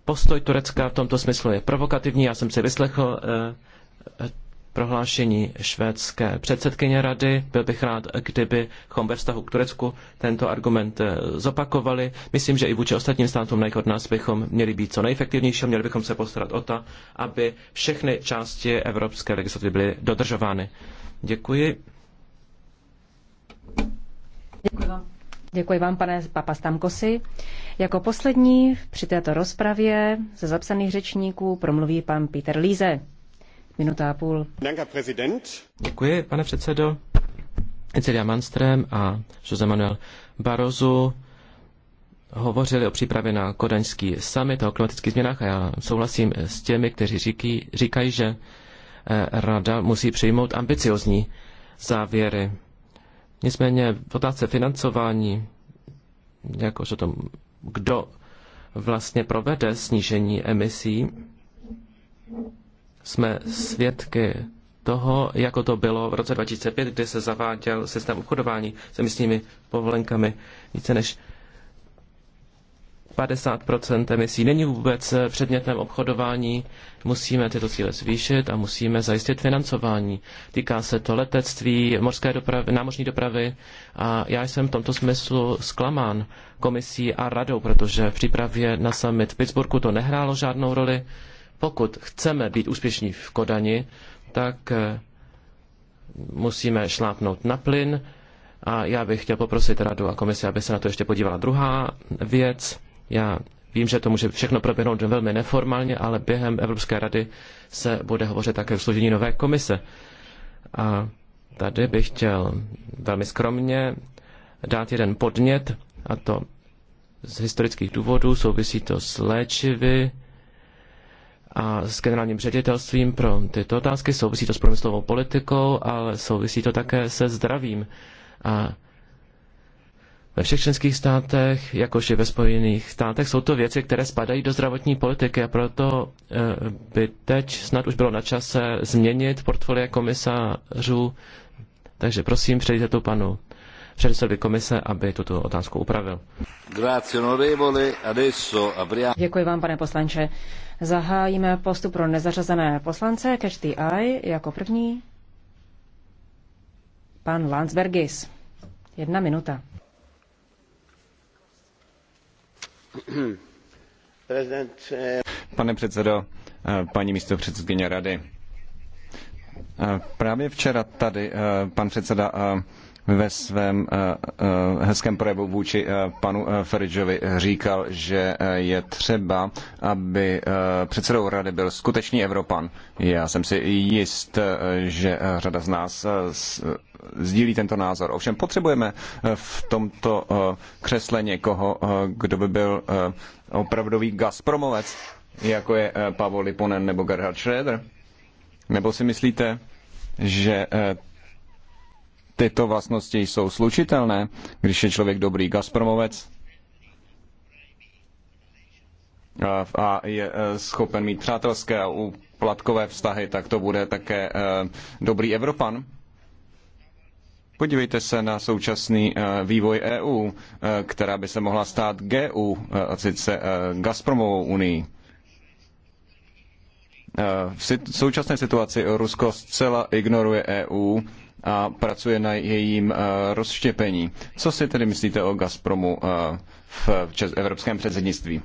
postoj Turecka v tomto smyslu je provokativní. Já jsem si vyslechl eh, prohlášení švédské předsedkyně rady. Byl bych rád, kdybychom ve vztahu k Turecku tento argument eh, zopakovali. Myslím, že i vůči ostatním státům na od nás bychom měli být co nejefektivnější, měli bychom se postarat o to, aby všechny části evropské legislativy byly dodržovány. Děkuji. Děkuji vám. Děkuji vám, pane Papastamkosi. Jako poslední při této rozpravě ze zapsaných řečníků promluví pan Peter Líze. Minuta a půl. Děkuji, pane předsedo. Cecilia Manström a Jose Manuel Barozu hovořili o přípravě na kodaňský summit o klimatických změnách a já souhlasím s těmi, kteří říkají, říkají že eh, rada musí přijmout ambiciozní závěry. Nicméně v otázce financování, jakož o tom, kdo vlastně provede snížení emisí, jsme svědky toho, jako to bylo v roce 2005, kdy se zaváděl systém obchodování s emisními povolenkami více než 50 emisí není vůbec předmětem obchodování. Musíme tyto cíle zvýšit a musíme zajistit financování. Týká se to letectví, morské dopravy, námořní dopravy a já jsem v tomto smyslu zklamán komisí a radou, protože v přípravě na summit v Pittsburghu to nehrálo žádnou roli. Pokud chceme být úspěšní v Kodani, tak eh, musíme šlápnout na plyn. A já bych chtěl poprosit radu a komisi, aby se na to ještě podívala. Druhá věc, já vím, že to může všechno proběhnout velmi neformálně, ale během Evropské rady se bude hovořit také o složení nové komise. A tady bych chtěl velmi skromně dát jeden podnět, a to z historických důvodů, souvisí to s léčivy, a s generálním ředitelstvím pro tyto otázky. Souvisí to s průmyslovou politikou, ale souvisí to také se zdravím. A ve všech členských státech, jakož i ve Spojených státech, jsou to věci, které spadají do zdravotní politiky a proto eh, by teď snad už bylo na čase změnit portfolie komisařů. Takže prosím, přejděte to panu předsedovi komise, aby tuto otázku upravil. Děkuji vám, pane poslanče. Zahájíme postup pro nezařazené poslance Catch the Eye jako první. Pan Landsbergis. Jedna minuta. Pane předsedo, paní místo předsedkyně rady. Právě včera tady eh, pan předseda eh, ve svém eh, eh, hezkém projevu vůči eh, panu Feridžovi říkal, že je třeba, aby předsedou rady byl skutečný Evropan. Já jsem si jist, že řada z nás sdílí tento názor. Ovšem potřebujeme v tomto křesle někoho, kdo by byl opravdový Gazpromovec, jako je Pavel Liponen nebo Gerhard Schröder. Nebo si myslíte, že tyto vlastnosti jsou slučitelné, když je člověk dobrý Gazpromovec a je e, schopen mít přátelské a uplatkové vztahy, tak to bude také e, dobrý Evropan. Podívejte se na současný e, vývoj EU, která by se mohla stát GU, a sice Gazpromovou unii. V současné situaci Rusko zcela ignoruje EU a pracuje na jejím eh, rozštěpení. Co si tedy myslíte o Gazpromu eh, v evropském předsednictví?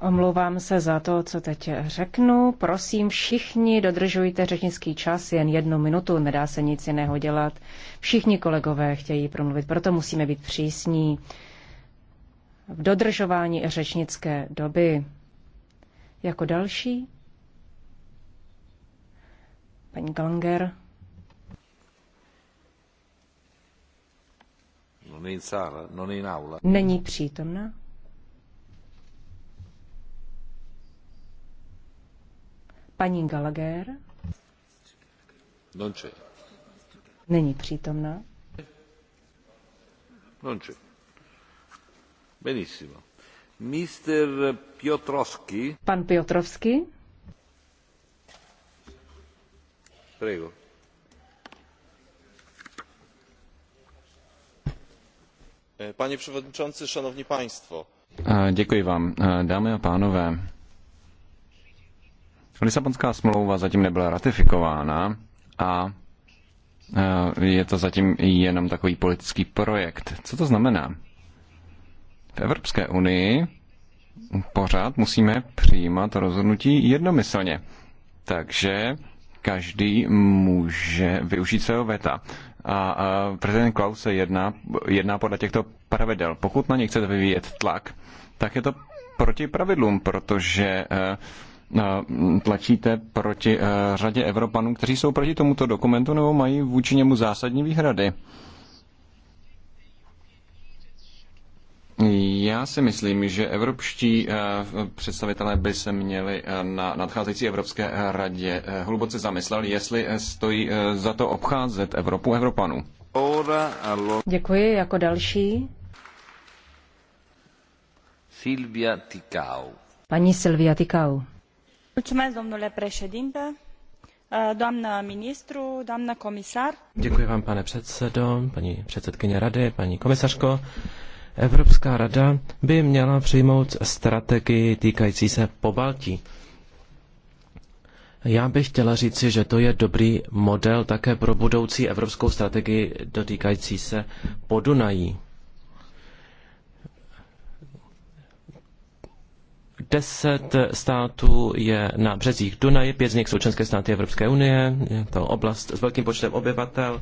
Omlouvám se za to, co teď řeknu. Prosím, všichni dodržujte řečnický čas jen jednu minutu, nedá se nic jiného dělat. Všichni kolegové chtějí promluvit, proto musíme být přísní v dodržování řečnické doby. Jako další Paní Galanger. Není přítomna. Paní Gallagher. Není přítomna. Non c'è. Benissimo. Mister Piotrowski. Pan Piotrowski. Pane Panie przewodniczący, szanowni państwo. E, děkuji vám. E, dámy a pánové, Lisabonská smlouva zatím nebyla ratifikována a e, je to zatím jenom takový politický projekt. Co to znamená? V Evropské unii pořád musíme přijímat rozhodnutí jednomyslně. Takže každý může využít svého veta. A prezident Klaus jedná, jedná podle těchto pravidel. Pokud na ně chcete vyvíjet tlak, tak je to proti pravidlům, protože eh, eh, tlačíte proti eh, řadě Evropanů, kteří jsou proti tomuto dokumentu nebo mají vůči němu zásadní výhrady. Já si myslím, že evropští eh, představitelé by se měli eh, na nadcházející Evropské eh, radě hluboce zamyslet, jestli stojí za to obcházet Evropu Evropanů. Děkuji. Jako další. Silvia Ticau. Paní Silvia Ticau. Mulțumesc, domnule președinte, doamnă ministru, doamnă comisar. Děkuji vám, pane předsedo, paní předsedkyně rady, paní komisařko. Evropská rada by měla přijmout strategii týkající se pobaltí. Já bych chtěla říci, že to je dobrý model také pro budoucí evropskou strategii dotýkající se Podunají. Deset států je na březích Dunaje, pět z nich jsou členské státy Evropské unie, je to oblast s velkým počtem obyvatel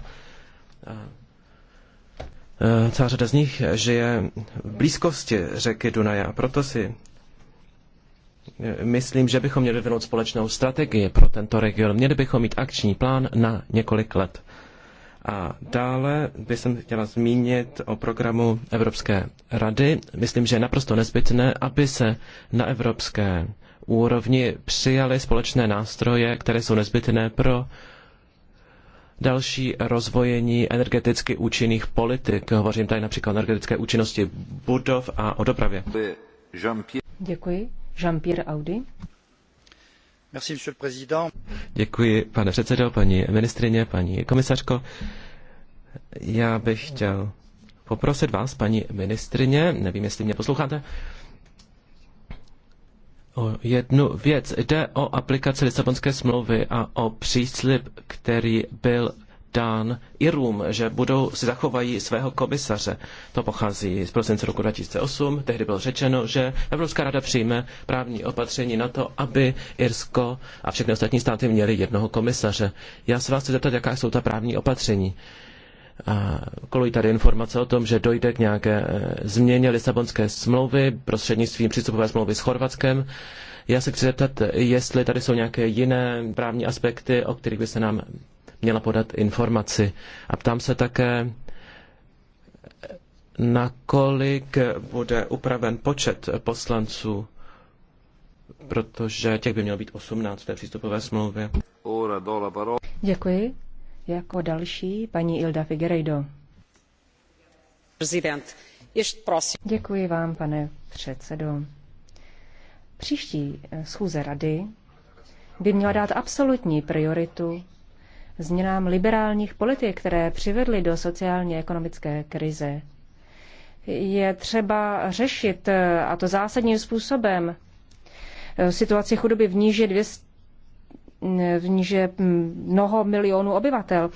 Eh, celá řada z nich žije v blízkosti řeky Dunaje a proto si eh, myslím, že bychom měli vyvinout společnou strategii pro tento region. Měli bychom mít akční plán na několik let. A dále bych jsem chtěla zmínit o programu Evropské rady. Myslím, že je naprosto nezbytné, aby se na evropské úrovni přijaly společné nástroje, které jsou nezbytné pro další rozvojení energeticky účinných politik. Hovořím tady například o energetické účinnosti budov a o dopravě. Děkuji. Jean-Pierre Audi. Děkuji, pane předsedo, paní ministrině, paní komisařko. Já bych chtěl poprosit vás, paní ministrině, nevím, jestli mě posloucháte, o jednu věc. Jde o aplikaci Lisabonské smlouvy a o příslip, který byl dán Irům, že budou si zachovají svého komisaře. To pochází z prosince roku 2008. Tehdy bylo řečeno, že Evropská rada přijme právní opatření na to, aby Irsko a všechny ostatní státy měly jednoho komisaře. Já se vás chci zeptat, jaká jsou ta právní opatření. Uh, kolují tady informace o tom, že dojde k nějaké e, změně Lisabonské smlouvy prostřednictvím přístupové smlouvy s Chorvatskem. Já se chci zeptat, jestli tady jsou nějaké jiné právní aspekty, o kterých by se nám měla podat informaci. A ptám se také, nakolik bude upraven počet poslanců, protože těch by mělo být 18 v té přístupové smlouvě. Děkuji. Jako další paní Ilda Figueiredo. Děkuji vám, pane předsedo. Příští eh, schůze rady by měla dát absolutní prioritu změnám liberálních politik, které přivedly do sociálně ekonomické krize. Je třeba řešit, eh, a to zásadním způsobem, eh, situaci chudoby v níži 200 v níž je mnoho milionů obyvatel.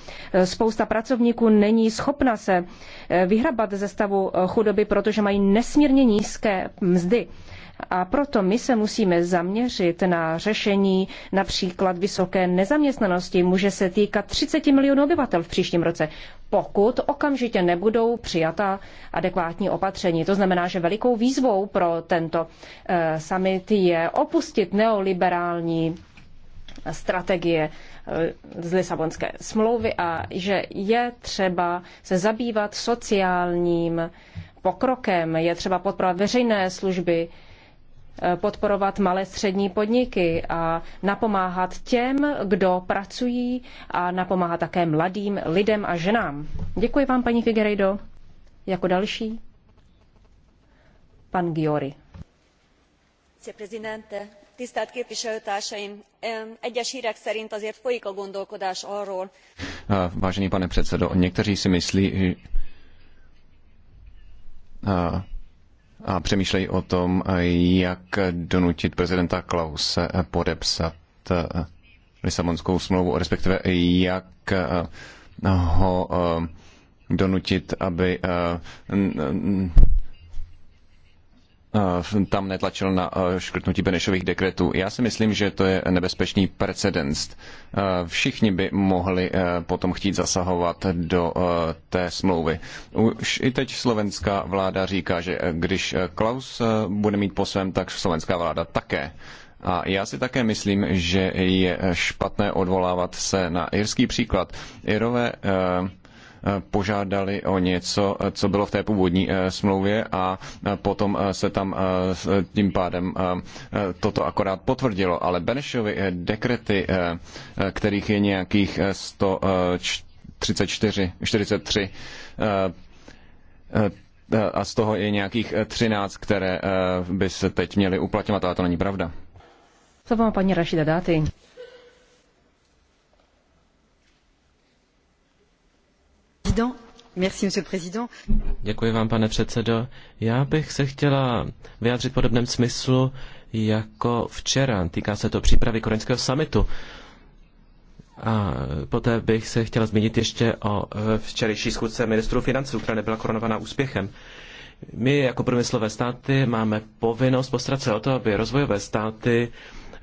Spousta pracovníků není schopna se eh, vyhrabat ze stavu eh, chudoby, protože mají nesmírně nízké mzdy. A proto my se musíme zaměřit na řešení například vysoké nezaměstnanosti. Může se týkat 30 milionů obyvatel v příštím roce, pokud okamžitě nebudou přijata adekvátní opatření. To znamená, že velikou výzvou pro tento eh, summit je opustit neoliberální strategie eh, z Lisabonské smlouvy a že je třeba se zabývat sociálním pokrokem, je třeba podporovat veřejné služby, eh, podporovat malé střední podniky a napomáhat těm, kdo pracují a napomáhat také mladým lidem a ženám. Děkuji vám, paní Figueiredo. Jako další, pan Giori tisztelt képviselőtársaim! egyes hrek szerint azért folyik a gondolkodás arról. vážený pane předsedo někteří si myslí a, a přemýšlejí o tom jak donutit prezidenta klause podepsat lisabonskou smlouvu respektive jak ho donutit aby Eh, tam netlačil na eh, škrtnutí Benešových dekretů. Já si myslím, že to je nebezpečný precedens. Eh, všichni by mohli potom chtít zasahovat do té smlouvy. Už i teď slovenská vláda říká, že když Klaus bude mít po svém, tak slovenská vláda také. A já si také myslím, že je špatné odvolávat se na irský příklad. Irové eh, požádali o něco, co bylo v té původní eh, smlouvě a eh, potom eh, se tam tím pádem toto akorát potvrdilo. Ale Benešovi dekrety, kterých je nějakých 134, 43, a z toho je nějakých 13, které by se teď měly uplatňovat, ale to není pravda. Co má paní Rašida dáte? Děkuji vám, pane předsedo. Já bych se chtěla vyjádřit v podobném smyslu jako včera. Týká se to přípravy koreňského summitu. A poté bych se chtěla zmínit ještě o včerejší schůzce ministrů financí, která nebyla koronovaná úspěchem. My jako průmyslové státy máme povinnost postarat se o to, aby rozvojové státy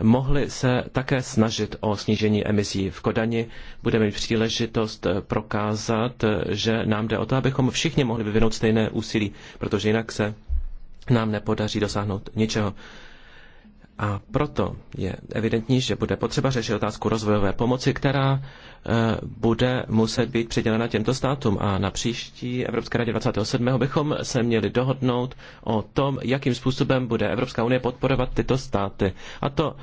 mohli se také snažit o snížení emisí v Kodani. Budeme mít příležitost eh, prokázat, eh, že nám jde o to, abychom všichni mohli vyvinout stejné úsilí, protože jinak se nám nepodaří dosáhnout ničeho. A proto je evidentní, že bude potřeba řešit otázku rozvojové pomoci, která e, bude muset být přidělena těmto státům. A na příští Evropské radě 27. bychom se měli dohodnout o tom, jakým způsobem bude Evropská unie podporovat tyto státy. A to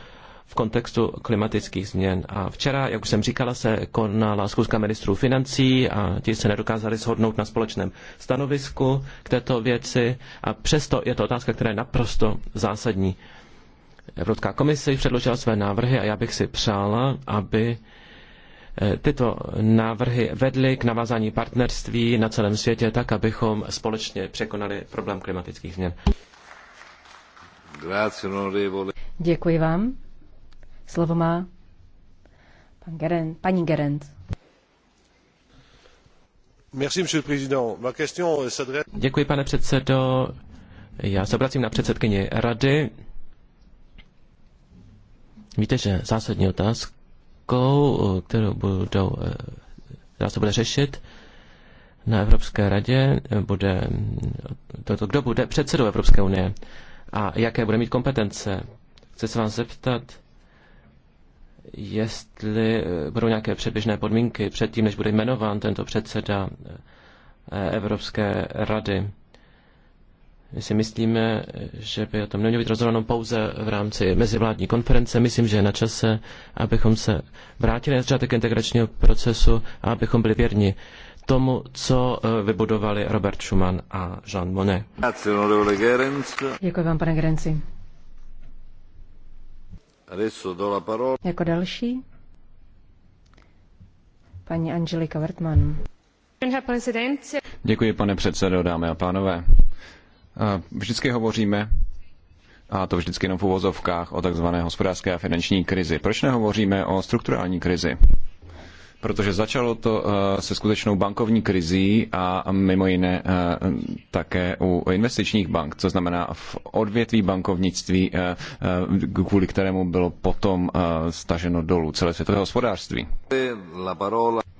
v kontextu klimatických změn. A včera, jak už jsem říkala, se konala zkuska ministrů financí a ti se nedokázali shodnout na společném stanovisku k této věci. A přesto je to otázka, která je naprosto zásadní. Evropská komise již předložila své návrhy a já bych si přála, aby eh, tyto návrhy vedly k navázání partnerství na celém světě tak, abychom společně překonali problém klimatických změn. Děkuji vám. Slovo má pan Geren, paní Gerent. Euh, Děkuji, pane předsedo. Já se obracím na předsedkyni rady. Víte, že zásadní otázkou, eh, kterou budou, eh, která se bude řešit na Evropské radě, eh, bude mm, to, to, kdo bude předsedou Evropské unie a jaké bude mít kompetence. Chci se vás zeptat, jestli budou nějaké předběžné podmínky předtím, než bude jmenován tento předseda Evropské rady. My si myslíme, že by o tom nemělo být rozhodováno pouze v rámci mezivládní konference. Myslím, že je na čase, abychom se vrátili na začátek integračního procesu a abychom byli věrni tomu, co eh, vybudovali Robert Schuman a Jean Monnet. Děkuji vám, pane Gerenci. Jako další paní Angelika Wertmann. Děkuji, pane předsedo, dámy a pánové Vždycky hovoříme, a to vždycky jenom v uvozovkách, o takzvané hospodářské a finanční krizi. Proč nehovoříme o strukturální krizi? Protože začalo to eh, se skutečnou bankovní krizí a mimo jiné eh, také u investičních bank, co znamená v odvětví bankovnictví, eh, kvůli kterému bylo potom staženo dolů celé světové hospodářství.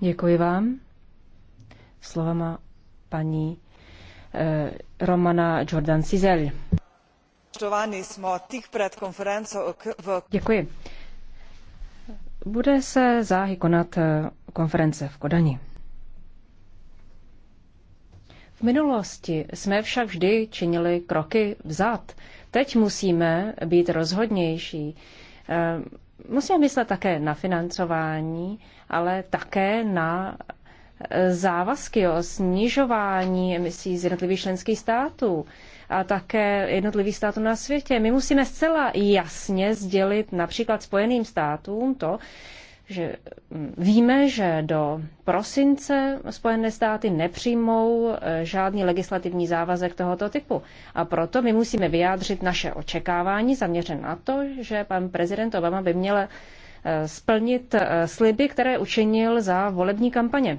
Děkuji vám. Slova má paní Romana Jordan Cizel. Děkuji. Bude se záhy konat eh, konference v Kodani. V minulosti jsme však vždy činili kroky vzad. Teď musíme být rozhodnější. Eh, musíme myslet také na financování, ale také na závazky o snižování emisí z jednotlivých členských států a také jednotlivých států na světě. My musíme zcela jasně sdělit například Spojeným státům to, že mm, víme, že do prosince Spojené státy nepřijmou e, žádný legislativní závazek tohoto typu. A proto my musíme vyjádřit naše očekávání zaměřen na to, že pan prezident Obama by měl e, splnit e, sliby, které učinil za volební kampaně.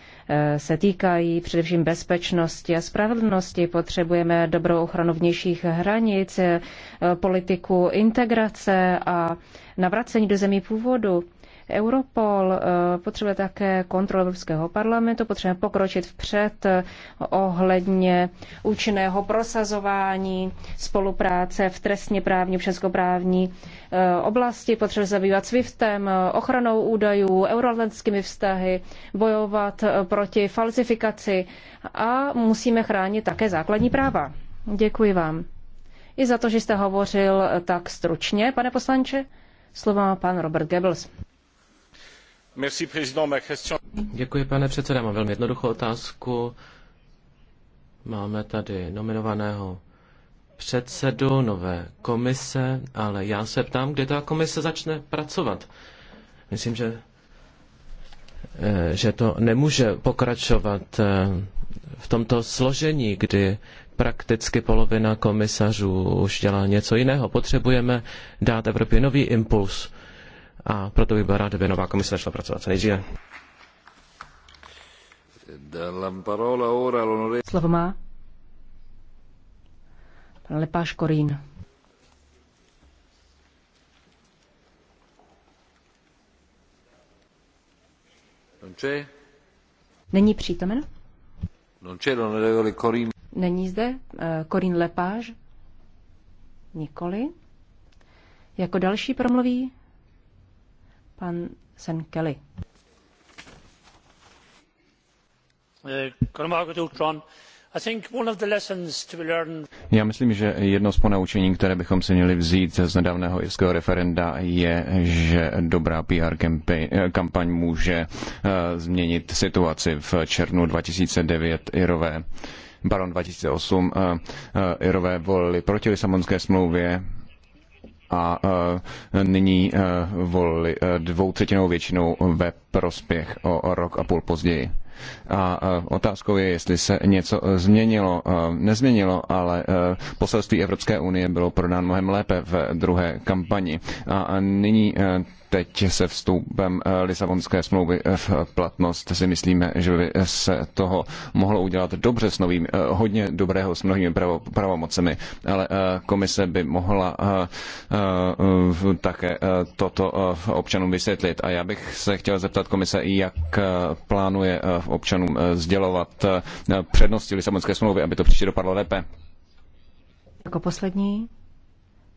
Eh, se týkají především bezpečnosti a spravedlnosti. Potřebujeme dobrou ochranu vnějších hranic, eh, politiku integrace a navracení do zemí původu. Europol, eh, potřebuje také kontrolu Evropského parlamentu, potřebuje pokročit vpřed eh, ohledně účinného prosazování spolupráce v trestně právní, občanskoprávní eh, oblasti, potřebuje zabývat SWIFTem, ochranou údajů, euroatlantickými vztahy, bojovat proti falsifikaci a musíme chránit také základní práva. Děkuji vám. I za to, že jste hovořil tak stručně, pane poslanče. Slovo má pan Robert Goebbels. Děkuji, pane předsedající Mám velmi jednoduchou otázku. Máme tady nominovaného předsedu nové komise, ale já se ptám, kdy ta komise začne pracovat. Myslím, že, eh, že to nemůže pokračovat eh, v tomto složení, kdy prakticky polovina komisařů už dělá něco jiného. Potřebujeme dát Evropě nový impuls a proto bych byl rád, kdyby nová komise začala pracovat co nejdříve. Slovo má pan Lepáš Korín. Není přítomen? Není zde eh, Korín Lepáš? Nikoli. Jako další promluví Pan Sen Kelly. Já myslím, že jedno z ponaučení, které bychom si měli vzít z nedávného irského referenda, je, že dobrá PR kampaň může eh, změnit situaci v červnu 2009 Irové. Baron 2008 eh, eh, Irové volili proti Lisabonské smlouvě a e, nyní e, volili e, dvoutřetinou většinou ve prospěch o rok a půl později. A otázkou je, jestli se něco změnilo. Nezměnilo, ale poselství Evropské unie bylo prodáno mnohem lépe v druhé kampani. A nyní teď se vstupem eh, Lisabonské smlouvy eh, v platnost si myslíme, že by se toho mohlo udělat dobře s novým, eh, hodně dobrého s mnohými pravomocemi, ale komise by mohla také toto občanům vysvětlit. A já bych se chtěl zeptat komise, jak plánuje občanům sdělovat přednosti Lisabonské smlouvy, aby to příště dopadlo lépe. Jako poslední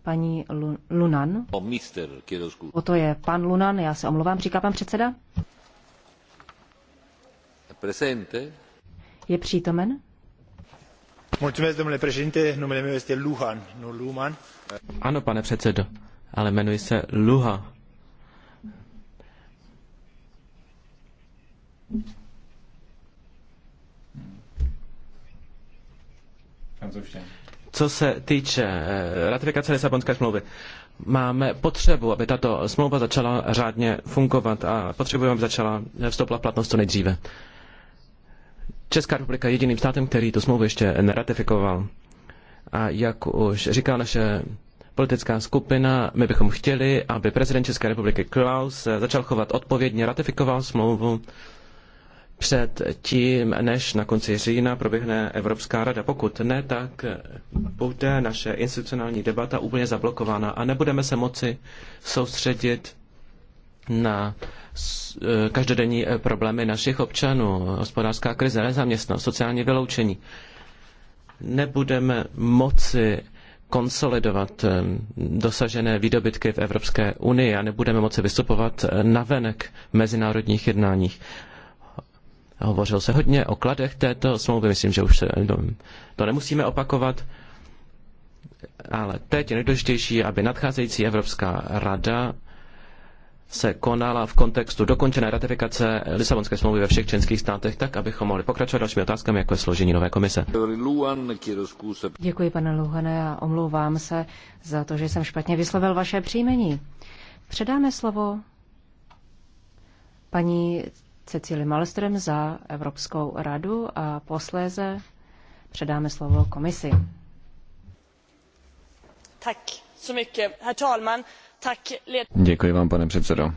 paní Lunan. O to je pan Lunan, já se omlouvám, říká pan předseda. Presente. Je přítomen? Mulțumesc, domnule președinte, numele meu este Luhan, nu Luman. Ano, pane předsedo, ale jmenuji se Luha. Francouzština. Co se týče eh, ratifikace Lisabonské smlouvy, máme potřebu, aby tato smlouva začala řádně fungovat a potřebujeme, aby začala eh, vstoupila v platnost co nejdříve. Česká republika je jediným státem, který tu smlouvu ještě neratifikoval. A jak už říká naše politická skupina, my bychom chtěli, aby prezident České republiky Klaus eh, začal chovat odpovědně, ratifikoval smlouvu před tím, než na konci října proběhne Evropská rada. Pokud ne, tak bude naše institucionální debata úplně zablokována a nebudeme se moci soustředit na eh, každodenní eh, problémy našich občanů, hospodářská krize, nezaměstnanost, sociální vyloučení. Nebudeme moci konsolidovat eh, dosažené výdobytky v Evropské unii a nebudeme moci vystupovat navenek v mezinárodních jednáních. Hovořil se hodně o kladech této smlouvy, myslím, že už se, to, to nemusíme opakovat. Ale teď je nejdůležitější, aby nadcházející Evropská rada se konala v kontextu dokončené ratifikace Lisabonské smlouvy ve všech členských státech, tak abychom mohli pokračovat dalšími otázkami, jako je složení nové komise. Děkuji, pane Luhane, a omlouvám se za to, že jsem špatně vyslovil vaše příjmení. Předáme slovo paní Cecily Malström za Evropskou radu a posléze předáme slovo komisi. Děkuji vám, pane předsedo.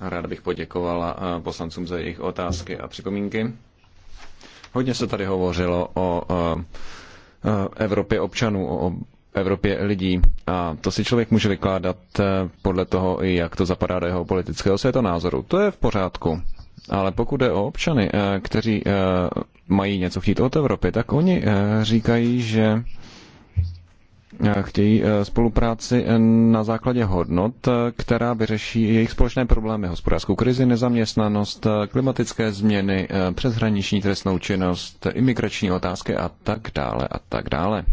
Rád bych poděkovala eh, poslancům za jejich otázky a připomínky. Hodně se tady hovořilo o eh, eh, Evropě občanů, o Evropě lidí. A to si člověk může vykládat podle toho, jak to zapadá do jeho politického světonázoru. To je v pořádku. Ale pokud jde o občany, eh, kteří eh, mají něco chtít od Evropy, tak oni eh, říkají, že chtějí spolupráci na základě hodnot, která vyřeší jejich společné problémy, hospodářskou krizi, nezaměstnanost, klimatické změny, přeshraniční trestnou činnost, imigrační otázky a tak dále a tak dále.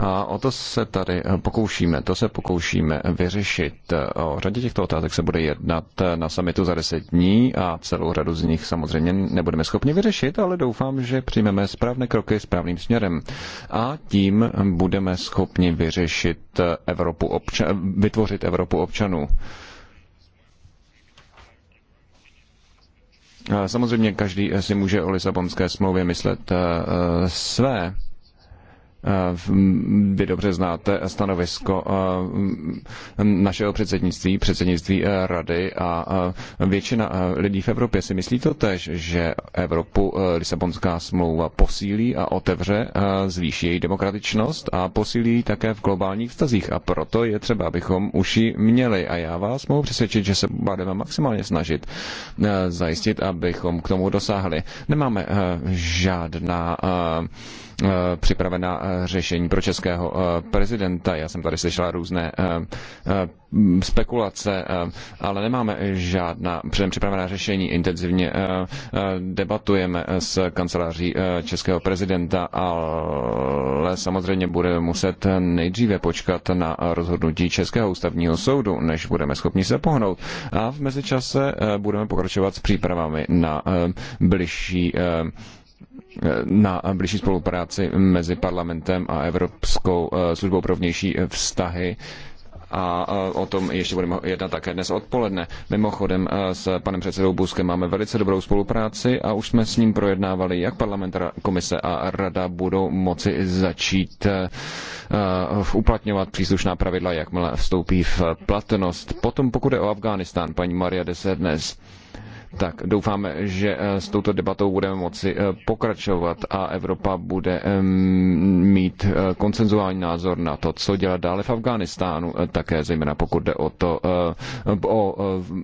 A o to se tady eh, pokoušíme, to se pokoušíme vyřešit. Eh, o řadě těchto otázek se bude jednat eh, na samitu za deset dní a celou řadu z nich samozřejmě nebudeme schopni vyřešit, ale doufám, že přijmeme správné kroky správným směrem. A tím budeme schopni vyřešit Evropu obča- vytvořit Evropu občanů. Samozřejmě každý si může o Lisabonské smlouvě myslet své. Eh, vy dobře znáte stanovisko eh, našeho předsednictví, předsednictví eh, Rady a většina lidí v Evropě si myslí to tež, že Evropu Lisabonská smlouva posílí a otevře, zvýší její demokratičnost a posílí také v globálních vztazích a proto je třeba, abychom už ji měli a já vás mohu přesvědčit, že se budeme maximálně snažit zajistit, abychom k tomu dosáhli. Nemáme žádná Eh, připravená eh, řešení pro českého eh, prezidenta. Já jsem tady slyšela různé spekulace, ale nemáme žádná předem připravená řešení. Intenzivně debatujeme s kanceláří českého prezidenta, ale samozřejmě budeme muset nejdříve počkat na rozhodnutí Českého ústavního soudu, než budeme schopni se pohnout. A v mezičase budeme pokračovat s přípravami na bližší na blížší spolupráci mezi parlamentem a Evropskou eh, službou pro vnější eh, vztahy a eh, o tom ještě budeme jednat také dnes odpoledne. Mimochodem s panem předsedou Buskem máme velice dobrou spolupráci a už jsme s ním projednávali, jak parlament, komise a rada budou moci začít uplatňovat příslušná pravidla, jakmile vstoupí v platnost. Potom pokud je o Afghánistán, paní Maria de dnes tak doufáme, že eh, s touto debatou budeme moci eh, pokračovat a Evropa bude mít eh, koncenzuální názor na to, co dělat dále v Afghánistánu, také zejména pokud jde o to o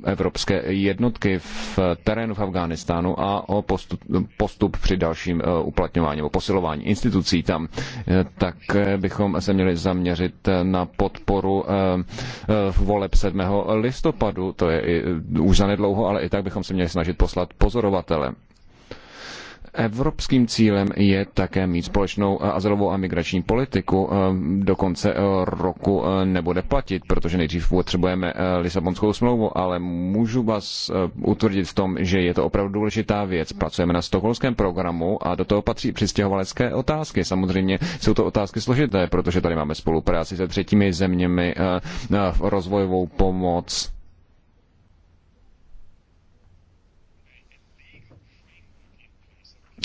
evropské jednotky v terénu v Afghánistánu a o postup, postup při dalším uplatňování nebo posilování institucí tam, tak bychom se měli zaměřit na podporu voleb 7. listopadu, to je už zanedlouho, ale i tak bychom se měli snažit poslat pozorovatele. Evropským cílem je také mít společnou eh, azylovou a migrační politiku. Eh, do konce eh, roku nebude platit, protože nejdřív potřebujeme Lisabonskou smlouvu, ale můžu vás utvrdit v tom, že je to opravdu důležitá věc. Pracujeme na stokholském programu a do toho patří přistěhovalecké otázky. Samozřejmě jsou to otázky složité, protože tady máme spolupráci se třetími zeměmi, rozvojovou pomoc,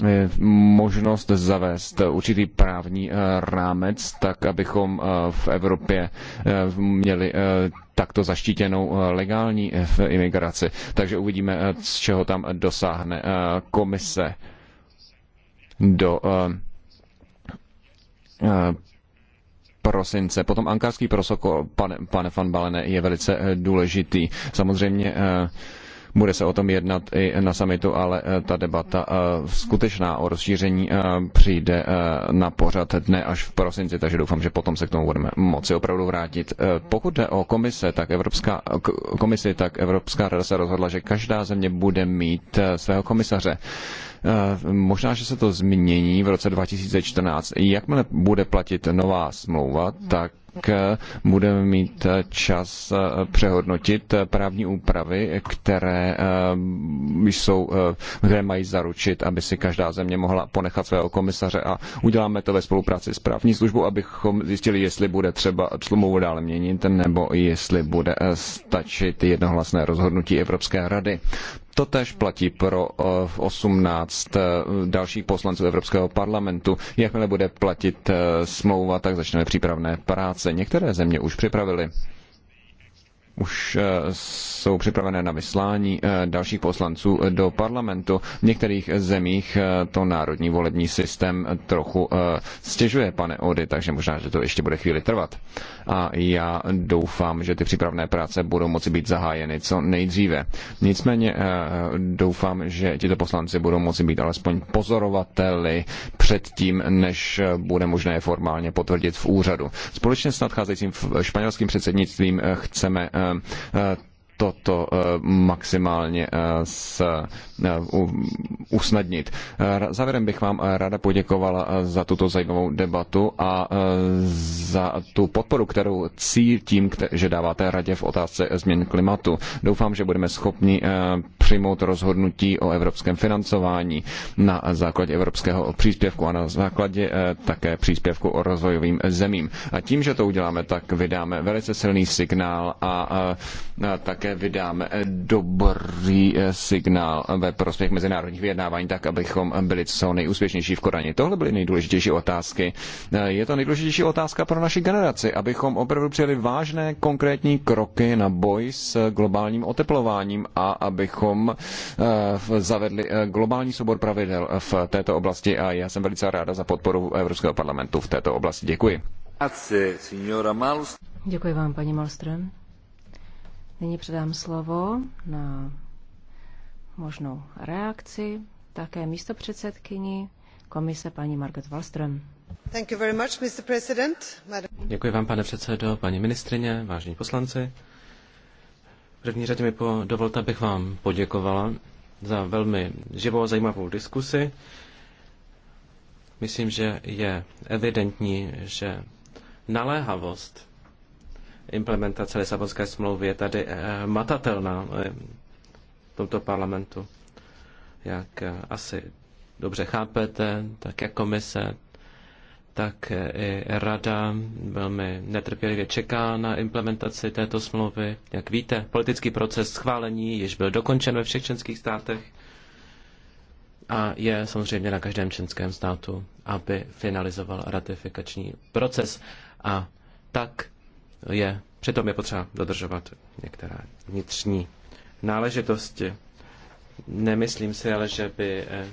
Eh, možnost zavést určitý právní eh, rámec, tak abychom eh, v Evropě měli takto zaštítěnou legální imigraci. Takže uvidíme, z čeho tam dosáhne komise do prosince. Potom ankarský prosokol, pane, pane van Balene, je velice důležitý. Samozřejmě bude se o tom jednat i na samitu, ale eh, ta debata eh, skutečná o rozšíření eh, přijde na pořad dne až v prosinci, takže doufám, že potom se k tomu budeme moci opravdu vrátit. Pokud jde o komise, tak Evropská, komisi, tak Evropská rada se rozhodla, že každá země bude mít svého komisaře. Možná, že se to změní v roce 2014. Jakmile bude platit nová smlouva, tak Eh, budeme mít eh, čas eh, přehodnotit právní úpravy, které, jsou, které mají zaručit, aby si každá země mohla ponechat svého komisaře a uděláme to ve spolupráci s právní službou, abychom zjistili, jestli bude třeba slumovu dále měnit nebo jestli bude stačit jednohlasné rozhodnutí Evropské rady. To tež platí pro 18 eh, eh, dalších poslanců Evropského parlamentu. Jakmile bude platit eh, smlouva, tak začneme přípravné práce. Některé země už připravily už eh, jsou připravené na vyslání eh, dalších poslanců eh, do parlamentu. V některých zemích to národní volební systém trochu stěžuje, pane Ody, takže možná, že to ještě bude chvíli trvat. A já doufám, že ty přípravné práce budou moci být zahájeny co nejdříve. Nicméně doufám, že tito poslanci budou moci být alespoň pozorovateli předtím, než bude možné formálně potvrdit v úřadu. Společně s nadcházejícím španělským předsednictvím chceme Eh, eh, toto eh, maximálně s Eh, usnadnit. Eh, závěrem bych vám eh, ráda poděkovala za tuto zajímavou debatu a za tu podporu, kterou cítím, že dáváte radě v otázce změn klimatu. Doufám, že budeme schopni přijmout rozhodnutí o evropském financování na základě evropského příspěvku a na základě také příspěvku o rozvojovým zemím. A tím, že to uděláme, tak vydáme velice silný signál a také vydáme dobrý signál ve ve prospěch mezinárodních vyjednávání, tak abychom byli co nejúspěšnější v Kodani. Tohle byly nejdůležitější otázky. Eh, je to nejdůležitější otázka pro naši generaci, abychom opravdu přijeli vážné konkrétní kroky na boj s globálním oteplováním a abychom eh, zavedli eh, globální soubor pravidel v této oblasti a já jsem velice ráda za podporu Evropského parlamentu v této oblasti. Děkuji. Děkuji vám, paní Malström. Nyní předám slovo na možnou reakci také místo předsedkyni komise paní Margot Wallström. Thank you very much, Mr. President. Madam. Děkuji vám, pane předsedo, paní ministrině, vážení poslanci. V první řadě mi po, dovolte, abych vám poděkovala za velmi živou a zajímavou diskusi. Myslím, že je evidentní, že naléhavost implementace Lisabonské smlouvy je tady eh, matatelná tomto parlamentu. Jak eh, asi dobře chápete, tak jak komise, tak eh, i rada velmi netrpělivě čeká na implementaci této smlouvy. Jak víte, politický proces schválení již byl dokončen ve všech členských státech a je samozřejmě na každém členském státu, aby finalizoval ratifikační proces. A tak je, přitom je potřeba dodržovat některé vnitřní náležitosti. Nemyslím si ale, že by eh,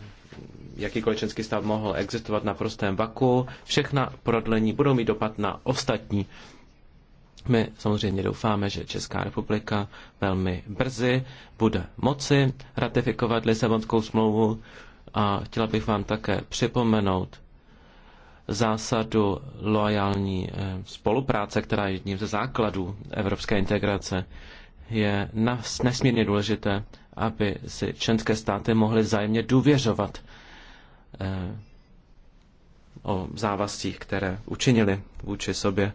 jakýkoliv členský stát mohl existovat na prostém vaku. Všechna prodlení budou mít dopad na ostatní. My samozřejmě doufáme, že Česká republika velmi brzy bude moci ratifikovat Lisabonskou smlouvu a chtěla bych vám také připomenout zásadu loajální eh, spolupráce, která je jedním ze základů evropské integrace je nesmírně důležité, aby si členské státy mohly vzájemně důvěřovat eh, o závazcích, které učinili vůči sobě.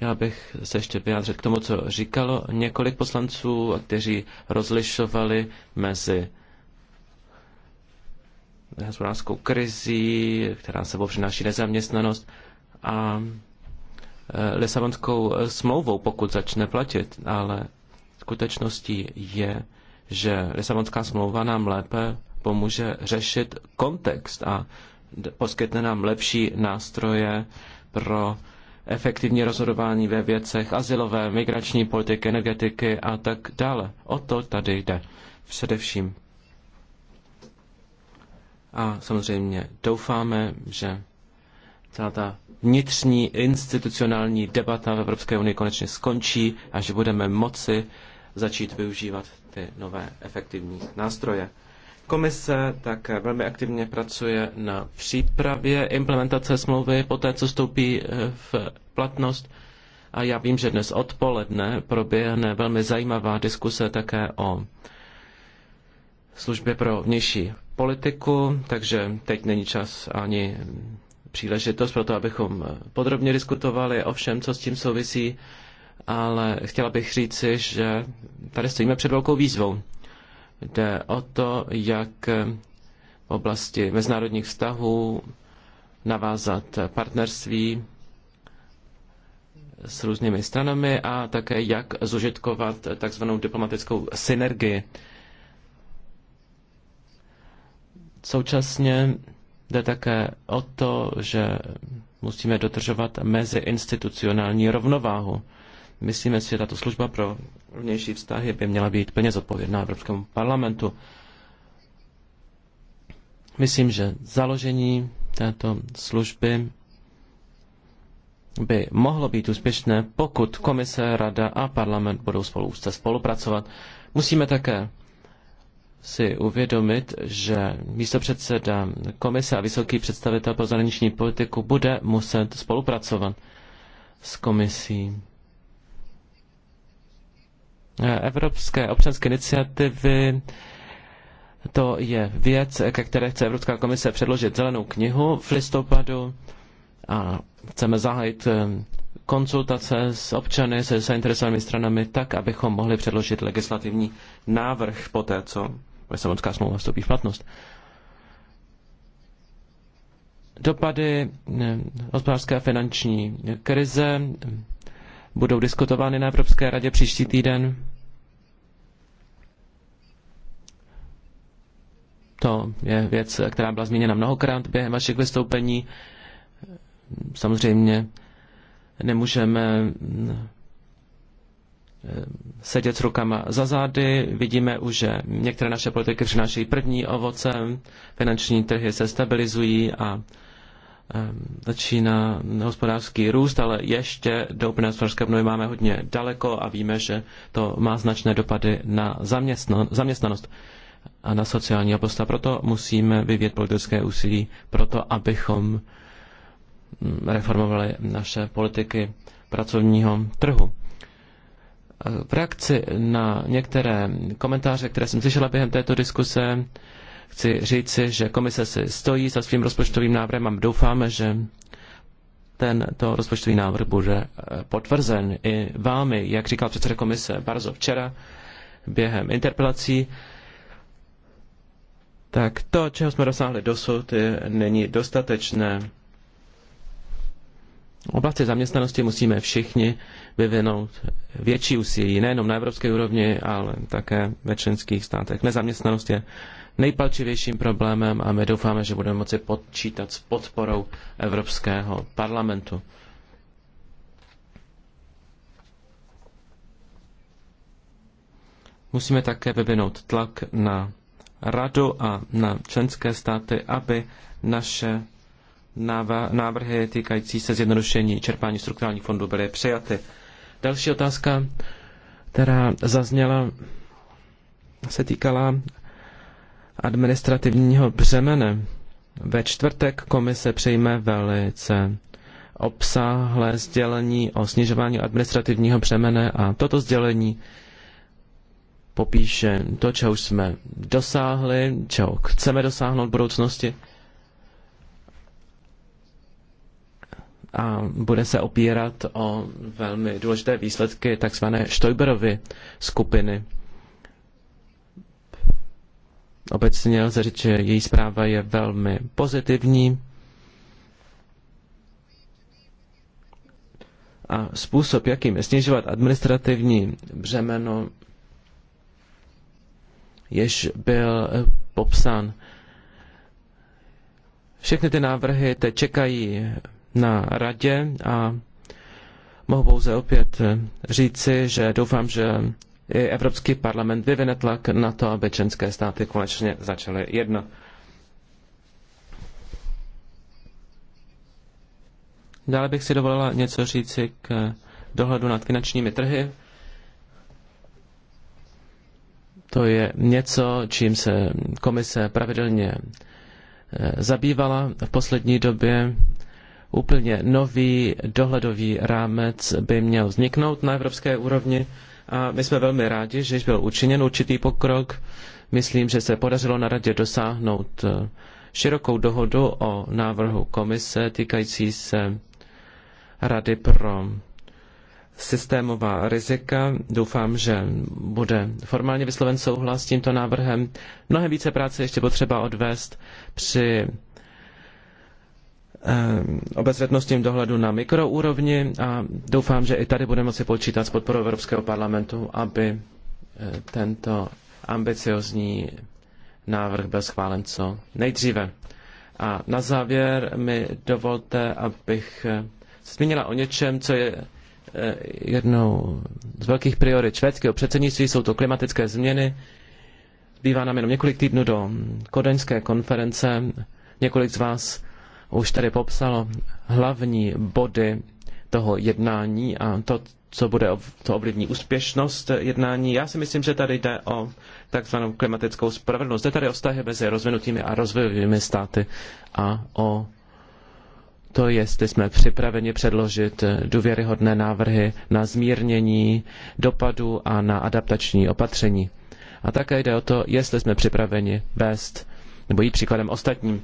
Já bych se ještě vyjádřit k tomu, co říkalo několik poslanců, kteří rozlišovali mezi hospodářskou krizí, která sebou přináší nezaměstnanost a eh, Lisabonskou smlouvou, pokud začne platit, ale Skutečností je, že Lisabonská smlouva nám lépe pomůže řešit kontext a poskytne nám lepší nástroje pro efektivní rozhodování ve věcech asilové, migrační politiky, energetiky a tak dále. O to tady jde především. A samozřejmě doufáme, že celá ta vnitřní institucionální debata v Evropské unii konečně skončí a že budeme moci začít využívat ty nové efektivní nástroje. Komise také velmi aktivně pracuje na přípravě implementace smlouvy po té, co stoupí eh, v platnost. A já vím, že dnes odpoledne proběhne velmi zajímavá diskuse také o službě pro vnější politiku, takže teď není čas ani příležitost pro to, abychom eh, podrobně diskutovali o všem, co s tím souvisí ale chtěla bych říci, že tady stojíme před velkou výzvou. Jde o to, jak v oblasti mezinárodních vztahů navázat partnerství s různými stranami a také jak zužitkovat takzvanou diplomatickou synergii. Současně jde také o to, že musíme dotržovat meziinstitucionální rovnováhu Myslíme si, že tato služba pro vnější vztahy by měla být plně zodpovědná Evropskému parlamentu. Myslím, že založení této služby by mohlo být úspěšné, pokud komise, rada a parlament budou spolu úzce spolupracovat. Musíme také si uvědomit, že místo předseda komise a vysoký představitel pro zahraniční politiku bude muset spolupracovat s komisí. Eh, Evropské občanské iniciativy to je věc, ke které chce Evropská komise předložit zelenou knihu v listopadu a chceme zahájit eh, konzultace s občany, se zainteresovanými stranami, tak, abychom mohli předložit legislativní návrh po té, co Lisabonská smlouva vstoupí v platnost. Dopady eh, hospodářské a finanční krize budou diskutovány na Evropské radě příští týden. To je věc, která byla zmíněna mnohokrát během vašich vystoupení. Samozřejmě nemůžeme eh, sedět s rukama za zády. Vidíme už, že některé naše politiky přinášejí první ovoce, finanční trhy se stabilizují a Ehm, začíná hospodářský růst, ale ještě do úplné hospodářské obnovy máme hodně daleko a víme, že to má značné dopady na zaměstnanost a na sociální oblast. A proto musíme vyvíjet politické úsilí proto, abychom mm, reformovali naše politiky pracovního trhu. Ehm, v reakci na některé komentáře, které jsem slyšela během této diskuse, Chci říci, že komise si stojí za svým rozpočtovým návrhem a doufáme, že tento rozpočtový návrh bude eh, potvrzen i vámi, jak říkal předseda komise Barzo včera během interpelací. Tak to, čeho jsme dosáhli dosud, je, není dostatečné. V oblasti zaměstnanosti musíme všichni vyvinout větší úsilí, nejenom na evropské úrovni, ale také ve členských státech. Nezaměstnanost je nejpalčivějším problémem a my doufáme, že budeme moci počítat s podporou Evropského parlamentu. Musíme také vyvinout tlak na radu a na členské státy, aby naše návrhy týkající se zjednodušení čerpání strukturálních fondů byly přijaty. Další otázka, která zazněla, se týkala administrativního břemene. Ve čtvrtek komise přijme velice obsáhlé sdělení o snižování administrativního břemene a toto sdělení popíše to, čeho jsme dosáhli, čeho chceme dosáhnout v budoucnosti a bude se opírat o velmi důležité výsledky takzvané Štojberovy skupiny Obecně lze říct, že její zpráva je velmi pozitivní a způsob, jakým snižovat administrativní břemeno, jež byl popsán. Všechny ty návrhy teď čekají na radě a mohu pouze opět říci, že doufám, že Evropský parlament vyvine tlak na to, aby členské státy konečně začaly jedno. Dále bych si dovolila něco říci k dohledu nad finančními trhy. To je něco, čím se komise pravidelně eh, zabývala v poslední době. Úplně nový dohledový rámec by měl vzniknout na evropské úrovni. A my jsme velmi rádi, že již byl učiněn určitý pokrok. Myslím, že se podařilo na radě dosáhnout eh, širokou dohodu o návrhu komise týkající se Rady pro systémová rizika. Doufám, že bude formálně vysloven souhlas s tímto návrhem. Mnohem více práce ještě potřeba odvést při Eh, obezřetnostním dohledu na mikroúrovni a doufám, že i tady budeme moci počítat s podporou Evropského parlamentu, aby eh, tento ambiciozní návrh byl schválen co nejdříve. A na závěr mi dovolte, abych eh, zmínila o něčem, co je jednou z velkých priorit švédského předsednictví, jsou to klimatické změny. Bývá nám jenom několik týdnů do kodaňské konference. Několik z vás už tady popsalo hlavní body toho jednání a to, co bude, to ovlivní úspěšnost jednání. Já si myslím, že tady jde o takzvanou klimatickou spravedlnost. Jde tady o vztahy mezi rozvinutými a rozvojovými státy a o to, jestli jsme připraveni předložit důvěryhodné návrhy na zmírnění dopadu a na adaptační opatření. A také jde o to, jestli jsme připraveni vést nebo jít příkladem ostatním.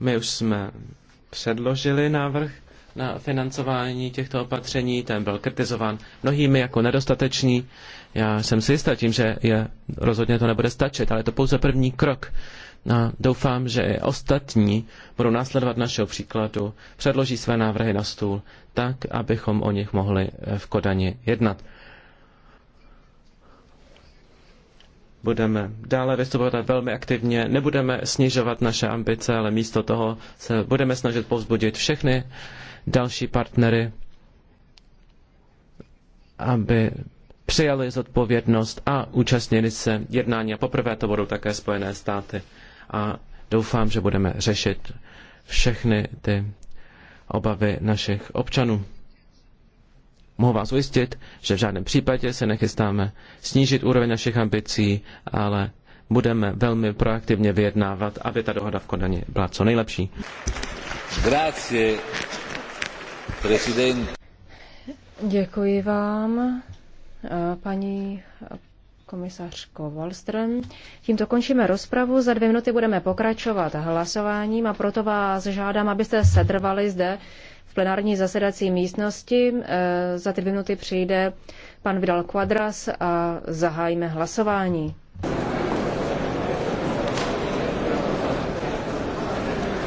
My už jsme předložili návrh na financování těchto opatření, ten byl kritizován mnohými jako nedostatečný. Já jsem si jistá tím, že je, rozhodně to nebude stačit, ale je to pouze první krok. A doufám, že i ostatní budou následovat našeho příkladu, předloží své návrhy na stůl, tak, abychom o nich mohli eh, v Kodani jednat. budeme dále vystupovat velmi aktivně, nebudeme snižovat naše ambice, ale místo toho se budeme snažit povzbudit všechny další partnery, aby přijali zodpovědnost a účastnili se jednání. A poprvé to budou také Spojené státy. A doufám, že budeme řešit všechny ty obavy našich občanů. Mohu vás ujistit, že v žádném případě se nechystáme snížit úroveň našich ambicí, ale budeme velmi proaktivně vyjednávat, aby ta dohoda v Kodani byla co nejlepší. Grazie, prezident. Děkuji vám, paní komisařko Wallström. Tímto končíme rozpravu, za dvě minuty budeme pokračovat hlasováním a proto vás žádám, abyste setrvali zde plenární zasedací místnosti. E, za ty dvě minuty přijde pan Vidal Quadras a zahájíme hlasování.